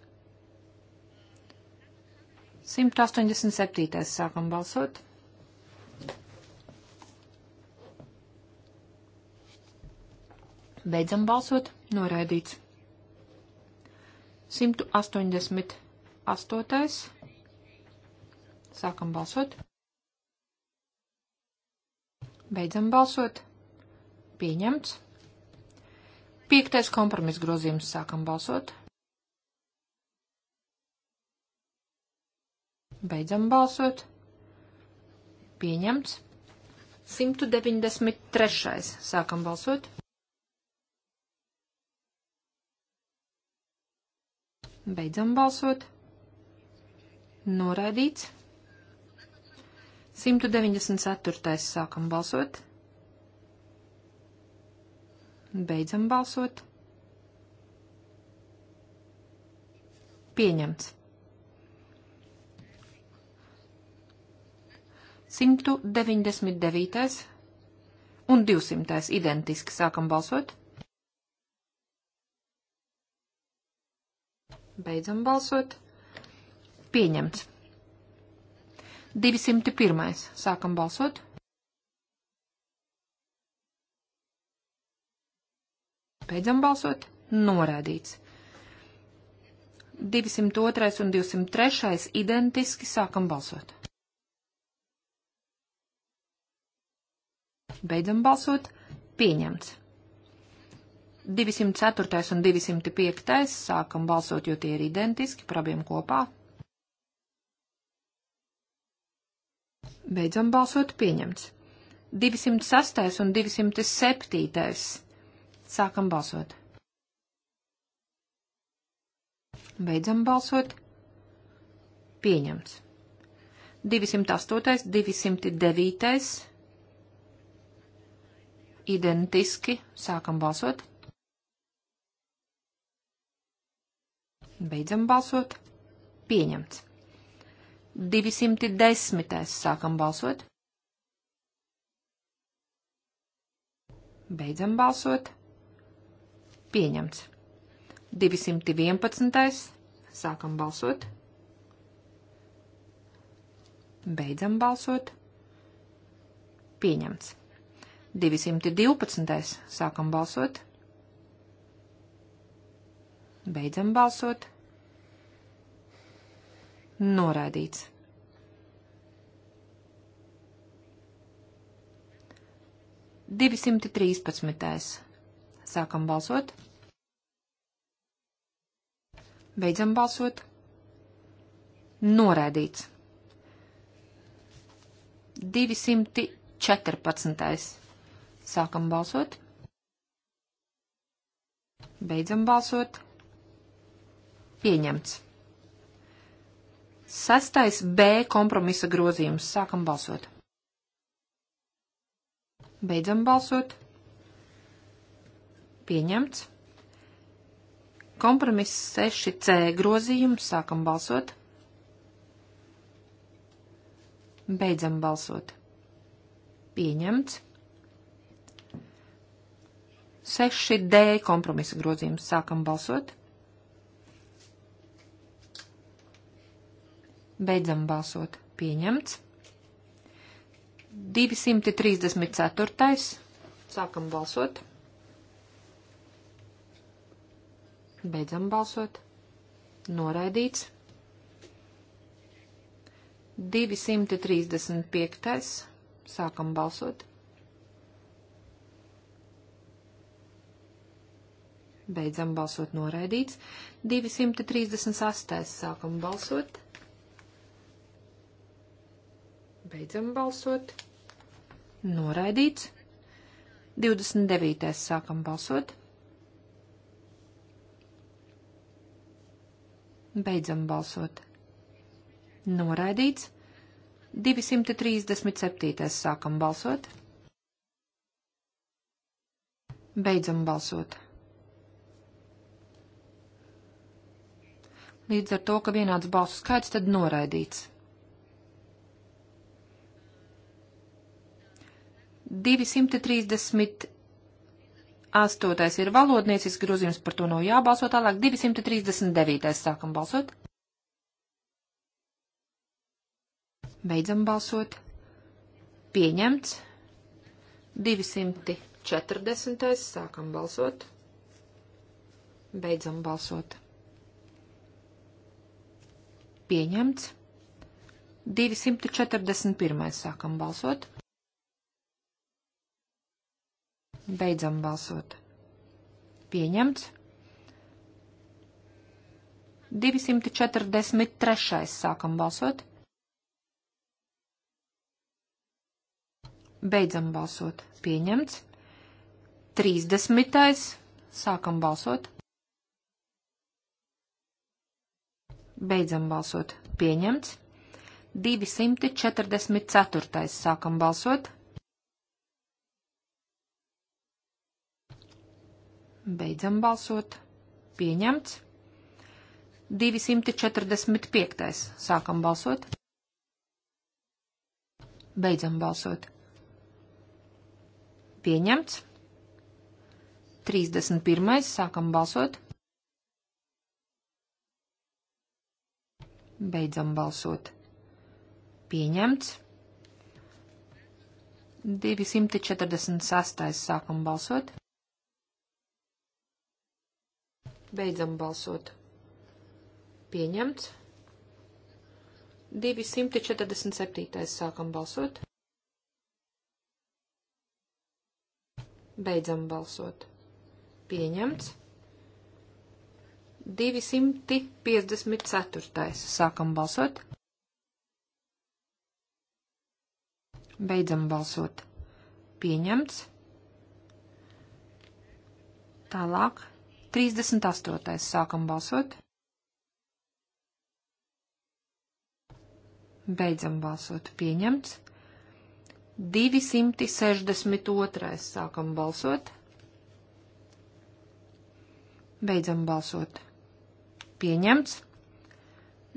[SPEAKER 1] 187. Sākam balsot. Beidzam balsot. Noraidīts. 188. Sākam balsot. Beidzam balsot. Pieņemts. Piektais kompromiss grozījums. Sākam balsot. Beidzam balsot. Pieņemts. 193. Sākam balsot. Beidzam balsot. Noraidīts. 194. sākam balsot. Beidzam balsot. Pieņemts. 199. un 200. identiski sākam balsot. Beidzam balsot. Pieņemts. 201. Sākam balsot. Beidzam balsot. Norādīts. 202 un 203 identiski sākam balsot. Beidzam balsot. Pieņemts. 204. un 205. sākam balsot, jo tie ir identiski par abiem kopā. Beidzam balsot pieņemts. 206. un 207. sākam balsot. Beidzam balsot pieņemts. 208. 209. identiski sākam balsot. Beidzam balsot. Pieņemts. 210. Sākam balsot. Beidzam balsot. Pieņemts. 211. Sākam balsot. Beidzam balsot. Pieņemts. 212. Sākam balsot. Beidzam balsot. Noraidīts. Divsimti trīspadsmitais. Sākam balsot. Beidzam balsot. Noraidīts. 214. Sākam balsot. Beidzam balsot. Pieņemts. Sastais B kompromisa grozījums. Sākam balsot. Beidzam balsot. Pieņemts. Kompromiss 6C grozījums. Sākam balsot. Beidzam balsot. Pieņemts. 6D kompromisa grozījums. Sākam balsot. Beidzam balsot. Pieņemts. 234. Sākam balsot. Beidzam balsot. Noraidīts. 235. Sākam balsot. Beidzam balsot noraidīts. 238. Sākam balsot. Beidzam balsot. Noraidīts. 29. sākam balsot. Beidzam balsot. Noraidīts. 237. sākam balsot. Beidzam balsot. Līdz ar to, ka vienāds balsu skaits tad noraidīts. 238. ir valodniecisks grozījums, par to nav jābalso tālāk. 239. sākam balsot. Beidzam balsot. Pieņemts. 240. sākam balsot. Beidzam balsot. Pieņemts. 241. sākam balsot. Beidzam balsot. Pieņemts. 243. sākam balsot. Beidzam balsot. Pieņemts. 30. sākam balsot. Beidzam balsot. Pieņemts. 244. sākam balsot. Beidzam balsot. Pieņemts. 245. Sākam balsot. Beidzam balsot. Pieņemts. 31. Sākam balsot. Beidzam balsot. Pieņemts. 246. Sākam balsot. Beidzam balsot. Pieņemts. 247. sākam balsot. Beidzam balsot. Pieņemts. 254. Sākam balsot. Beidzam balsot. Pieņemts. Tālāk. 38. Sākam balsot. Beidzam balsot. Pieņemts. 262. Sākam balsot. Beidzam balsot. Pieņemts.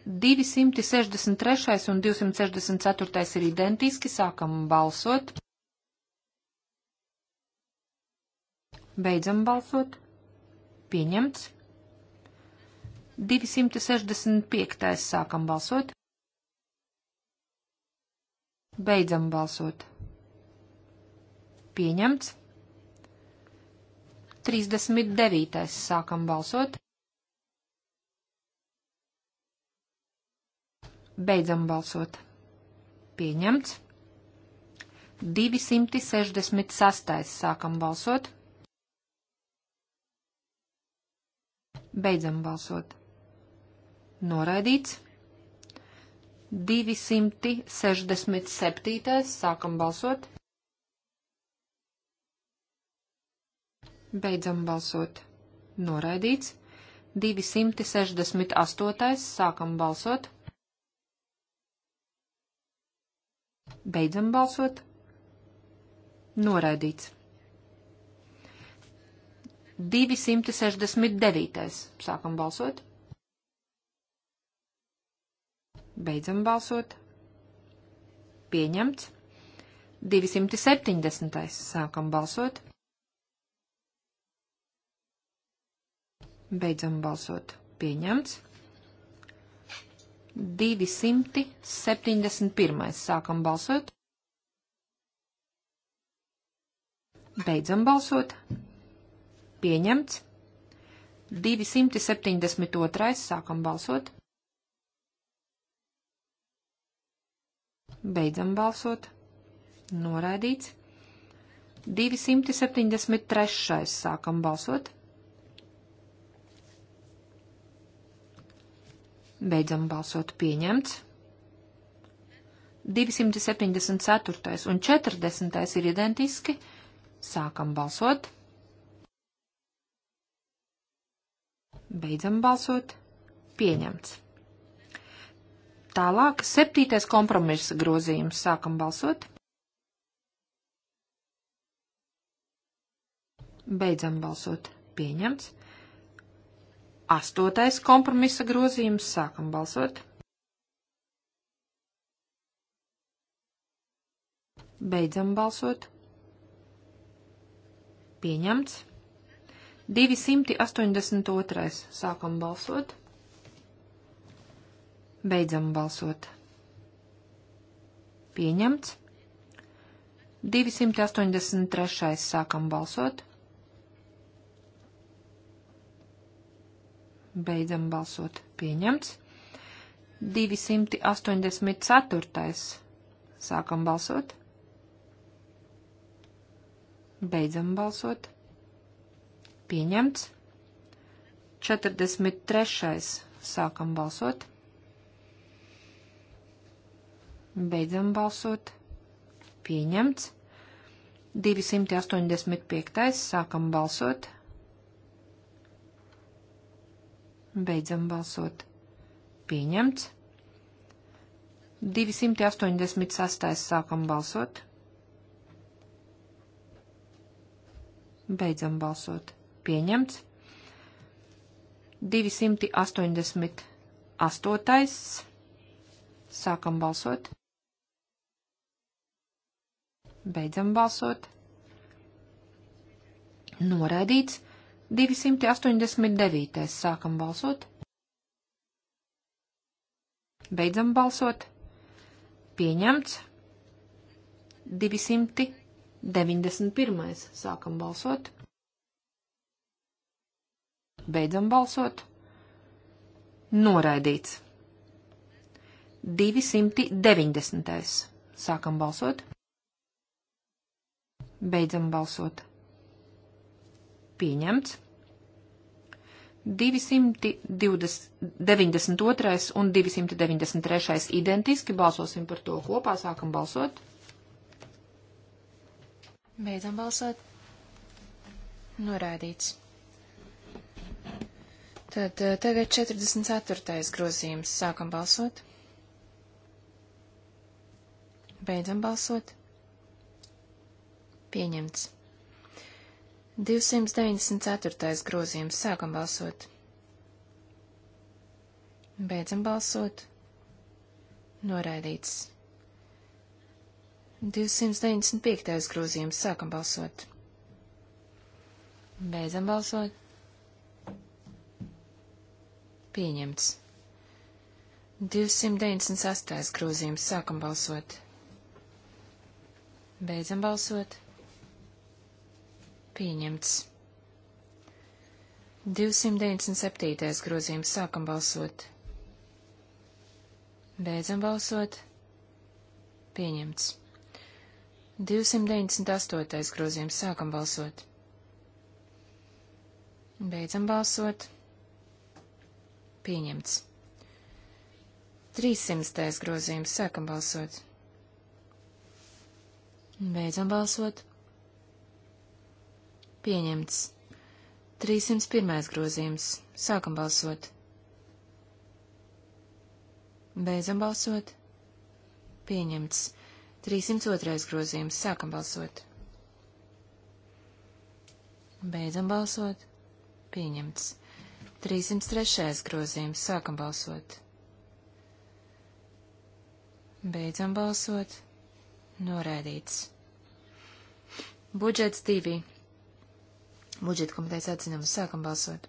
[SPEAKER 1] 263. un 264. ir identiski. Sākam balsot. Beidzam balsot. Pieņemts. 265. sākam balsot. Beidzam balsot. Pieņemts. 39. sākam balsot. Beidzam balsot. Pieņemts. 266. sākam balsot. Beidzam balsot. Noraidīts. 267. Sākam balsot. Beidzam balsot. Noraidīts. 268. Sākam balsot. Beidzam balsot. Noraidīts. 269. Sākam balsot. Beidzam balsot. Pieņemts. 270. Sākam balsot. Beidzam balsot. Pieņemts. 271. Sākam balsot. Beidzam balsot. Pieņemts. 272. Sākam balsot. Beidzam balsot. Noraidīts. 273. Sākam balsot. Beidzam balsot pieņemts. 274. un 40. ir identiski. Sākam balsot. Beidzam balsot. Pieņemts. Tālāk septītais kompromisa grozījums. Sākam balsot. Beidzam balsot. Pieņemts. Astotais kompromisa grozījums. Sākam balsot. Beidzam balsot. Pieņemts. 282. Sākam balsot. Beidzam balsot. Pieņemts. 283. Sākam balsot. Beidzam balsot. Pieņemts. 284. Sākam balsot. Beidzam balsot. Pieņemts. 43. Sākam balsot. Beidzam balsot. Pieņemts. 285. Sākam balsot. Beidzam balsot. Pieņemts. 286. Sākam balsot. Beidzam balsot pieņemts. 288. Sākam balsot. Beidzam balsot. Noraidīts. 289. Sākam balsot. Beidzam balsot. Pieņemts. 291. Sākam balsot. Beidzam balsot. Noraidīts. 290. Sākam balsot. Beidzam balsot. Pieņemts. 292 un 293 identiski. Balsosim par to kopā. Sākam balsot.
[SPEAKER 2] Beidzam balsot. Norādīts. Tad eh, tagad 44. grozījums. Sākam balsot. Beidzam balsot. Pieņemts. 294. grozījums. Sākam balsot. Beidzam balsot. Noraidīts. 295. grozījums. Sākam balsot. Beidzam balsot. Pieņemts. 298. grozījums. Sākam balsot. Beidzam balsot. Pieņemts. 297. grozījums. Sākam balsot. Beidzam balsot. Pieņemts. 298. grozījums. Sākam balsot. Beidzam balsot. Pieņemts. 300. grozījums. Sākam balsot. Beidzam balsot. Pieņemts. 301. grozījums. Sākam balsot. Beidzam balsot. Pieņemts. 302. grozījums. Sākam balsot. Beidzam balsot. Pieņemts. 303. grozījums. Sākam balsot. Beidzam balsot. Noraidīts. Budžets 2. Budžeta komitejas atzinums. Sākam balsot.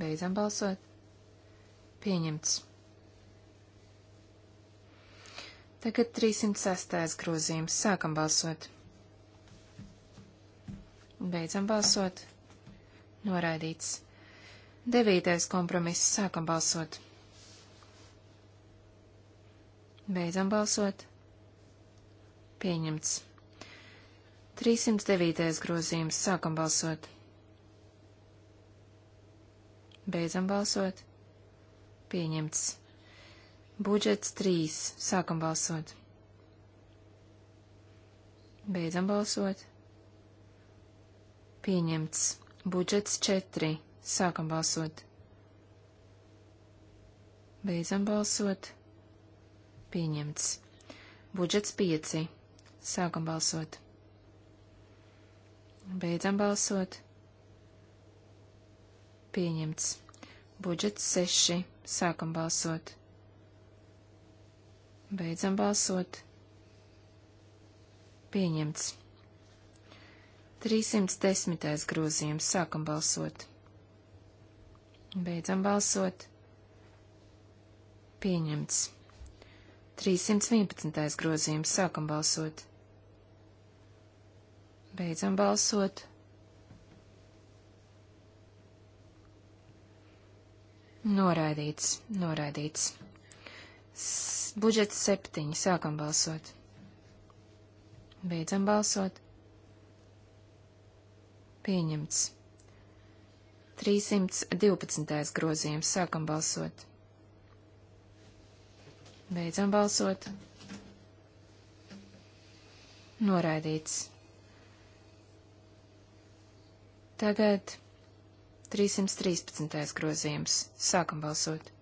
[SPEAKER 2] Beidzam balsot. Pieņemts. Tagad 306. grozījums. Sākam balsot. Beidzam balsot. Noraidīts. Devītais kompromiss. Sākam balsot. Beidzam balsot. Pieņemts. 309. grozījums. Sākam balsot. Beidzam balsot. Pieņemts. Budžets 3. Sākam balsot. Beidzam balsot. Pieņemts. Budžets 4. Sākam balsot. Beidzam balsot. Pieņemts. Budžets 5. Sākam balsot. Beidzam balsot. Pieņemts. Budžets 6. Sākam balsot. Beidzam balsot. Pieņemts. 310. grozījums. Sākam balsot. Beidzam balsot. Pieņemts. 311. grozījums. Sākam balsot. Beidzam balsot. Noraidīts, noraidīts. S budžets septiņi. Sākam balsot. Beidzam balsot. Pieņemts. 312. grozījums. Sākam balsot. Beidzam balsot. Noraidīts. Tagad 313. grozījums. Sākam balsot.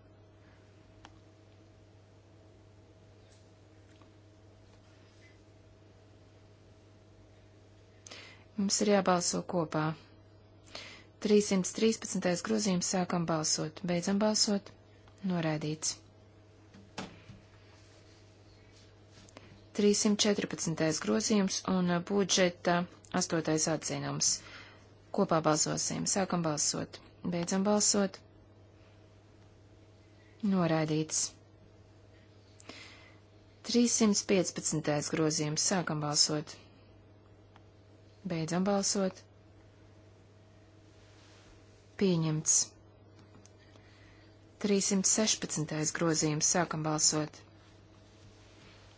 [SPEAKER 2] Mums ir jābalso kopā. 313. grozījums sākam balsot, beidzam balsot, norādīts. 314. grozījums un uh, budžeta 8. atzinums. Kopā balsosim, sākam balsot, beidzam balsot, norādīts. 315. grozījums. Sākam balsot. Beidzam balsot pieņemts. 316. grozījums sākam balsot.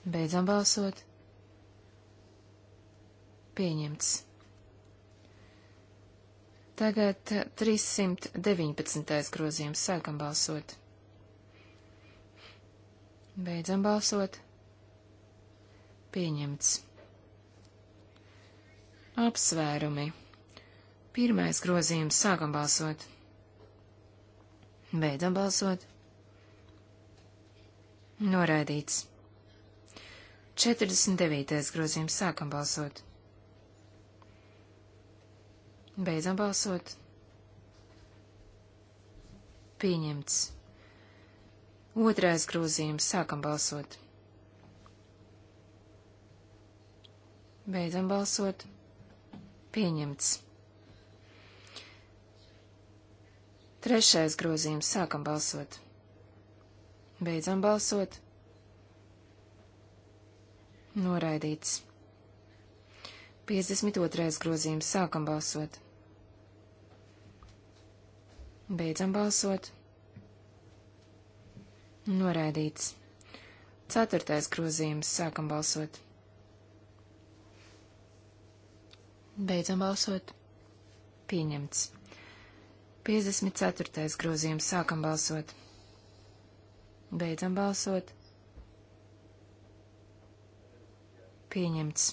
[SPEAKER 2] Beidzam balsot. Pieņemts. Tagad 319. grozījums sākam balsot. Beidzam balsot. Pieņemts. Apsvērumi. Pirmais grozījums. Sākam balsot. Beidzam balsot. Noraidīts. 49. grozījums. Sākam balsot. Beidzam balsot. Pieņemts. Otrais grozījums. Sākam balsot. Beidzam balsot. Pieņemts. Trešais grozījums. Sākam balsot. Beidzam balsot. Noraidīts. 52. grozījums. Sākam balsot. Beidzam balsot. Noraidīts. 4. grozījums. Sākam balsot. Beidzam balsot. Pieņemts. 54. grozījums. Sākam balsot. Beidzam balsot. Pieņemts.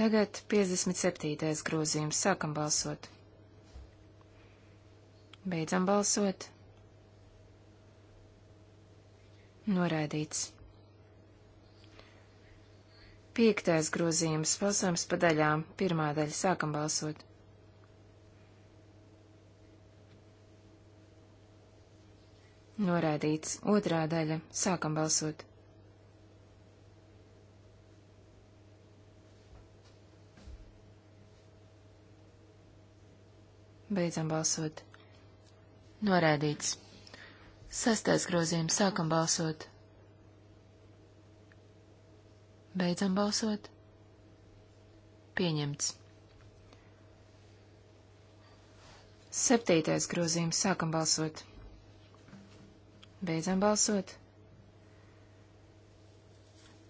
[SPEAKER 2] Tagad 57. grozījums. Sākam balsot. Beidzam balsot. Noraidīts. Piektais grozījums - balsojums pa daļām. Pirmā daļa - sākam balsot. Noraidīts. Otrā daļa - sākam balsot. Beidzam balsot. Noraidīts. Sastais grozījums - sākam balsot. Beidzam balsot. Pieņemts. Septītais grozījums. Sākam balsot. Beidzam balsot.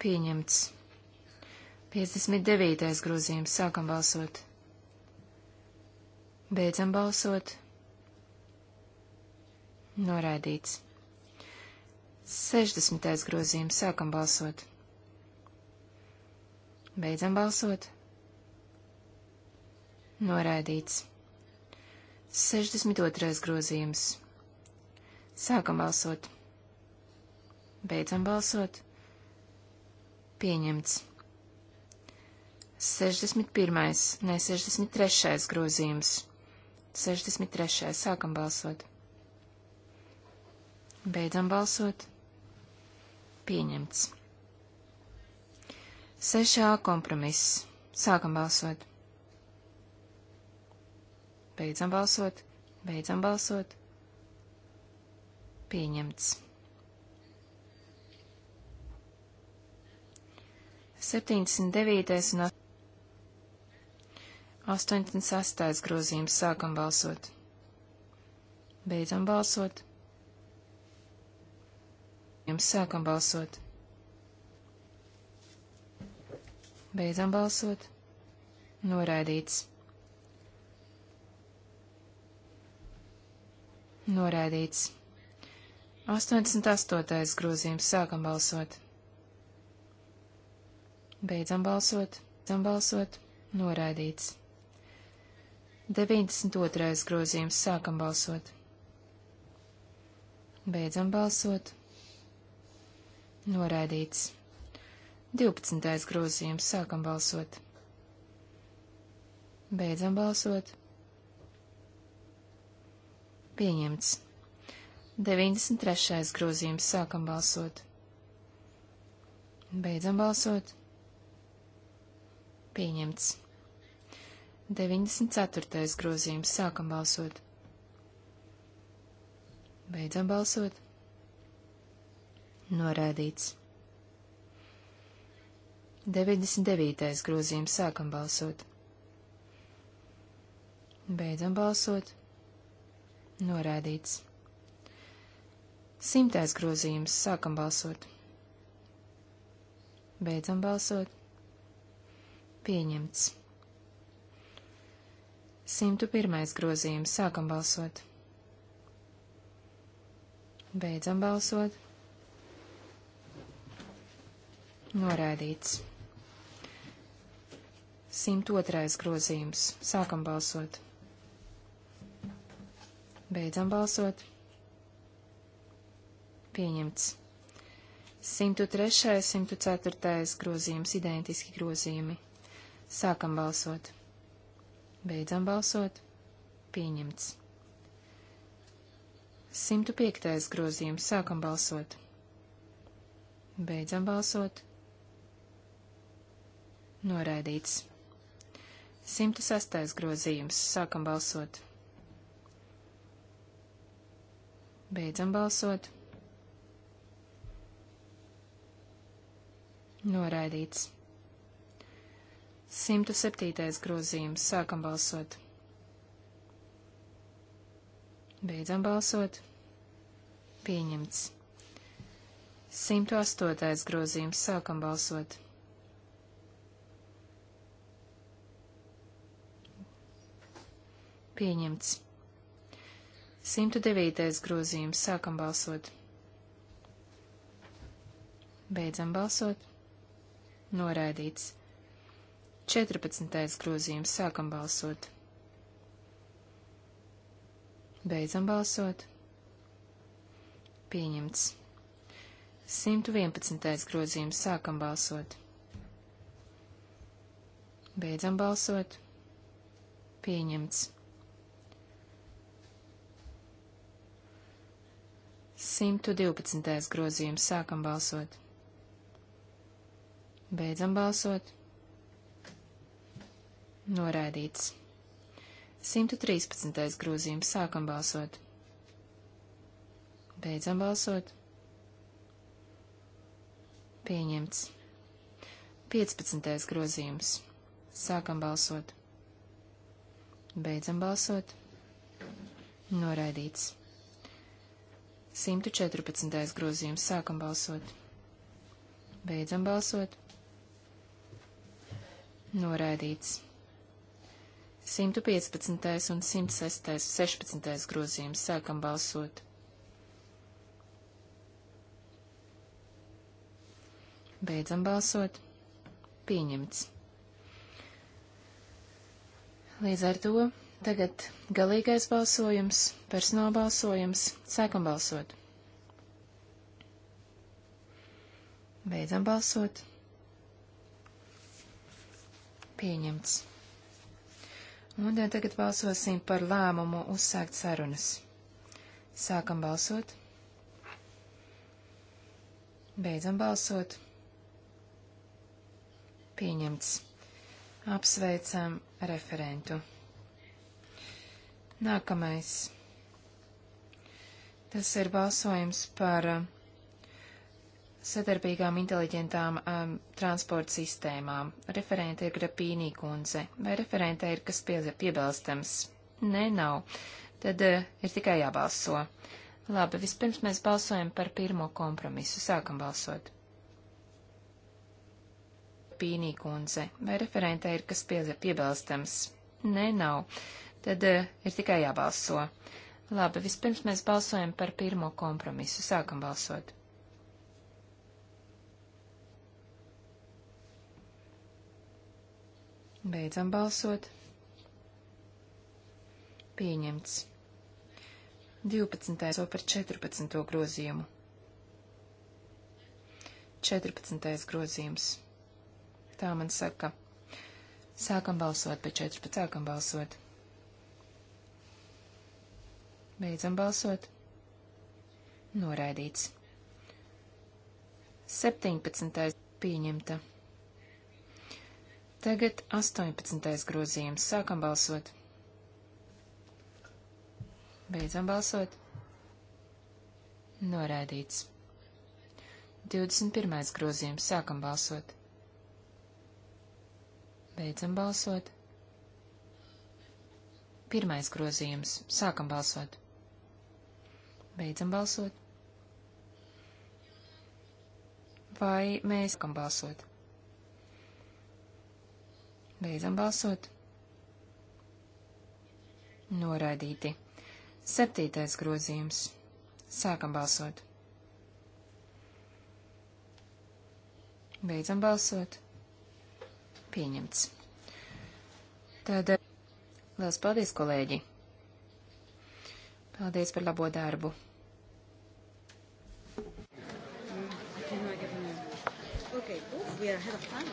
[SPEAKER 2] Pieņemts. 59. grozījums. Sākam balsot. Beidzam balsot. Noraidīts. 60. grozījums. Sākam balsot. Beidzam balsot. Noraidīts. 62. grozījums. Sākam balsot. Beidzam balsot. Pieņemts. 61. ne 63. grozījums. 63. sākam balsot. Beidzam balsot. Pieņemts. Sešā kompromiss. Sākam balsot. Beidzam balsot. Beidzam balsot. Pieņemts. Septiņdesmit devītais un astoņdesmit sastais grozījums. Sākam balsot. Beidzam balsot. Jums sākam balsot. Beidzam balsot. Noraidīts. Noraidīts. 88. grozījums sākam balsot. Beidzam balsot, beidzam balsot, noraidīts. 92. grozījums sākam balsot. Beidzam balsot, noraidīts. 12. grozījums. Sākam balsot. Beidzam balsot. Pieņemts. 93. grozījums. Sākam balsot. Beidzam balsot. Pieņemts. 94. grozījums. Sākam balsot. Beidzam balsot. Noraidīts. 99. grozījums sākam balsot. Beidzam balsot. Norādīts. Simtais grozījums sākam balsot. Beidzam balsot. Pieņemts. 101. grozījums sākam balsot. Beidzam balsot. Norādīts. 102. grozījums. Sākam balsot. Beidzam balsot. Pieņemts. 103. 104. grozījums identiski grozījumi. Sākam balsot. Beidzam balsot. Pieņemts. 105. grozījums. Sākam balsot. Beidzam balsot. Noraidīts. 106. grozījums. Sākam balsot. Beidzam balsot. Noraidīts. 107. grozījums. Sākam balsot. Beidzam balsot. Pieņemts. 108. grozījums. Sākam balsot. Pieņemts. 109. grozījums. Sākam balsot. Beidzam balsot. Noraidīts. 14. grozījums. Sākam balsot. Beidzam balsot. Pieņemts. 111. grozījums. Sākam balsot. Beidzam balsot. Pieņemts. 112. grozījums. Sākam balsot. Beidzam balsot. Noraidīts. 113. grozījums. Sākam balsot. Beidzam balsot. Pieņemts. 15. grozījums. Sākam balsot. Beidzam balsot. Noraidīts. 114. grozījums. Sākam balsot. Beidzam balsot. Noraidīts. 115. un 106. 16. grozījums. Sākam balsot. Beidzam balsot. Pieņemts. Līdz ar to Tagad galīgais balsojums, personāla balsojums, sākam balsot. Beidzam balsot. Pieņemts. Nu, un ja tagad balsosim par lēmumu uzsākt sarunas. Sākam balsot. Beidzam balsot. Pieņemts. Apsveicam referentu. Nākamais. Tas ir balsojums par uh, sadarbīgām inteliģentām um, transporta sistēmām. Referente ir Grapīnī kundze. Vai referente ir kas pie, piebilstams? Nē, nav. Tad uh, ir tikai jābalso. Labi, vispirms mēs balsojam par pirmo kompromisu. Sākam balsot. Pīnī kundze, vai referentē ir kas pie, piebilstams? Nē, nav tad eh, ir tikai jābalso. Labi, vispirms mēs balsojam par pirmo kompromisu. Sākam balsot. Beidzam balsot. Pieņemts. 12. par 14. grozījumu. 14. grozījums. Tā man saka. Sākam balsot, pēc 14. sākam balsot. Beidzam balsot. Noraidīts. 17. pieņemta. Tagad 18. grozījums. Sākam balsot. Beidzam balsot. Noraidīts. 21. grozījums. Sākam balsot. Beidzam balsot. Pirmais grozījums. Sākam balsot. Beidzam balsot. Vai mēs kam balsot? Beidzam balsot. Noraidīti. Septītais grozījums. Sākam balsot. Beidzam balsot. Pieņemts. Tad eh, liels paldies, kolēģi! Paldies par labo darbu! Okay, good. We are ahead of time.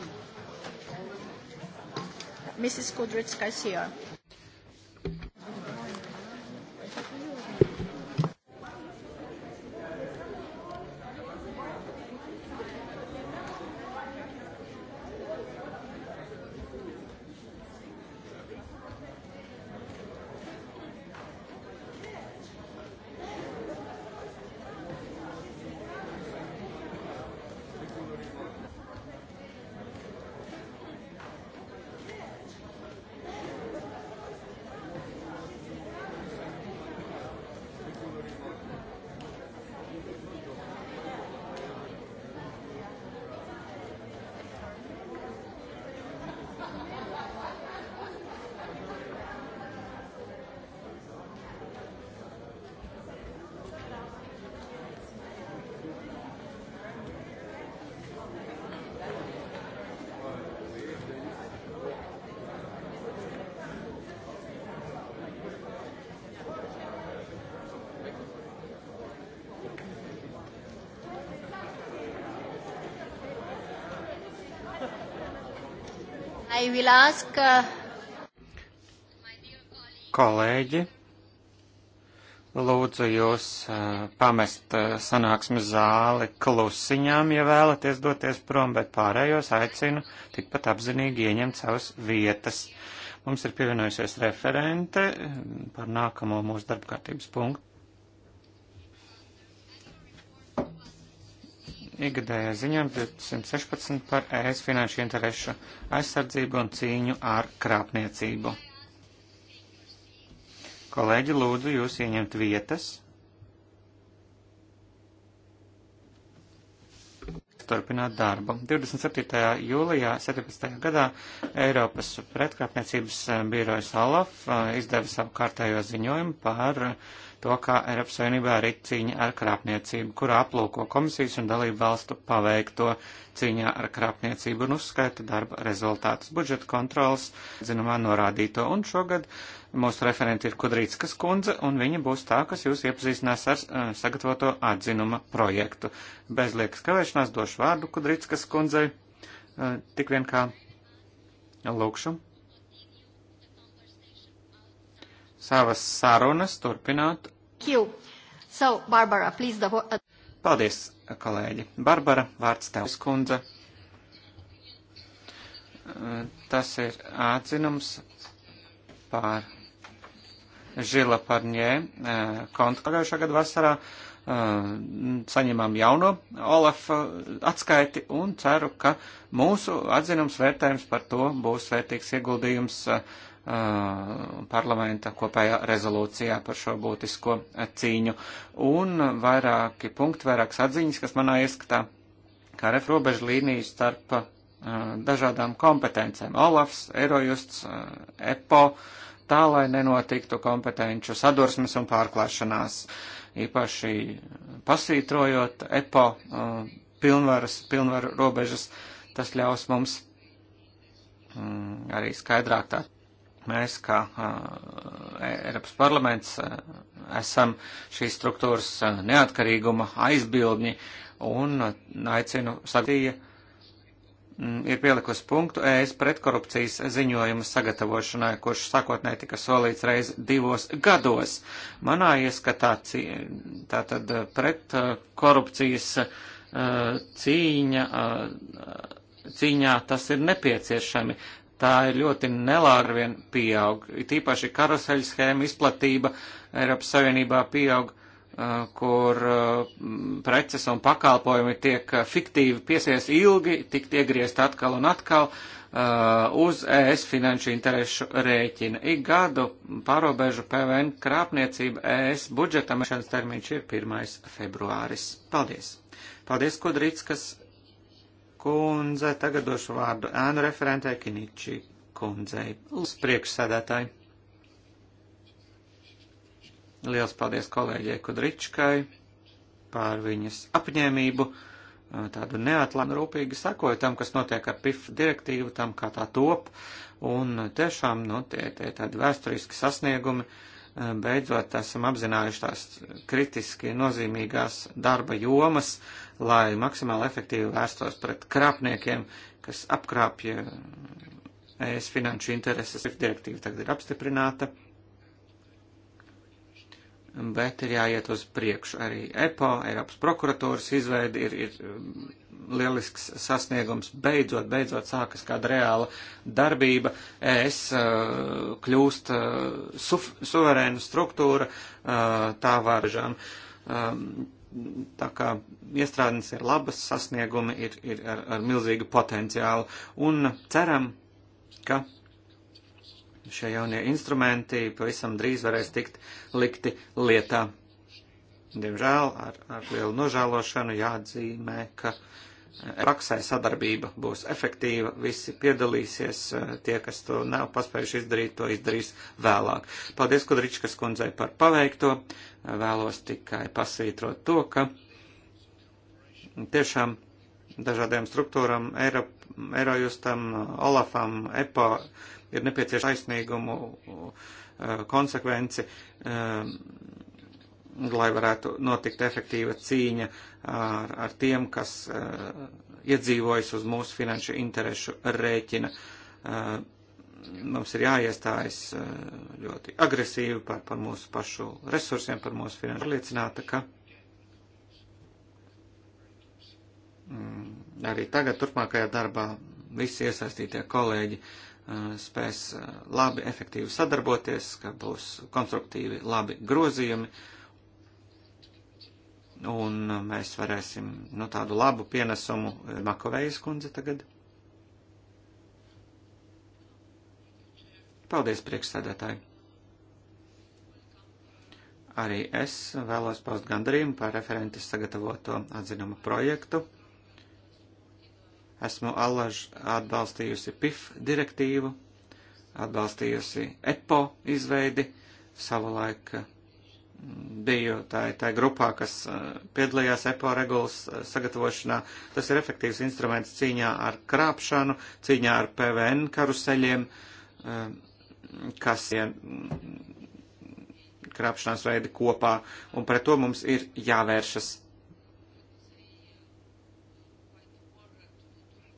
[SPEAKER 2] Mrs.
[SPEAKER 1] Kudrytskaya. I will ask. Uh,
[SPEAKER 3] Kolēģi, lūdzu jūs uh, pamest uh, sanāksmes zāli klusiņām, ja vēlaties doties prom, bet pārējos aicinu tikpat apzinīgi ieņemt savas vietas. Mums ir pievienojusies referente um, par nākamo mūsu darbkārtības punktu. Iegadējā ziņām 216 par ES finanšu interešu aizsardzību un cīņu ar krāpniecību. Kolēģi, lūdzu jūs ieņemt vietas. turpināt darbu. 27. jūlijā 17. gadā Eiropas pretkrāpniecības birojas Olaf eh, izdeva savu kārtējo ziņojumu par uh, to, kā Eiropas Savienībā ir cīņa ar krāpniecību, kurā aplūko komisijas un dalību valstu paveikto cīņā ar krāpniecību un uzskaita darba rezultātus budžeta kontrolas, zināmā, norādīto. Un šogad mūsu referenti ir Kudrītskas kundze, un viņa būs tā, kas jūs iepazīstinās ar uh, sagatavoto atzinuma projektu. Bez liekas kavēšanās došu vārdu Kudrītskas kundzei, uh, tik vien kā lūkšu savas sarunas turpināt. Q. So, Barbara, please, the... Paldies, kolēģi. Barbara, vārds tev, skundze. Tas ir atzinums par Žila Parņē eh, kontu pagājušā gada vasarā. Eh, saņemam jauno Olafa atskaiti un ceru, ka mūsu atzinums vērtējums par to būs vērtīgs ieguldījums uh, Uh, parlamenta kopējā rezolūcijā par šo būtisko uh, cīņu. Un vairāki punkti, vairākas atziņas, kas manā ieskatā karef robežu līniju starp uh, dažādām kompetencēm. Olafs, Eirojusts, EPO, tā lai nenotiktu kompetenču sadursmes un pārklāšanās, īpaši pasvītrojot EPO pilnvaras, pilnvaru robežas, tas ļaus mums mm, arī skaidrāk tā Mēs, kā e, Eiropas parlaments, esam šīs struktūras neatkarīguma aizbildņi un aicinu sagadīja ir pielikusi punktu ES pretkorupcijas ziņojuma sagatavošanai, kurš sākotnēji tika solīts reiz divos gados. Manā ieskatā tātad pretkorupcijas cīņa, cīņā tas ir nepieciešami tā ir ļoti nelāra vien pieaug. Tīpaši karuseļu schēma izplatība Eiropas Savienībā pieaug, uh, kur uh, preces un pakalpojumi tiek uh, fiktīvi piesies ilgi, tikt iegriezt atkal un atkal uz ES finanšu interesu rēķina. Ik gadu pārobežu PVN krāpniecība ES budžetam, šanas termiņš ir 1. februāris. Paldies! Paldies, Kudrīts, kas kundze, tagad došu vārdu ēnu referentē Kiniči kundzei. Lūdzu, priekšsēdētāji. Liels paldies kolēģei Kudričkai par viņas apņēmību, eh, tādu neatlēmu rūpīgi sekoju tam, kas notiek ar PIF direktīvu, tam, kā tā top, un eh, tiešām, nu, tie, tie tādi vēsturiski sasniegumi. Uh, Eh, beidzot esam apzinājuši tās kritiski nozīmīgās darba jomas, lai maksimāli efektīvi vērstos pret krāpniekiem, kas apkrāpja ES finanšu intereses. Direktīva tagad ir apstiprināta, bet ir jāiet uz priekšu. Arī EPO, Eiropas prokuratūras izveidi ir, ir lielisks sasniegums. Beidzot, beidzot sākas kāda reāla darbība. ES uh, kļūst uh, suf, suverēna struktūra, uh, tā varžām. Um, tā kā iestrādnes ir labas, sasniegumi ir, ir ar, ar milzīgu potenciālu. Un ceram, ka šie jaunie instrumenti pavisam drīz varēs tikt likti lietā. Diemžēl ar, ar lielu nožēlošanu jāatzīmē, ka uh, praksē sadarbība būs efektīva, visi piedalīsies, eh, tie, kas to nav paspējuši izdarīt, to izdarīs vēlāk. Paldies Kudričkas kundzei par paveikto, vēlos tikai pasvītrot to, ka tiešām dažādiem struktūram, Eiro, Eirojustam, Olafam, EPO ir nepieciešama taisnīgumu eh, konsekvenci eh, lai varētu notikt efektīva cīņa ar, ar tiem, kas uh, iedzīvojas uz mūsu finanšu interešu rēķina. Uh, mums ir jāiestājas uh, ļoti agresīvi par, par mūsu pašu resursiem, par mūsu finanšu liecināta, ka mm, arī tagad turpmākajā darbā visi iesaistītie kolēģi uh, spēs labi, efektīvi sadarboties, ka būs konstruktīvi labi grozījumi. Uh, un uh, mēs varēsim nu, tādu labu pienesumu uh, Makovējas kundze tagad. Paldies, priekšsēdētāji! Arī es vēlos paust gandarījumu par referentes sagatavoto atzinumu projektu. Esmu allaž atbalstījusi PIF direktīvu, atbalstījusi EPO izveidi, savulaik biju tā, tā grupā, kas eh, piedalījās EPO regulas eh, sagatavošanā. Tas ir efektīvs instruments cīņā ar krāpšanu, cīņā ar PVN karuseļiem, eh, kas ir mm, krāpšanās veidi kopā, un pret to mums ir jāvēršas.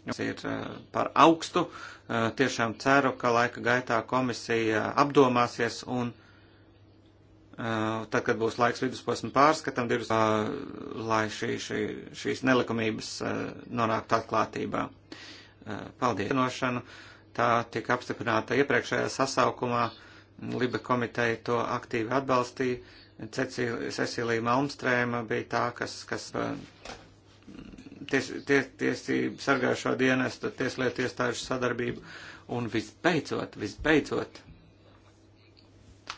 [SPEAKER 3] Tas ir par augstu. Tiešām ceru, ka laika gaitā komisija apdomāsies un. Eh, tad, kad būs laiks vidusposmu pārskatam, divas, eh, lai šī, šī, šīs nelikumības eh, nonāktu atklātībā. Paldies! Tā tika apstiprināta iepriekšējā sasaukumā. Liba komiteja to aktīvi atbalstīja. Cecilija Malmstrēma bija tā, kas, kas ties, ties, tiesību sargājušo dienestu, tieslietu iestāžu sadarbību. Un visbeidzot, visbeidzot,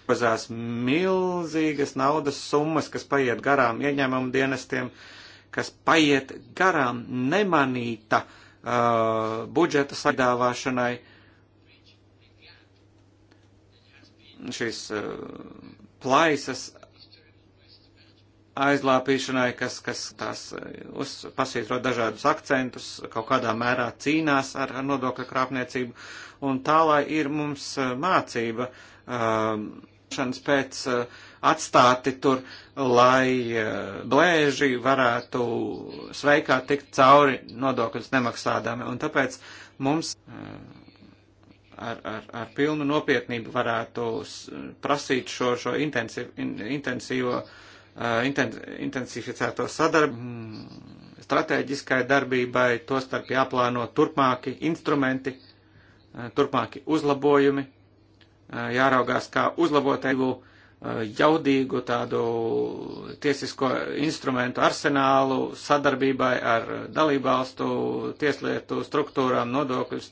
[SPEAKER 3] Pazās milzīgas naudas summas, kas paiet garām ieņēmumu dienestiem, kas paiet garām nemanīta uh, budžeta sagādāvāšanai. Šīs uh, plaisas aizlāpīšanai, kas, kas tās uh, uz, pasvītro dažādus akcentus, kaut kādā mērā cīnās ar, ar nodokļu krāpniecību, un tā lai ir mums uh, mācība, šanas pēc uh, atstāti tur, lai uh, blēži varētu sveikā tikt cauri nodokļus nemaksādami. Un tāpēc mums uh, ar, ar, ar pilnu nopietnību varētu prasīt šo, šo intensīvo, intensīvo inten, intensificēto sadarbību mm, stratēģiskai darbībai, to starp jāplāno turpmāki instrumenti, turpmāki uzlabojumi Eh, jāraugās, kā uzlabot egu eh, jaudīgu tādu tiesisko instrumentu arsenālu sadarbībai ar dalībvalstu tieslietu struktūrām, nodokļu